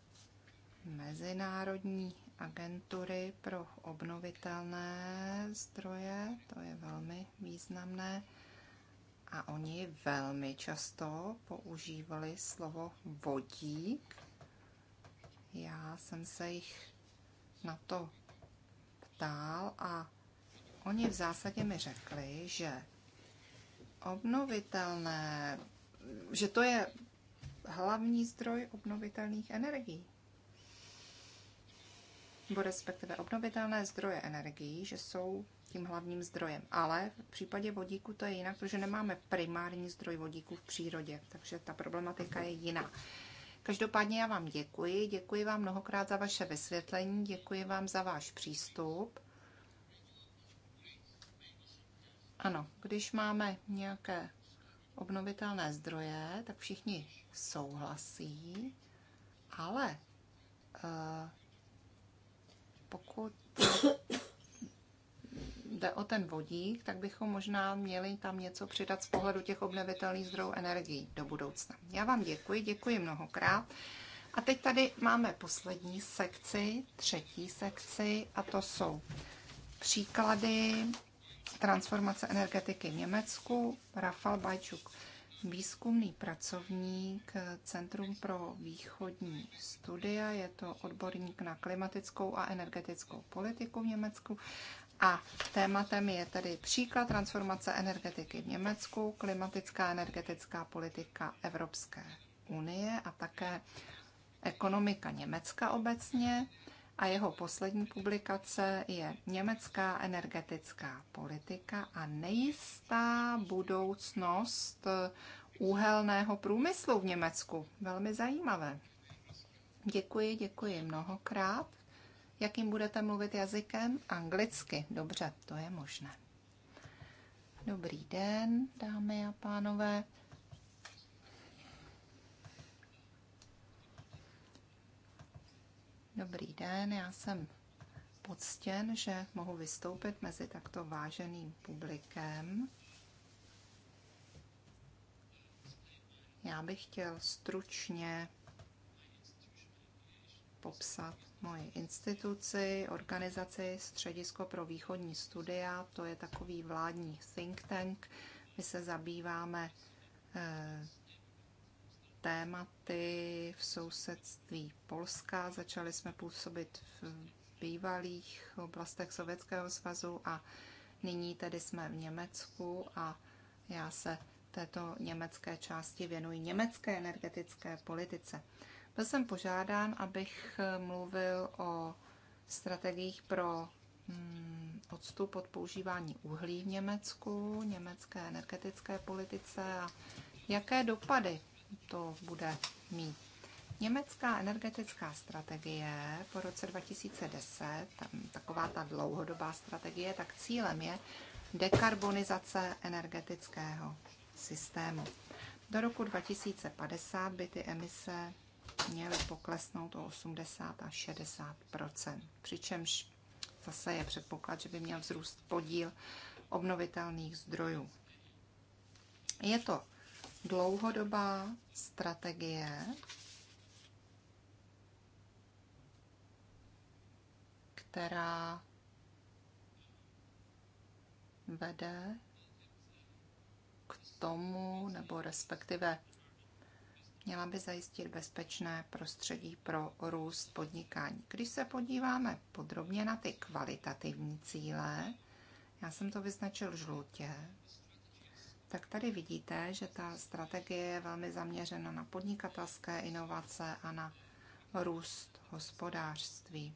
Mezinárodní agentury pro obnovitelné zdroje, to je velmi významné. A oni velmi často používali slovo vodík. Já jsem se jich na to ptal a oni v zásadě mi řekli, že obnovitelné, že to je hlavní zdroj obnovitelných energií. Nebo respektive obnovitelné zdroje energií, že jsou tím hlavním zdrojem. Ale v případě vodíku to je jinak, protože nemáme primární zdroj vodíku v přírodě, takže ta problematika je jiná. Každopádně já vám děkuji, děkuji vám mnohokrát za vaše vysvětlení, děkuji vám za váš přístup. Ano, když máme nějaké obnovitelné zdroje, tak všichni souhlasí, ale uh, pokud jde o ten vodík, tak bychom možná měli tam něco přidat z pohledu těch obnovitelných zdrojů energií do budoucna. Já vám děkuji, děkuji mnohokrát. A teď tady máme poslední sekci, třetí sekci, a to jsou příklady transformace energetiky v Německu. Rafal Bajčuk, výzkumný pracovník Centrum pro východní studia, je to odborník na klimatickou a energetickou politiku v Německu a tématem je tedy příklad transformace energetiky v Německu, klimatická energetická politika Evropské unie a také ekonomika Německa obecně. A jeho poslední publikace je Německá energetická politika a nejistá budoucnost úhelného průmyslu v Německu. Velmi zajímavé. Děkuji, děkuji mnohokrát. Jakým budete mluvit jazykem? Anglicky. Dobře, to je možné. Dobrý den, dámy a pánové. Dobrý den, já jsem poctěn, že mohu vystoupit mezi takto váženým publikem. Já bych chtěl stručně popsat moji instituci, organizaci Středisko pro východní studia, to je takový vládní think tank. My se zabýváme eh, tématy v sousedství Polska. Začali jsme působit v bývalých oblastech Sovětského svazu a nyní tedy jsme v Německu a já se této německé části věnuji německé energetické politice. Byl jsem požádán, abych eh, mluvil o strategiích pro mm, odstup od používání uhlí v Německu, německé energetické politice a jaké dopady to bude mít. Německá energetická strategie po roce 2010, taková ta dlouhodobá strategie, tak cílem je dekarbonizace energetického systému. Do roku 2050 by ty emise měly poklesnout o 80 až 60 Přičemž zase je předpoklad, že by měl vzrůst podíl obnovitelných zdrojů. Je to dlouhodobá strategie, která vede k tomu, nebo respektive měla by zajistit bezpečné prostředí pro růst podnikání. Když se podíváme podrobně na ty kvalitativní cíle, já jsem to vyznačil žlutě, tak tady vidíte, že ta strategie je velmi zaměřena na podnikatelské inovace a na růst hospodářství.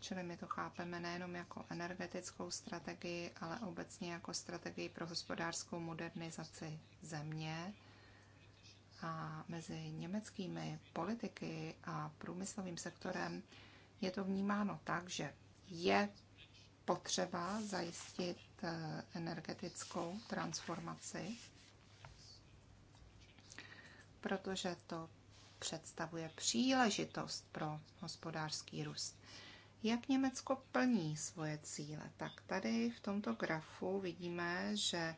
Čili my to chápeme nejenom jako energetickou strategii, ale obecně jako strategii pro hospodářskou modernizaci země a mezi německými politiky a průmyslovým sektorem je to vnímáno tak, že je potřeba zajistit eh, energetickou transformaci, protože to představuje příležitost pro hospodářský růst. Jak Německo plní svoje cíle? Tak tady v tomto grafu vidíme, že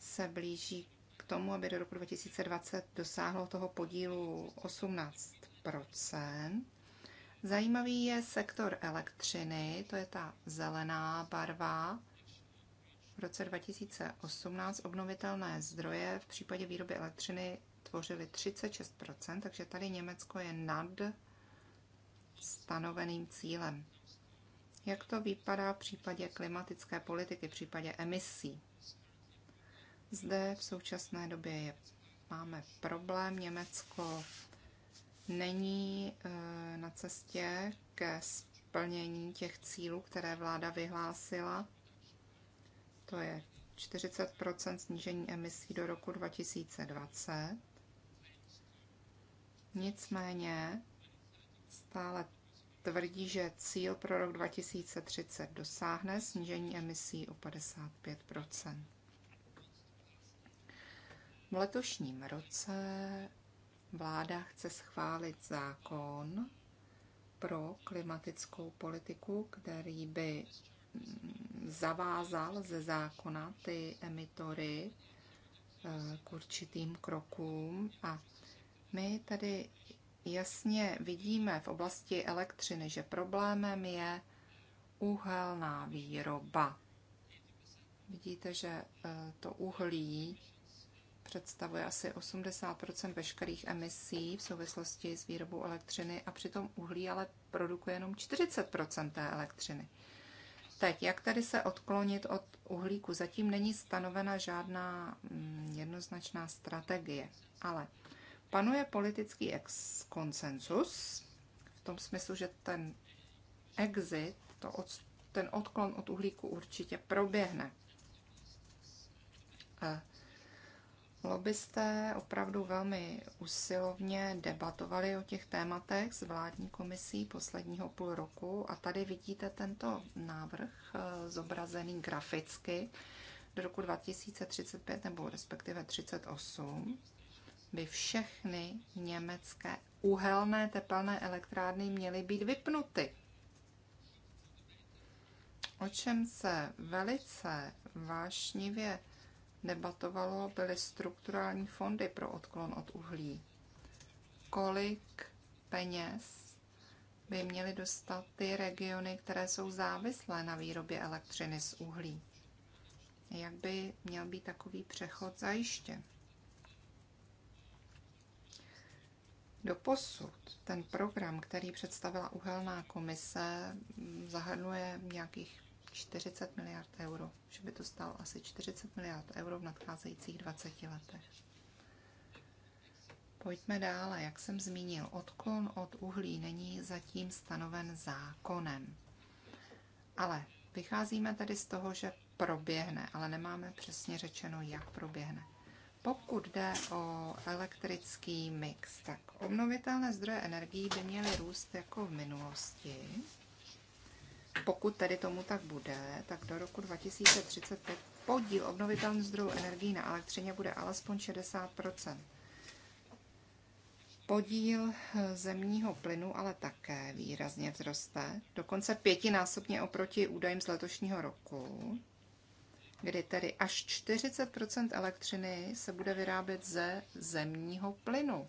se blíží tomu, aby do roku 2020 dosáhlo toho podílu 18 Zajímavý je sektor elektřiny, to je ta zelená barva. V roce 2018 obnovitelné zdroje v případě výroby elektřiny tvořily 36 takže tady Německo je nad stanoveným cílem. Jak to vypadá v případě klimatické politiky, v případě emisí? Zde v současné době je, máme problém. Německo není e, na cestě ke splnění těch cílů, které vláda vyhlásila. To je 40 snížení emisí do roku 2020. Nicméně stále tvrdí, že cíl pro rok 2030 dosáhne snížení emisí o 55 v letošním roce vláda chce schválit zákon pro klimatickou politiku, který by mm, zavázal ze zákona ty emitory eh, k určitým krokům. A my tady jasně vidíme v oblasti elektřiny, že problémem je uhelná výroba. Vidíte, že eh, to uhlí představuje asi 80 veškerých emisí v souvislosti s výrobou elektřiny a přitom uhlí ale produkuje jenom 40 té elektřiny. Teď, jak tedy se odklonit od uhlíku? Zatím není stanovena žádná mm, jednoznačná strategie, ale panuje politický ex- konsensus v tom smyslu, že ten exit, to od, ten odklon od uhlíku určitě proběhne. Lobbysté opravdu velmi usilovně debatovali o těch tématech s vládní komisí posledního půl roku a tady vidíte tento návrh eh, zobrazený graficky do roku 2035 nebo respektive 38 by všechny německé uhelné tepelné elektrárny měly být vypnuty. O čem se velice vášnivě debatovalo, byly strukturální fondy pro odklon od uhlí. Kolik peněz by měly dostat ty regiony, které jsou závislé na výrobě elektřiny z uhlí? Jak by měl být takový přechod zajištěn? Doposud ten program, který představila uhelná komise, zahrnuje nějakých 40 miliard euro, že by to stálo asi 40 miliard euro v nadcházejících 20 letech. Pojďme dále. Jak jsem zmínil, odklon od uhlí není zatím stanoven zákonem. Ale vycházíme tedy z toho, že proběhne, ale nemáme přesně řečeno, jak proběhne. Pokud jde o elektrický mix, tak obnovitelné zdroje energií by měly růst jako v minulosti pokud tedy tomu tak bude, tak do roku 2035 podíl obnovitelných zdrojů energií na elektřině bude alespoň 60 Podíl eh, zemního plynu ale také výrazně vzroste, dokonce pětinásobně oproti údajům z letošního roku, kdy tedy až 40 elektřiny se bude vyrábět ze zemního plynu.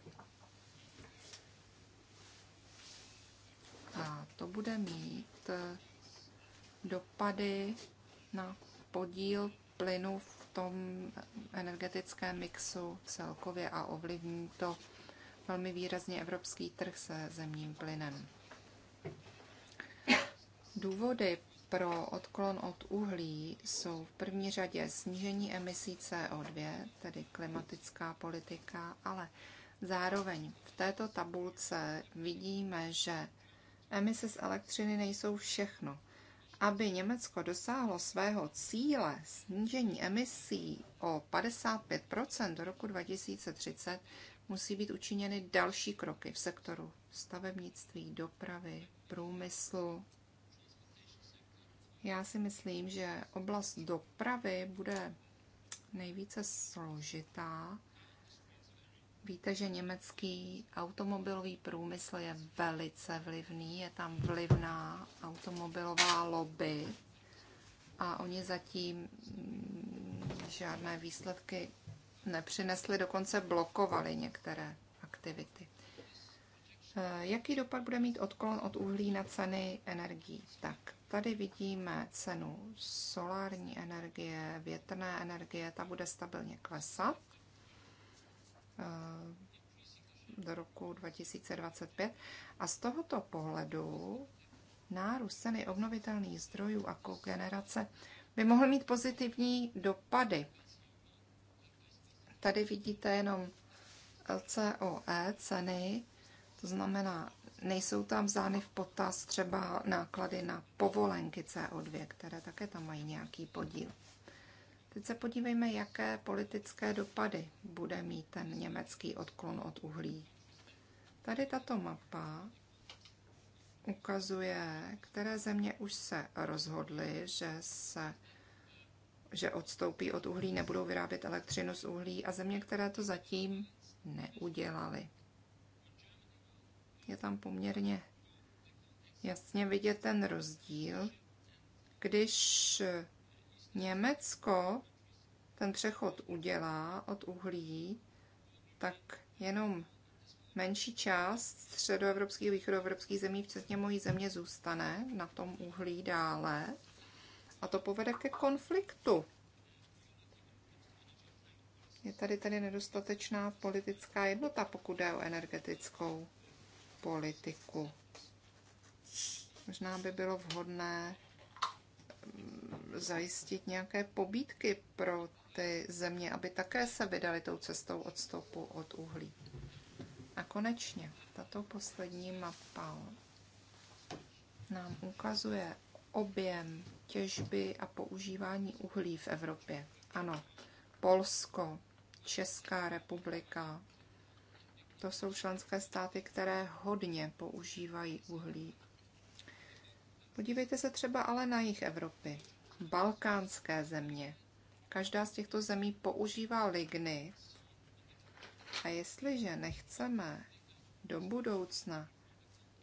A to bude mít eh, dopady na podíl plynu v tom energetickém mixu celkově a ovlivní to velmi výrazně evropský trh se zemním plynem. Důvody pro odklon od uhlí jsou v první řadě snížení emisí CO2, tedy klimatická politika, ale zároveň v této tabulce vidíme, že emise z elektřiny nejsou všechno aby Německo dosáhlo svého cíle snížení emisí o 55 do roku 2030, musí být učiněny další kroky v sektoru stavebnictví, dopravy, průmyslu. Já si myslím, že oblast dopravy bude nejvíce složitá, Víte, že německý automobilový průmysl je velice vlivný, je tam vlivná automobilová lobby a oni zatím mm, žádné výsledky nepřinesli, dokonce blokovali některé aktivity. E, jaký dopad bude mít odklon od uhlí na ceny energií? Tak tady vidíme cenu solární energie, větrné energie, ta bude stabilně klesat Eh, do roku 2025. A z tohoto pohledu nárůst ceny obnovitelných zdrojů a kogenerace by mohl mít pozitivní dopady. Tady vidíte jenom LCOE ceny, to znamená, nejsou tam vzány v potaz třeba náklady na povolenky CO2, které také tam mají nějaký podíl. Teď se podívejme, jaké politické dopady bude mít ten německý odklon od uhlí. Tady tato mapa ukazuje, které země už se rozhodly, že se že odstoupí od uhlí, nebudou vyrábět elektřinu z uhlí a země, které to zatím neudělaly. Je tam poměrně jasně vidět ten rozdíl. Když Německo ten přechod udělá od uhlí, tak jenom menší část středoevropských a východoevropských zemí, včetně mojí země, zůstane na tom uhlí dále. A to povede ke konfliktu. Je tady tady nedostatečná politická jednota, pokud jde o energetickou politiku. Možná by bylo vhodné zajistit nějaké pobídky pro ty země, aby také se vydali tou cestou odstupu od uhlí. A konečně tato poslední mapa nám ukazuje objem těžby a používání uhlí v Evropě. Ano, Polsko, Česká republika, to jsou členské státy, které hodně používají uhlí. Podívejte se třeba ale na jich Evropy balkánské země. Každá z těchto zemí používá lignit a jestliže nechceme do budoucna,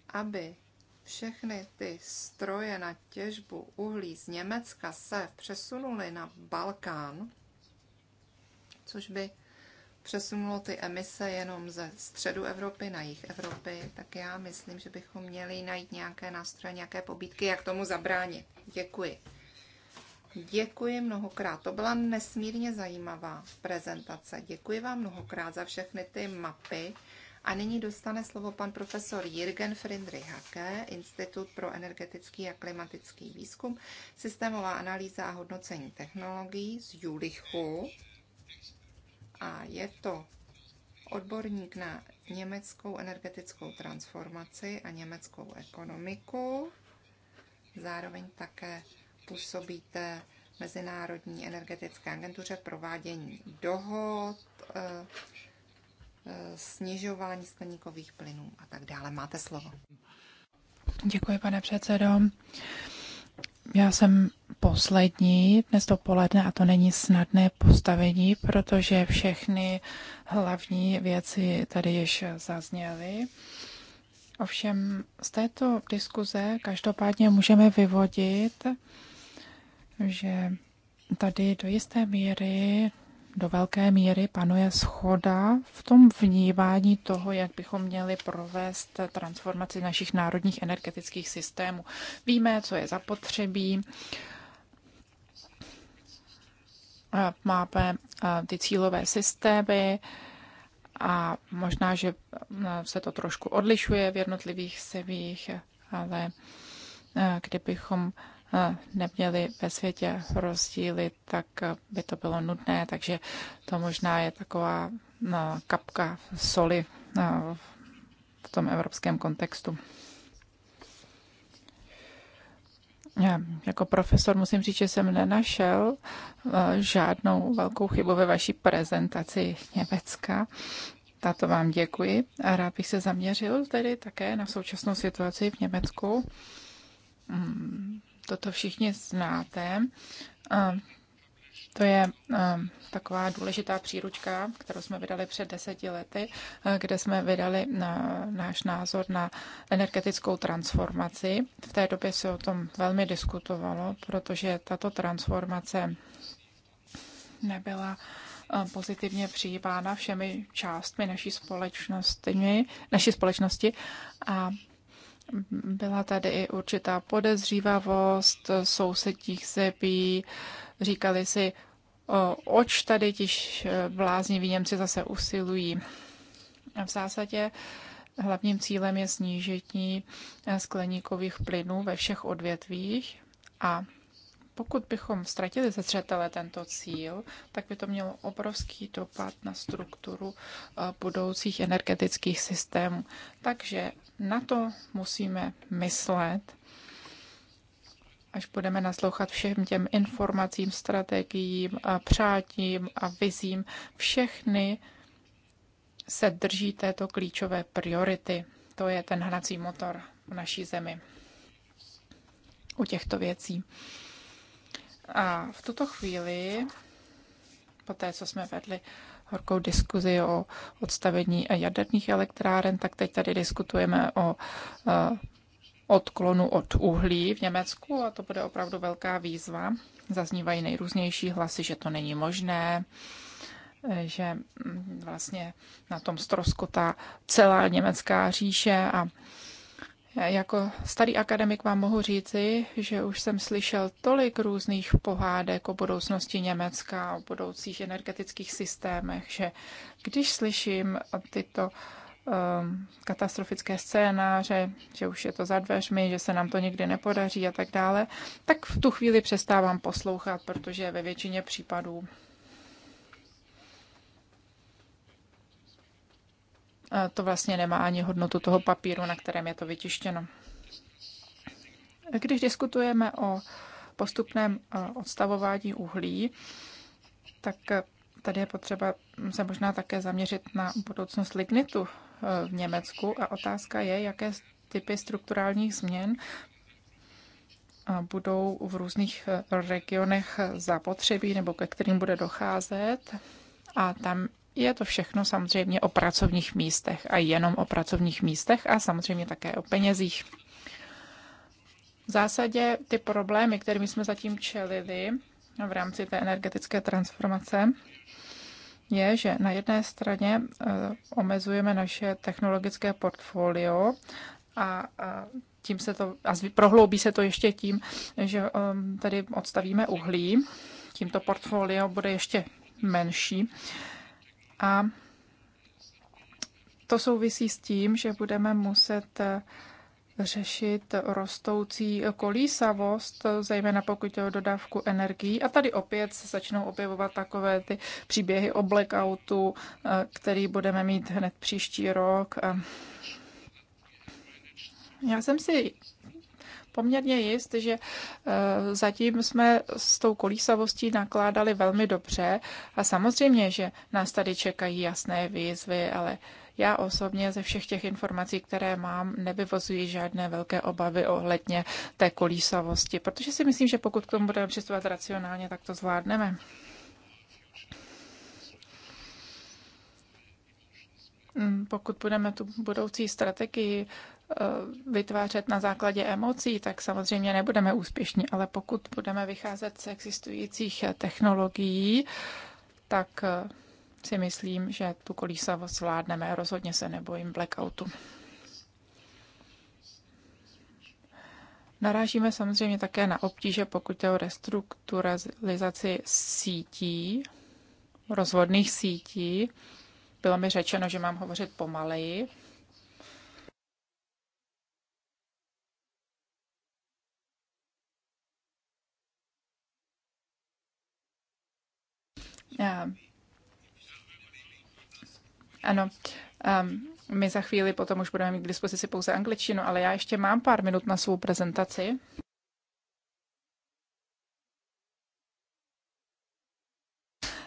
aby všechny ty stroje na těžbu uhlí z Německa se přesunuly na Balkán, což by přesunulo ty emise jenom ze středu Evropy na jih Evropy, tak já myslím, že bychom měli najít nějaké nástroje, nějaké pobídky, jak tomu zabránit. Děkuji. Děkuji mnohokrát. To byla nesmírně zajímavá prezentace. Děkuji vám mnohokrát za všechny ty mapy. A nyní dostane slovo pan profesor Jürgen Friedrich Hacke, Institut pro energetický a klimatický výzkum, systémová analýza a hodnocení technologií z Julichu. A je to odborník na německou energetickou transformaci a německou ekonomiku, zároveň také působíte Mezinárodní energetické agentuře provádění dohod, eh, eh, snižování skleníkových plynů a tak dále. Máte slovo. Děkuji, pane předsedo. Já jsem poslední dnes dopoledne a to není snadné postavení, protože všechny hlavní věci tady již zazněly. Ovšem z této diskuze každopádně můžeme vyvodit, že tady do jisté míry, do velké míry panuje schoda v tom vnívání toho, jak bychom měli provést transformaci našich národních energetických systémů. Víme, co je zapotřebí, máme ty cílové systémy a možná, že se to trošku odlišuje v jednotlivých sevích, ale kdybychom neměli ve světě rozdíly, tak by to bylo nudné, takže to možná je taková no, kapka soli no, v tom evropském kontextu. Já jako profesor musím říct, že jsem nenašel e, žádnou velkou chybu ve vaší prezentaci Německa. Tato vám děkuji a rád bych se zaměřil tedy také na současnou situaci v Německu. Hmm toto všichni znáte. To je taková důležitá příručka, kterou jsme vydali před deseti lety, kde jsme vydali na náš názor na energetickou transformaci. V té době se o tom velmi diskutovalo, protože tato transformace nebyla pozitivně přijímána všemi částmi naší společnosti, naší společnosti a byla tady i určitá podezřívavost sousedních zemí. Říkali si, oč tady tiž blázniví Němci zase usilují. A v zásadě hlavním cílem je snížení skleníkových plynů ve všech odvětvích a pokud bychom ztratili ze zřetele tento cíl, tak by to mělo obrovský dopad na strukturu eh, budoucích energetických systémů. Takže na to musíme myslet, až budeme naslouchat všem těm informacím, strategiím, a přátím a vizím. Všechny se drží této klíčové priority. To je ten hnací motor v naší zemi u těchto věcí. A v tuto chvíli, po té, co jsme vedli horkou diskuzi o odstavení jaderných elektráren, tak teď tady diskutujeme o eh, odklonu od uhlí v Německu a to bude opravdu velká výzva. Zaznívají nejrůznější hlasy, že to není možné, eh, že mm, vlastně na tom stroskotá celá německá říše a jako starý akademik vám mohu říci, že už jsem slyšel tolik různých pohádek o budoucnosti Německa, o budoucích energetických systémech, že když slyším tyto um, katastrofické scénáře, že už je to za dveřmi, že se nám to nikdy nepodaří a tak dále, tak v tu chvíli přestávám poslouchat, protože ve většině případů to vlastně nemá ani hodnotu toho papíru, na kterém je to vytištěno. Když diskutujeme o postupném odstavování uhlí, tak tady je potřeba se možná také zaměřit na budoucnost lignitu e, v Německu a otázka je, jaké typy strukturálních změn budou v různých e, regionech zapotřebí nebo ke kterým bude docházet. A tam je to všechno samozřejmě o pracovních místech a jenom o pracovních místech a samozřejmě také o penězích. V zásadě ty problémy, kterými jsme zatím čelili v rámci té energetické transformace, je, že na jedné straně eh, omezujeme naše technologické portfolio a tím se to, a prohloubí se to ještě tím, že eh, tady odstavíme uhlí, tímto portfolio bude ještě menší. A to souvisí s tím, že budeme muset řešit rostoucí kolísavost, zejména pokud je o dodávku energií. A tady opět se začnou objevovat takové ty příběhy o blackoutu, který budeme mít hned příští rok. Já jsem si poměrně jist, že eh, zatím jsme s tou kolísavostí nakládali velmi dobře a samozřejmě, že nás tady čekají jasné výzvy, ale já osobně ze všech těch informací, které mám, nevyvozuji žádné velké obavy ohledně té kolísavosti, protože si myslím, že pokud k tomu budeme přistupovat racionálně, tak to zvládneme. Hmm, pokud budeme tu budoucí strategii Eh, vytvářet na základě emocí, tak samozřejmě nebudeme úspěšní, ale pokud budeme vycházet z existujících technologií, tak eh, si myslím, že tu kolísavost zvládneme. Rozhodně se nebojím blackoutu. Narážíme samozřejmě také na obtíže, pokud jde o restrukturalizaci sítí, rozvodných sítí. Bylo mi řečeno, že mám hovořit pomaleji. Ano, ehm, my za chvíli potom už budeme mít k dispozici pouze angličtinu, ale já ještě mám pár minut na svou prezentaci.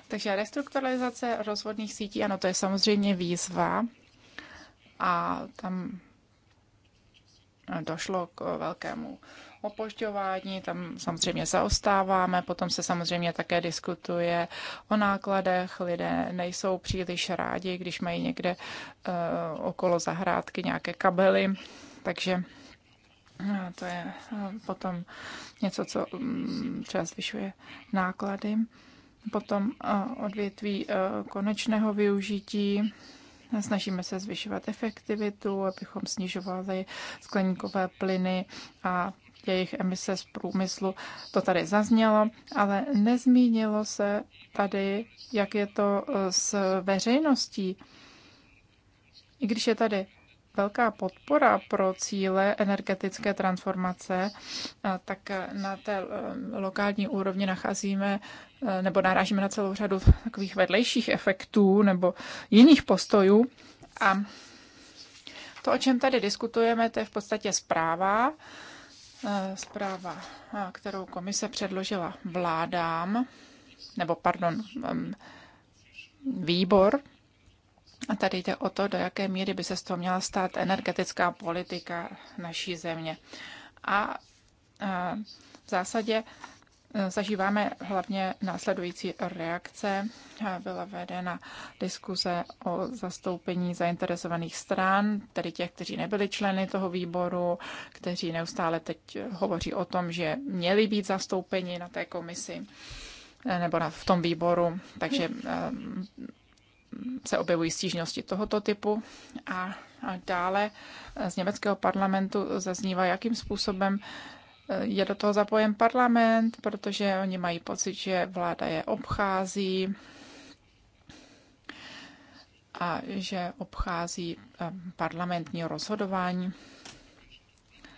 Takže restrukturalizace rozvodných sítí, ano, to je samozřejmě výzva a tam došlo k velkému opožďování, tam samozřejmě zaostáváme, potom se samozřejmě také diskutuje o nákladech, lidé nejsou příliš rádi, když mají někde eh, okolo zahrádky nějaké kabely, takže no, to je eh, potom něco, co mm, třeba zvyšuje náklady. Potom odvětví konečného využití, Snažíme se zvyšovat efektivitu, abychom snižovali skleníkové plyny a jejich emise z průmyslu. To tady zaznělo, ale nezmínilo se tady, jak je to eh, s veřejností. I když je tady velká podpora pro cíle energetické transformace, eh, tak eh, na té lokální úrovni nacházíme nebo narážíme na celou řadu takových vedlejších efektů nebo jiných postojů. A to, o čem tady diskutujeme, to je v podstatě zpráva, Eh, zpráva, eh, kterou komise předložila vládám, nebo pardon, výbor. A tady jde o to, do jaké míry by se z toho měla stát energetická politika naší země. A eh, v zásadě zažíváme hlavně následující reakce. Byla vedena diskuze o zastoupení zainteresovaných stran, tedy těch, kteří nebyli členy toho výboru, kteří neustále teď hovoří o tom, že měli být zastoupeni na té komisi eh, nebo na, v tom výboru, takže eh, se objevují stížnosti tohoto typu. A, a dále eh, z německého parlamentu zaznívá, jakým způsobem je do toho zapojen parlament, protože oni mají pocit, že vláda je obchází a že obchází eh, parlamentní rozhodování.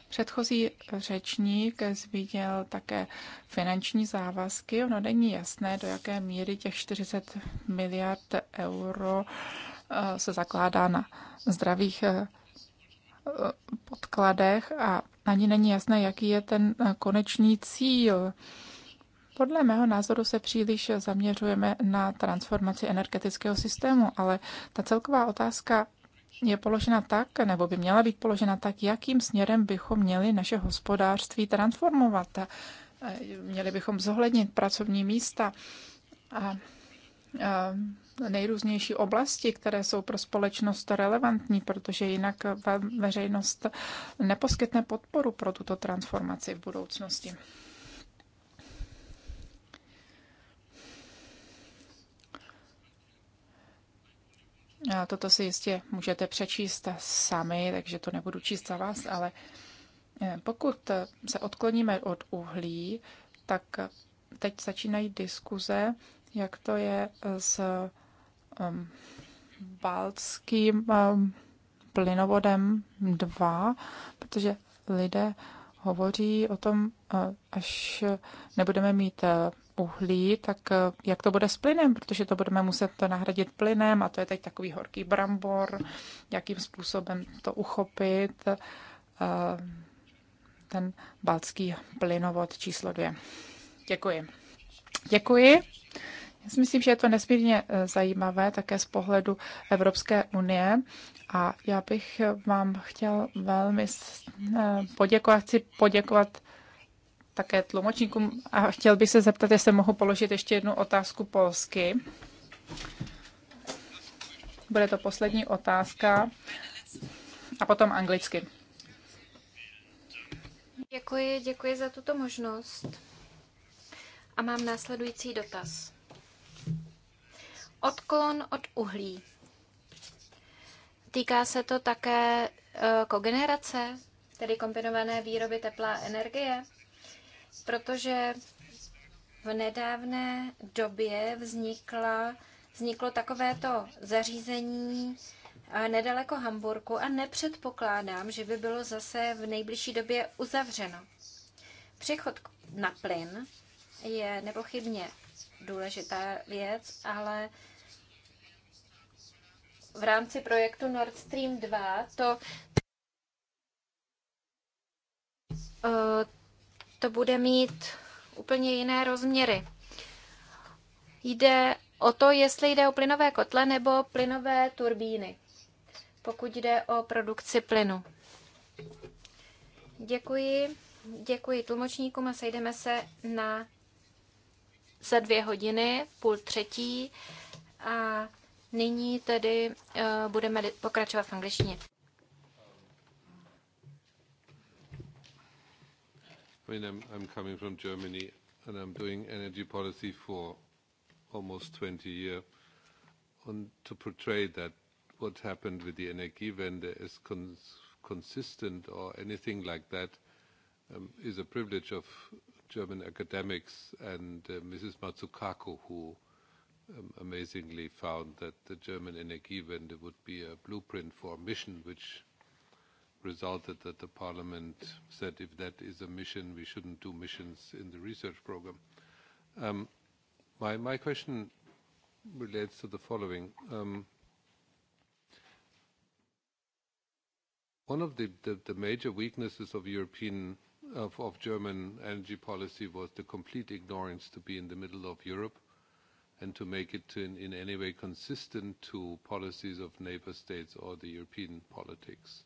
Předchozí řečník zviděl také finanční závazky. Ono není jasné, do jaké míry těch 40 miliard euro eh, se zakládá na zdravých eh, podkladech a ani není jasné, jaký je ten eh, konečný cíl. Podle mého názoru se příliš zaměřujeme na transformaci energetického systému, ale ta celková otázka je položena tak, nebo by měla být položena tak, jakým směrem bychom měli naše hospodářství transformovat. Eh, měli bychom zohlednit pracovní místa a, a eh, nejrůznější oblasti, které jsou pro společnost relevantní, protože jinak veřejnost neposkytne podporu pro tuto transformaci v budoucnosti. A toto si jistě můžete přečíst sami, takže to nebudu číst za vás, ale eh, pokud se odkloníme od uhlí, tak teď začínají diskuze, jak to je s Um, baltským um, plynovodem 2, protože lidé hovoří o tom, uh, až nebudeme mít uh, uhlí, tak uh, jak to bude s plynem, protože to budeme muset to nahradit plynem a to je teď takový horký brambor, jakým způsobem to uchopit. Ten baltský plynovod číslo 2. Děkuji. Děkuji. Já si myslím, že je to nesmírně eh, zajímavé také z pohledu Evropské unie a já bych vám chtěl velmi eh, poděkovat, chci poděkovat také tlumočníkům a chtěl bych se zeptat, jestli mohu položit ještě jednu otázku polsky. Bude to poslední otázka a potom anglicky. Děkuji, děkuji za tuto možnost. A mám následující dotaz odklon od uhlí. Týká se to také eh, kogenerace, tedy kombinované výroby tepla energie, protože v nedávné době vznikla, vzniklo takovéto zařízení eh, nedaleko Hamburku a nepředpokládám, že by bylo zase v nejbližší době uzavřeno. Přechod na plyn je nepochybně důležitá věc, ale v rámci projektu Nord Stream 2 to, eh, to bude mít úplně jiné rozměry. Jde o to, jestli jde o plynové kotle nebo plynové turbíny, pokud jde o produkci plynu. Děkuji, děkuji tlumočníkům a sejdeme se na za dvě hodiny, půl třetí. A nyní tedy uh, budeme pokračovat v angličtině. I mean, I'm, I'm coming from Germany and I'm doing energy policy for almost 20 years. And to portray that what happened with the Energiewende is cons consistent or anything like that um, is a privilege of German academics and uh, Mrs. Matsukako, who um, amazingly found that the German Energiewende would be a blueprint for a mission, which resulted that the parliament said if that is a mission, we shouldn't do missions in the research program. Um, my, my question relates to the following. Um, one of the, the, the major weaknesses of European of, of German energy policy was the complete ignorance to be in the middle of Europe and to make it in, in any way consistent to policies of neighbor states or the European politics.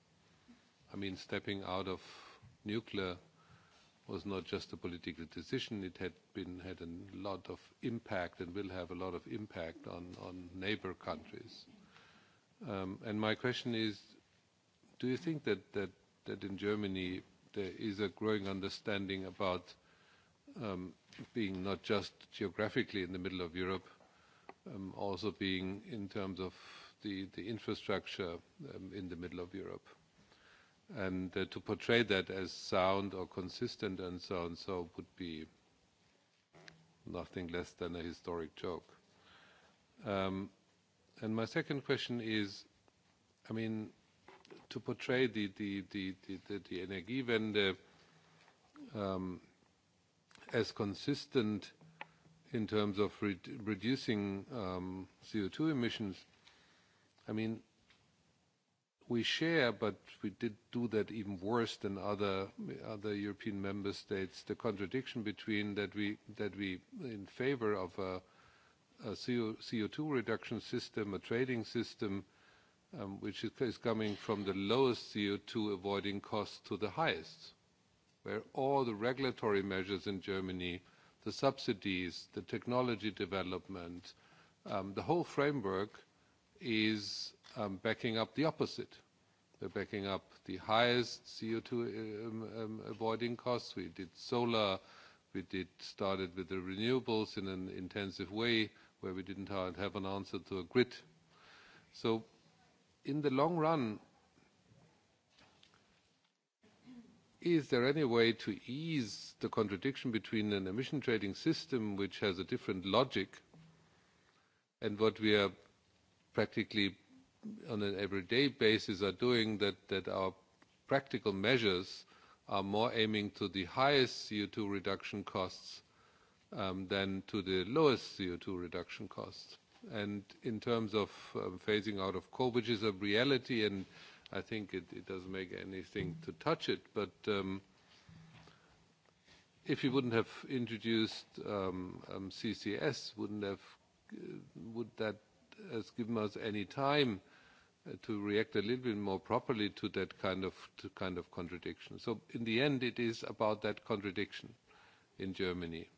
I mean, stepping out of nuclear was not just a political decision. It had been had a lot of impact and will have a lot of impact on, on neighbor countries. Um, and my question is, do you think that, that, that in Germany there is a growing understanding about um, being not just geographically in the middle of Europe, um, also being in terms of the, the infrastructure um, in the middle of Europe. And uh, to portray that as sound or consistent and so on so would be nothing less than a historic joke. Um, and my second question is, I mean, to portray the, the, the, the, the the Energiewende um, as consistent in terms of re reducing um, CO2 emissions, I mean, we share, but we did do that even worse than other other European member states. The contradiction between that we that we in favor of a, a CO, CO2 reduction system, a trading system, um, which is coming from the lowest CO2 avoiding costs to the highest, where all the regulatory measures in Germany, the subsidies, the technology development, um, the whole framework is um, backing up the opposite. They're backing up the highest CO2 um, um, avoiding costs. We did solar, we did started with the renewables in an intensive way, where we didn't have an answer to a grid. So in the long run, is there any way to ease the contradiction between an emission trading system which has a different logic and what we are practically on an everyday basis are doing that, that our practical measures are more aiming to the highest CO2 reduction costs um, than to the lowest CO2 reduction costs? and in terms of um, phasing out of coal, which is a reality, and I think it, it doesn't make anything to touch it. But um, if you wouldn't have introduced um, um, CCS, wouldn't have, uh, would that has given us any time uh, to react a little bit more properly to that kind of to kind of contradiction. So in the end, it is about that contradiction in Germany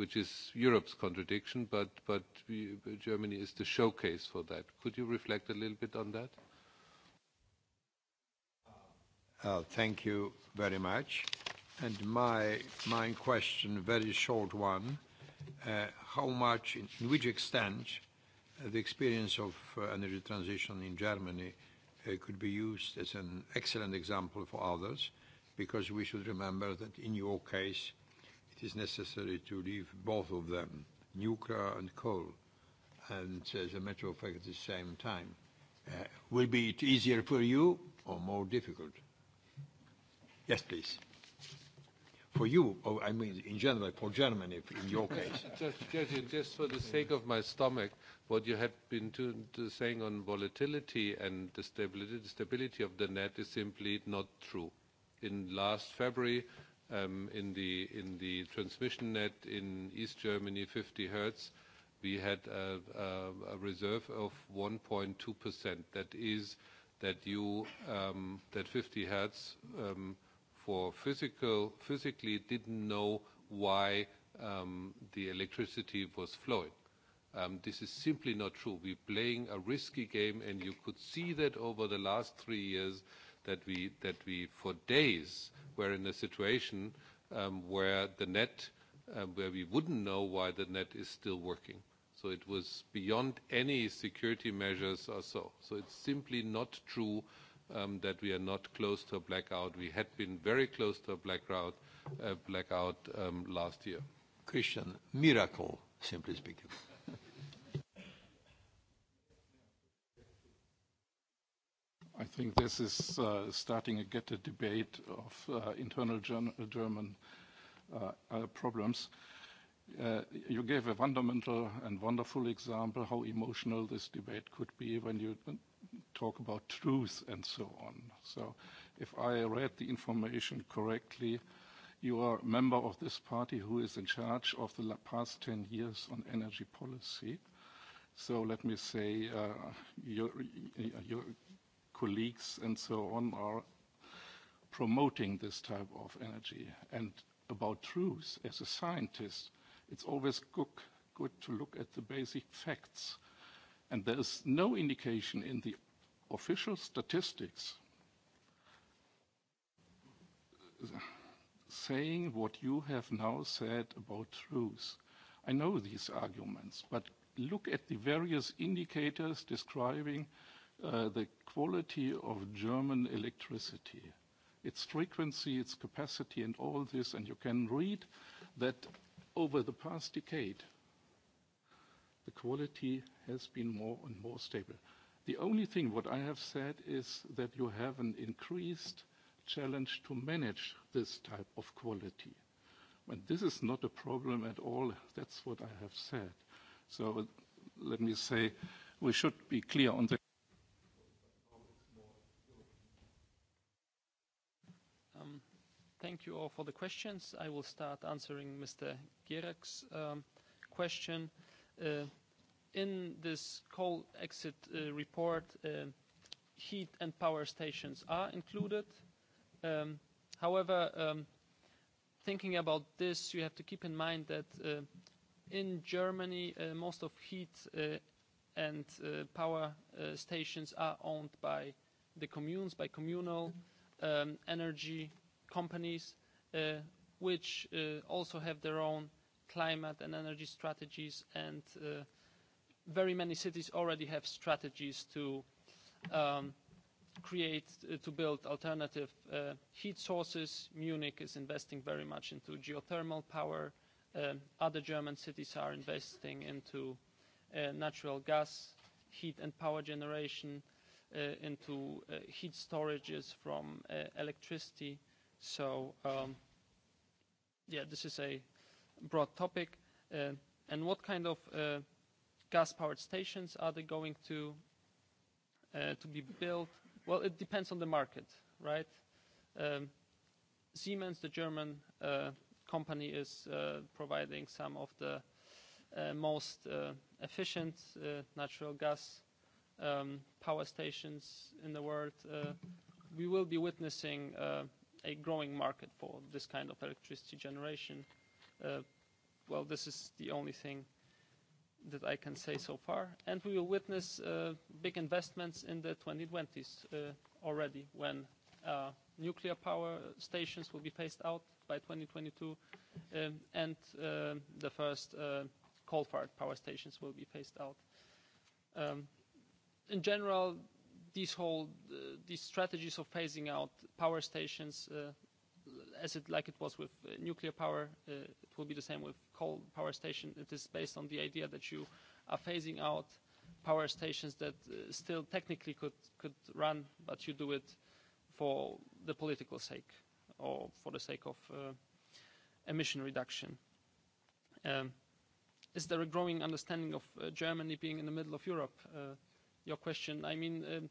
which is Europe's contradiction, but, but we, Germany is the showcase for that. Could you reflect a little bit on that? Uh, uh thank you very much. And my, my question, very short one, uh, how much, in, in which extent, uh, the experience of uh, energy transition in Germany uh, could be used as an excellent example for others? Because we should remember that in your case, it is necessary to leave both of them, nuclear and coal, and uh, as a matter of fact, at the same time. Uh, will be it easier for you or more difficult? Yes, please. For you, or I mean, in general, for Germany, in your case. just, just, just for the sake of my stomach, what you have been to, to saying on volatility and the stability, the stability of the net is simply not true. In last February, um, in, the, in the transmission net in East Germany, 50 hertz, we had a, a, a reserve of 1.2%. That is that you um, that 50 hertz um, for physical physically didn't know why um, the electricity was flowing. Um, this is simply not true. We're playing a risky game, and you could see that over the last three years that we that we for days we're in a situation um, where the net, um, where we wouldn't know why the net is still working. So it was beyond any security measures or so. So it's simply not true um, that we are not close to a blackout. We had been very close to a blackout, uh, blackout um, last year. Christian, miracle, simply speaking. I think this is uh, starting to get a debate of uh, internal German, uh, German uh, uh, problems. Uh, you gave a fundamental and wonderful example how emotional this debate could be when you uh, talk about truth and so on. So if I read the information correctly, you are a member of this party who is in charge of the past 10 years on energy policy. So let me say, uh, you colleagues and so on are promoting this type of energy. And about truth, as a scientist, it's always good, good to look at the basic facts. And there is no indication in the official statistics saying what you have now said about truth. I know these arguments, but look at the various indicators describing uh, Uh, the quality of German electricity, its frequency, its capacity, and all this. And you can read that over the past decade, the quality has been more and more stable. The only thing what I have said is that you have an increased challenge to manage this type of quality. And this is not a problem at all. That's what I have said. So let me say we should be clear on the Thank you all for the questions. I will start answering Mr. Gierek's um, question. Uh, in this coal exit uh, report, uh, heat and power stations are included. Um, however, um, thinking about this, you have to keep in mind that uh, in Germany, uh, most of heat uh, and uh, power uh, stations are owned by the communes, by communal um, energy companies uh, which uh, also have their own climate and energy strategies and uh, very many cities already have strategies to um, create, uh, to build alternative uh, heat sources. Munich is investing very much into geothermal power. Uh, other German cities are investing into uh, natural gas, heat and power generation, uh, into uh, heat storages from uh, electricity. Uh, So, um, yeah, this is a broad topic. Uh, and what kind of uh, gas-powered stations are they going to uh, to be built? Well, it depends on the market, right? Um, Siemens, the German uh, company, is uh, providing some of the uh, most uh, efficient uh, natural gas um, power stations in the world. Uh, we will be witnessing uh, a growing market for this kind of electricity generation. Uh, well, this is the only thing that I can say so far. And we will witness uh, big investments in the 2020s uh, already when uh, nuclear power stations will be phased out by 2022 um, and uh, the first uh, coal-fired power stations will be phased out. Um, in general, this whole uh, these strategies of phasing out power stations uh, as it like it was with uh, nuclear power uh, it will be the same with coal power station it is based on the idea that you are phasing out power stations that uh, still technically could could run but you do it for the political sake or for the sake of uh, emission reduction um, is there a growing understanding of uh, Germany being in the middle of Europe uh, your question I mean um,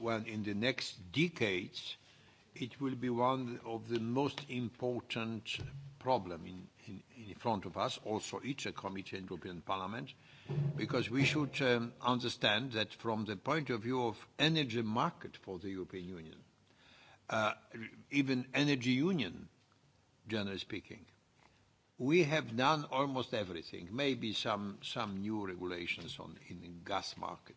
when in the next decades it will be one of the most important problem in, in, in front of us, also each committee in European Parliament, because we should um, understand that from the point of view of energy market for the European Union, uh, even energy union, generally speaking, we have done almost everything, maybe some, some new regulations on, in the gas market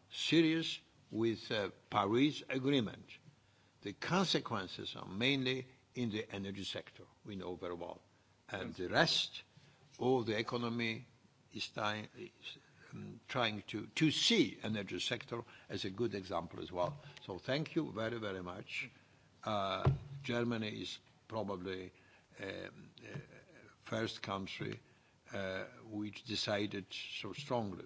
serious with the uh, Paris Agreement. The consequences are mainly in the energy sector, we know very well. And the rest all the economy is, ty- is um, trying to, to see energy sector as a good example as well. So thank you very, very much. Uh, Germany is probably um, uh, first country uh, which decided so strongly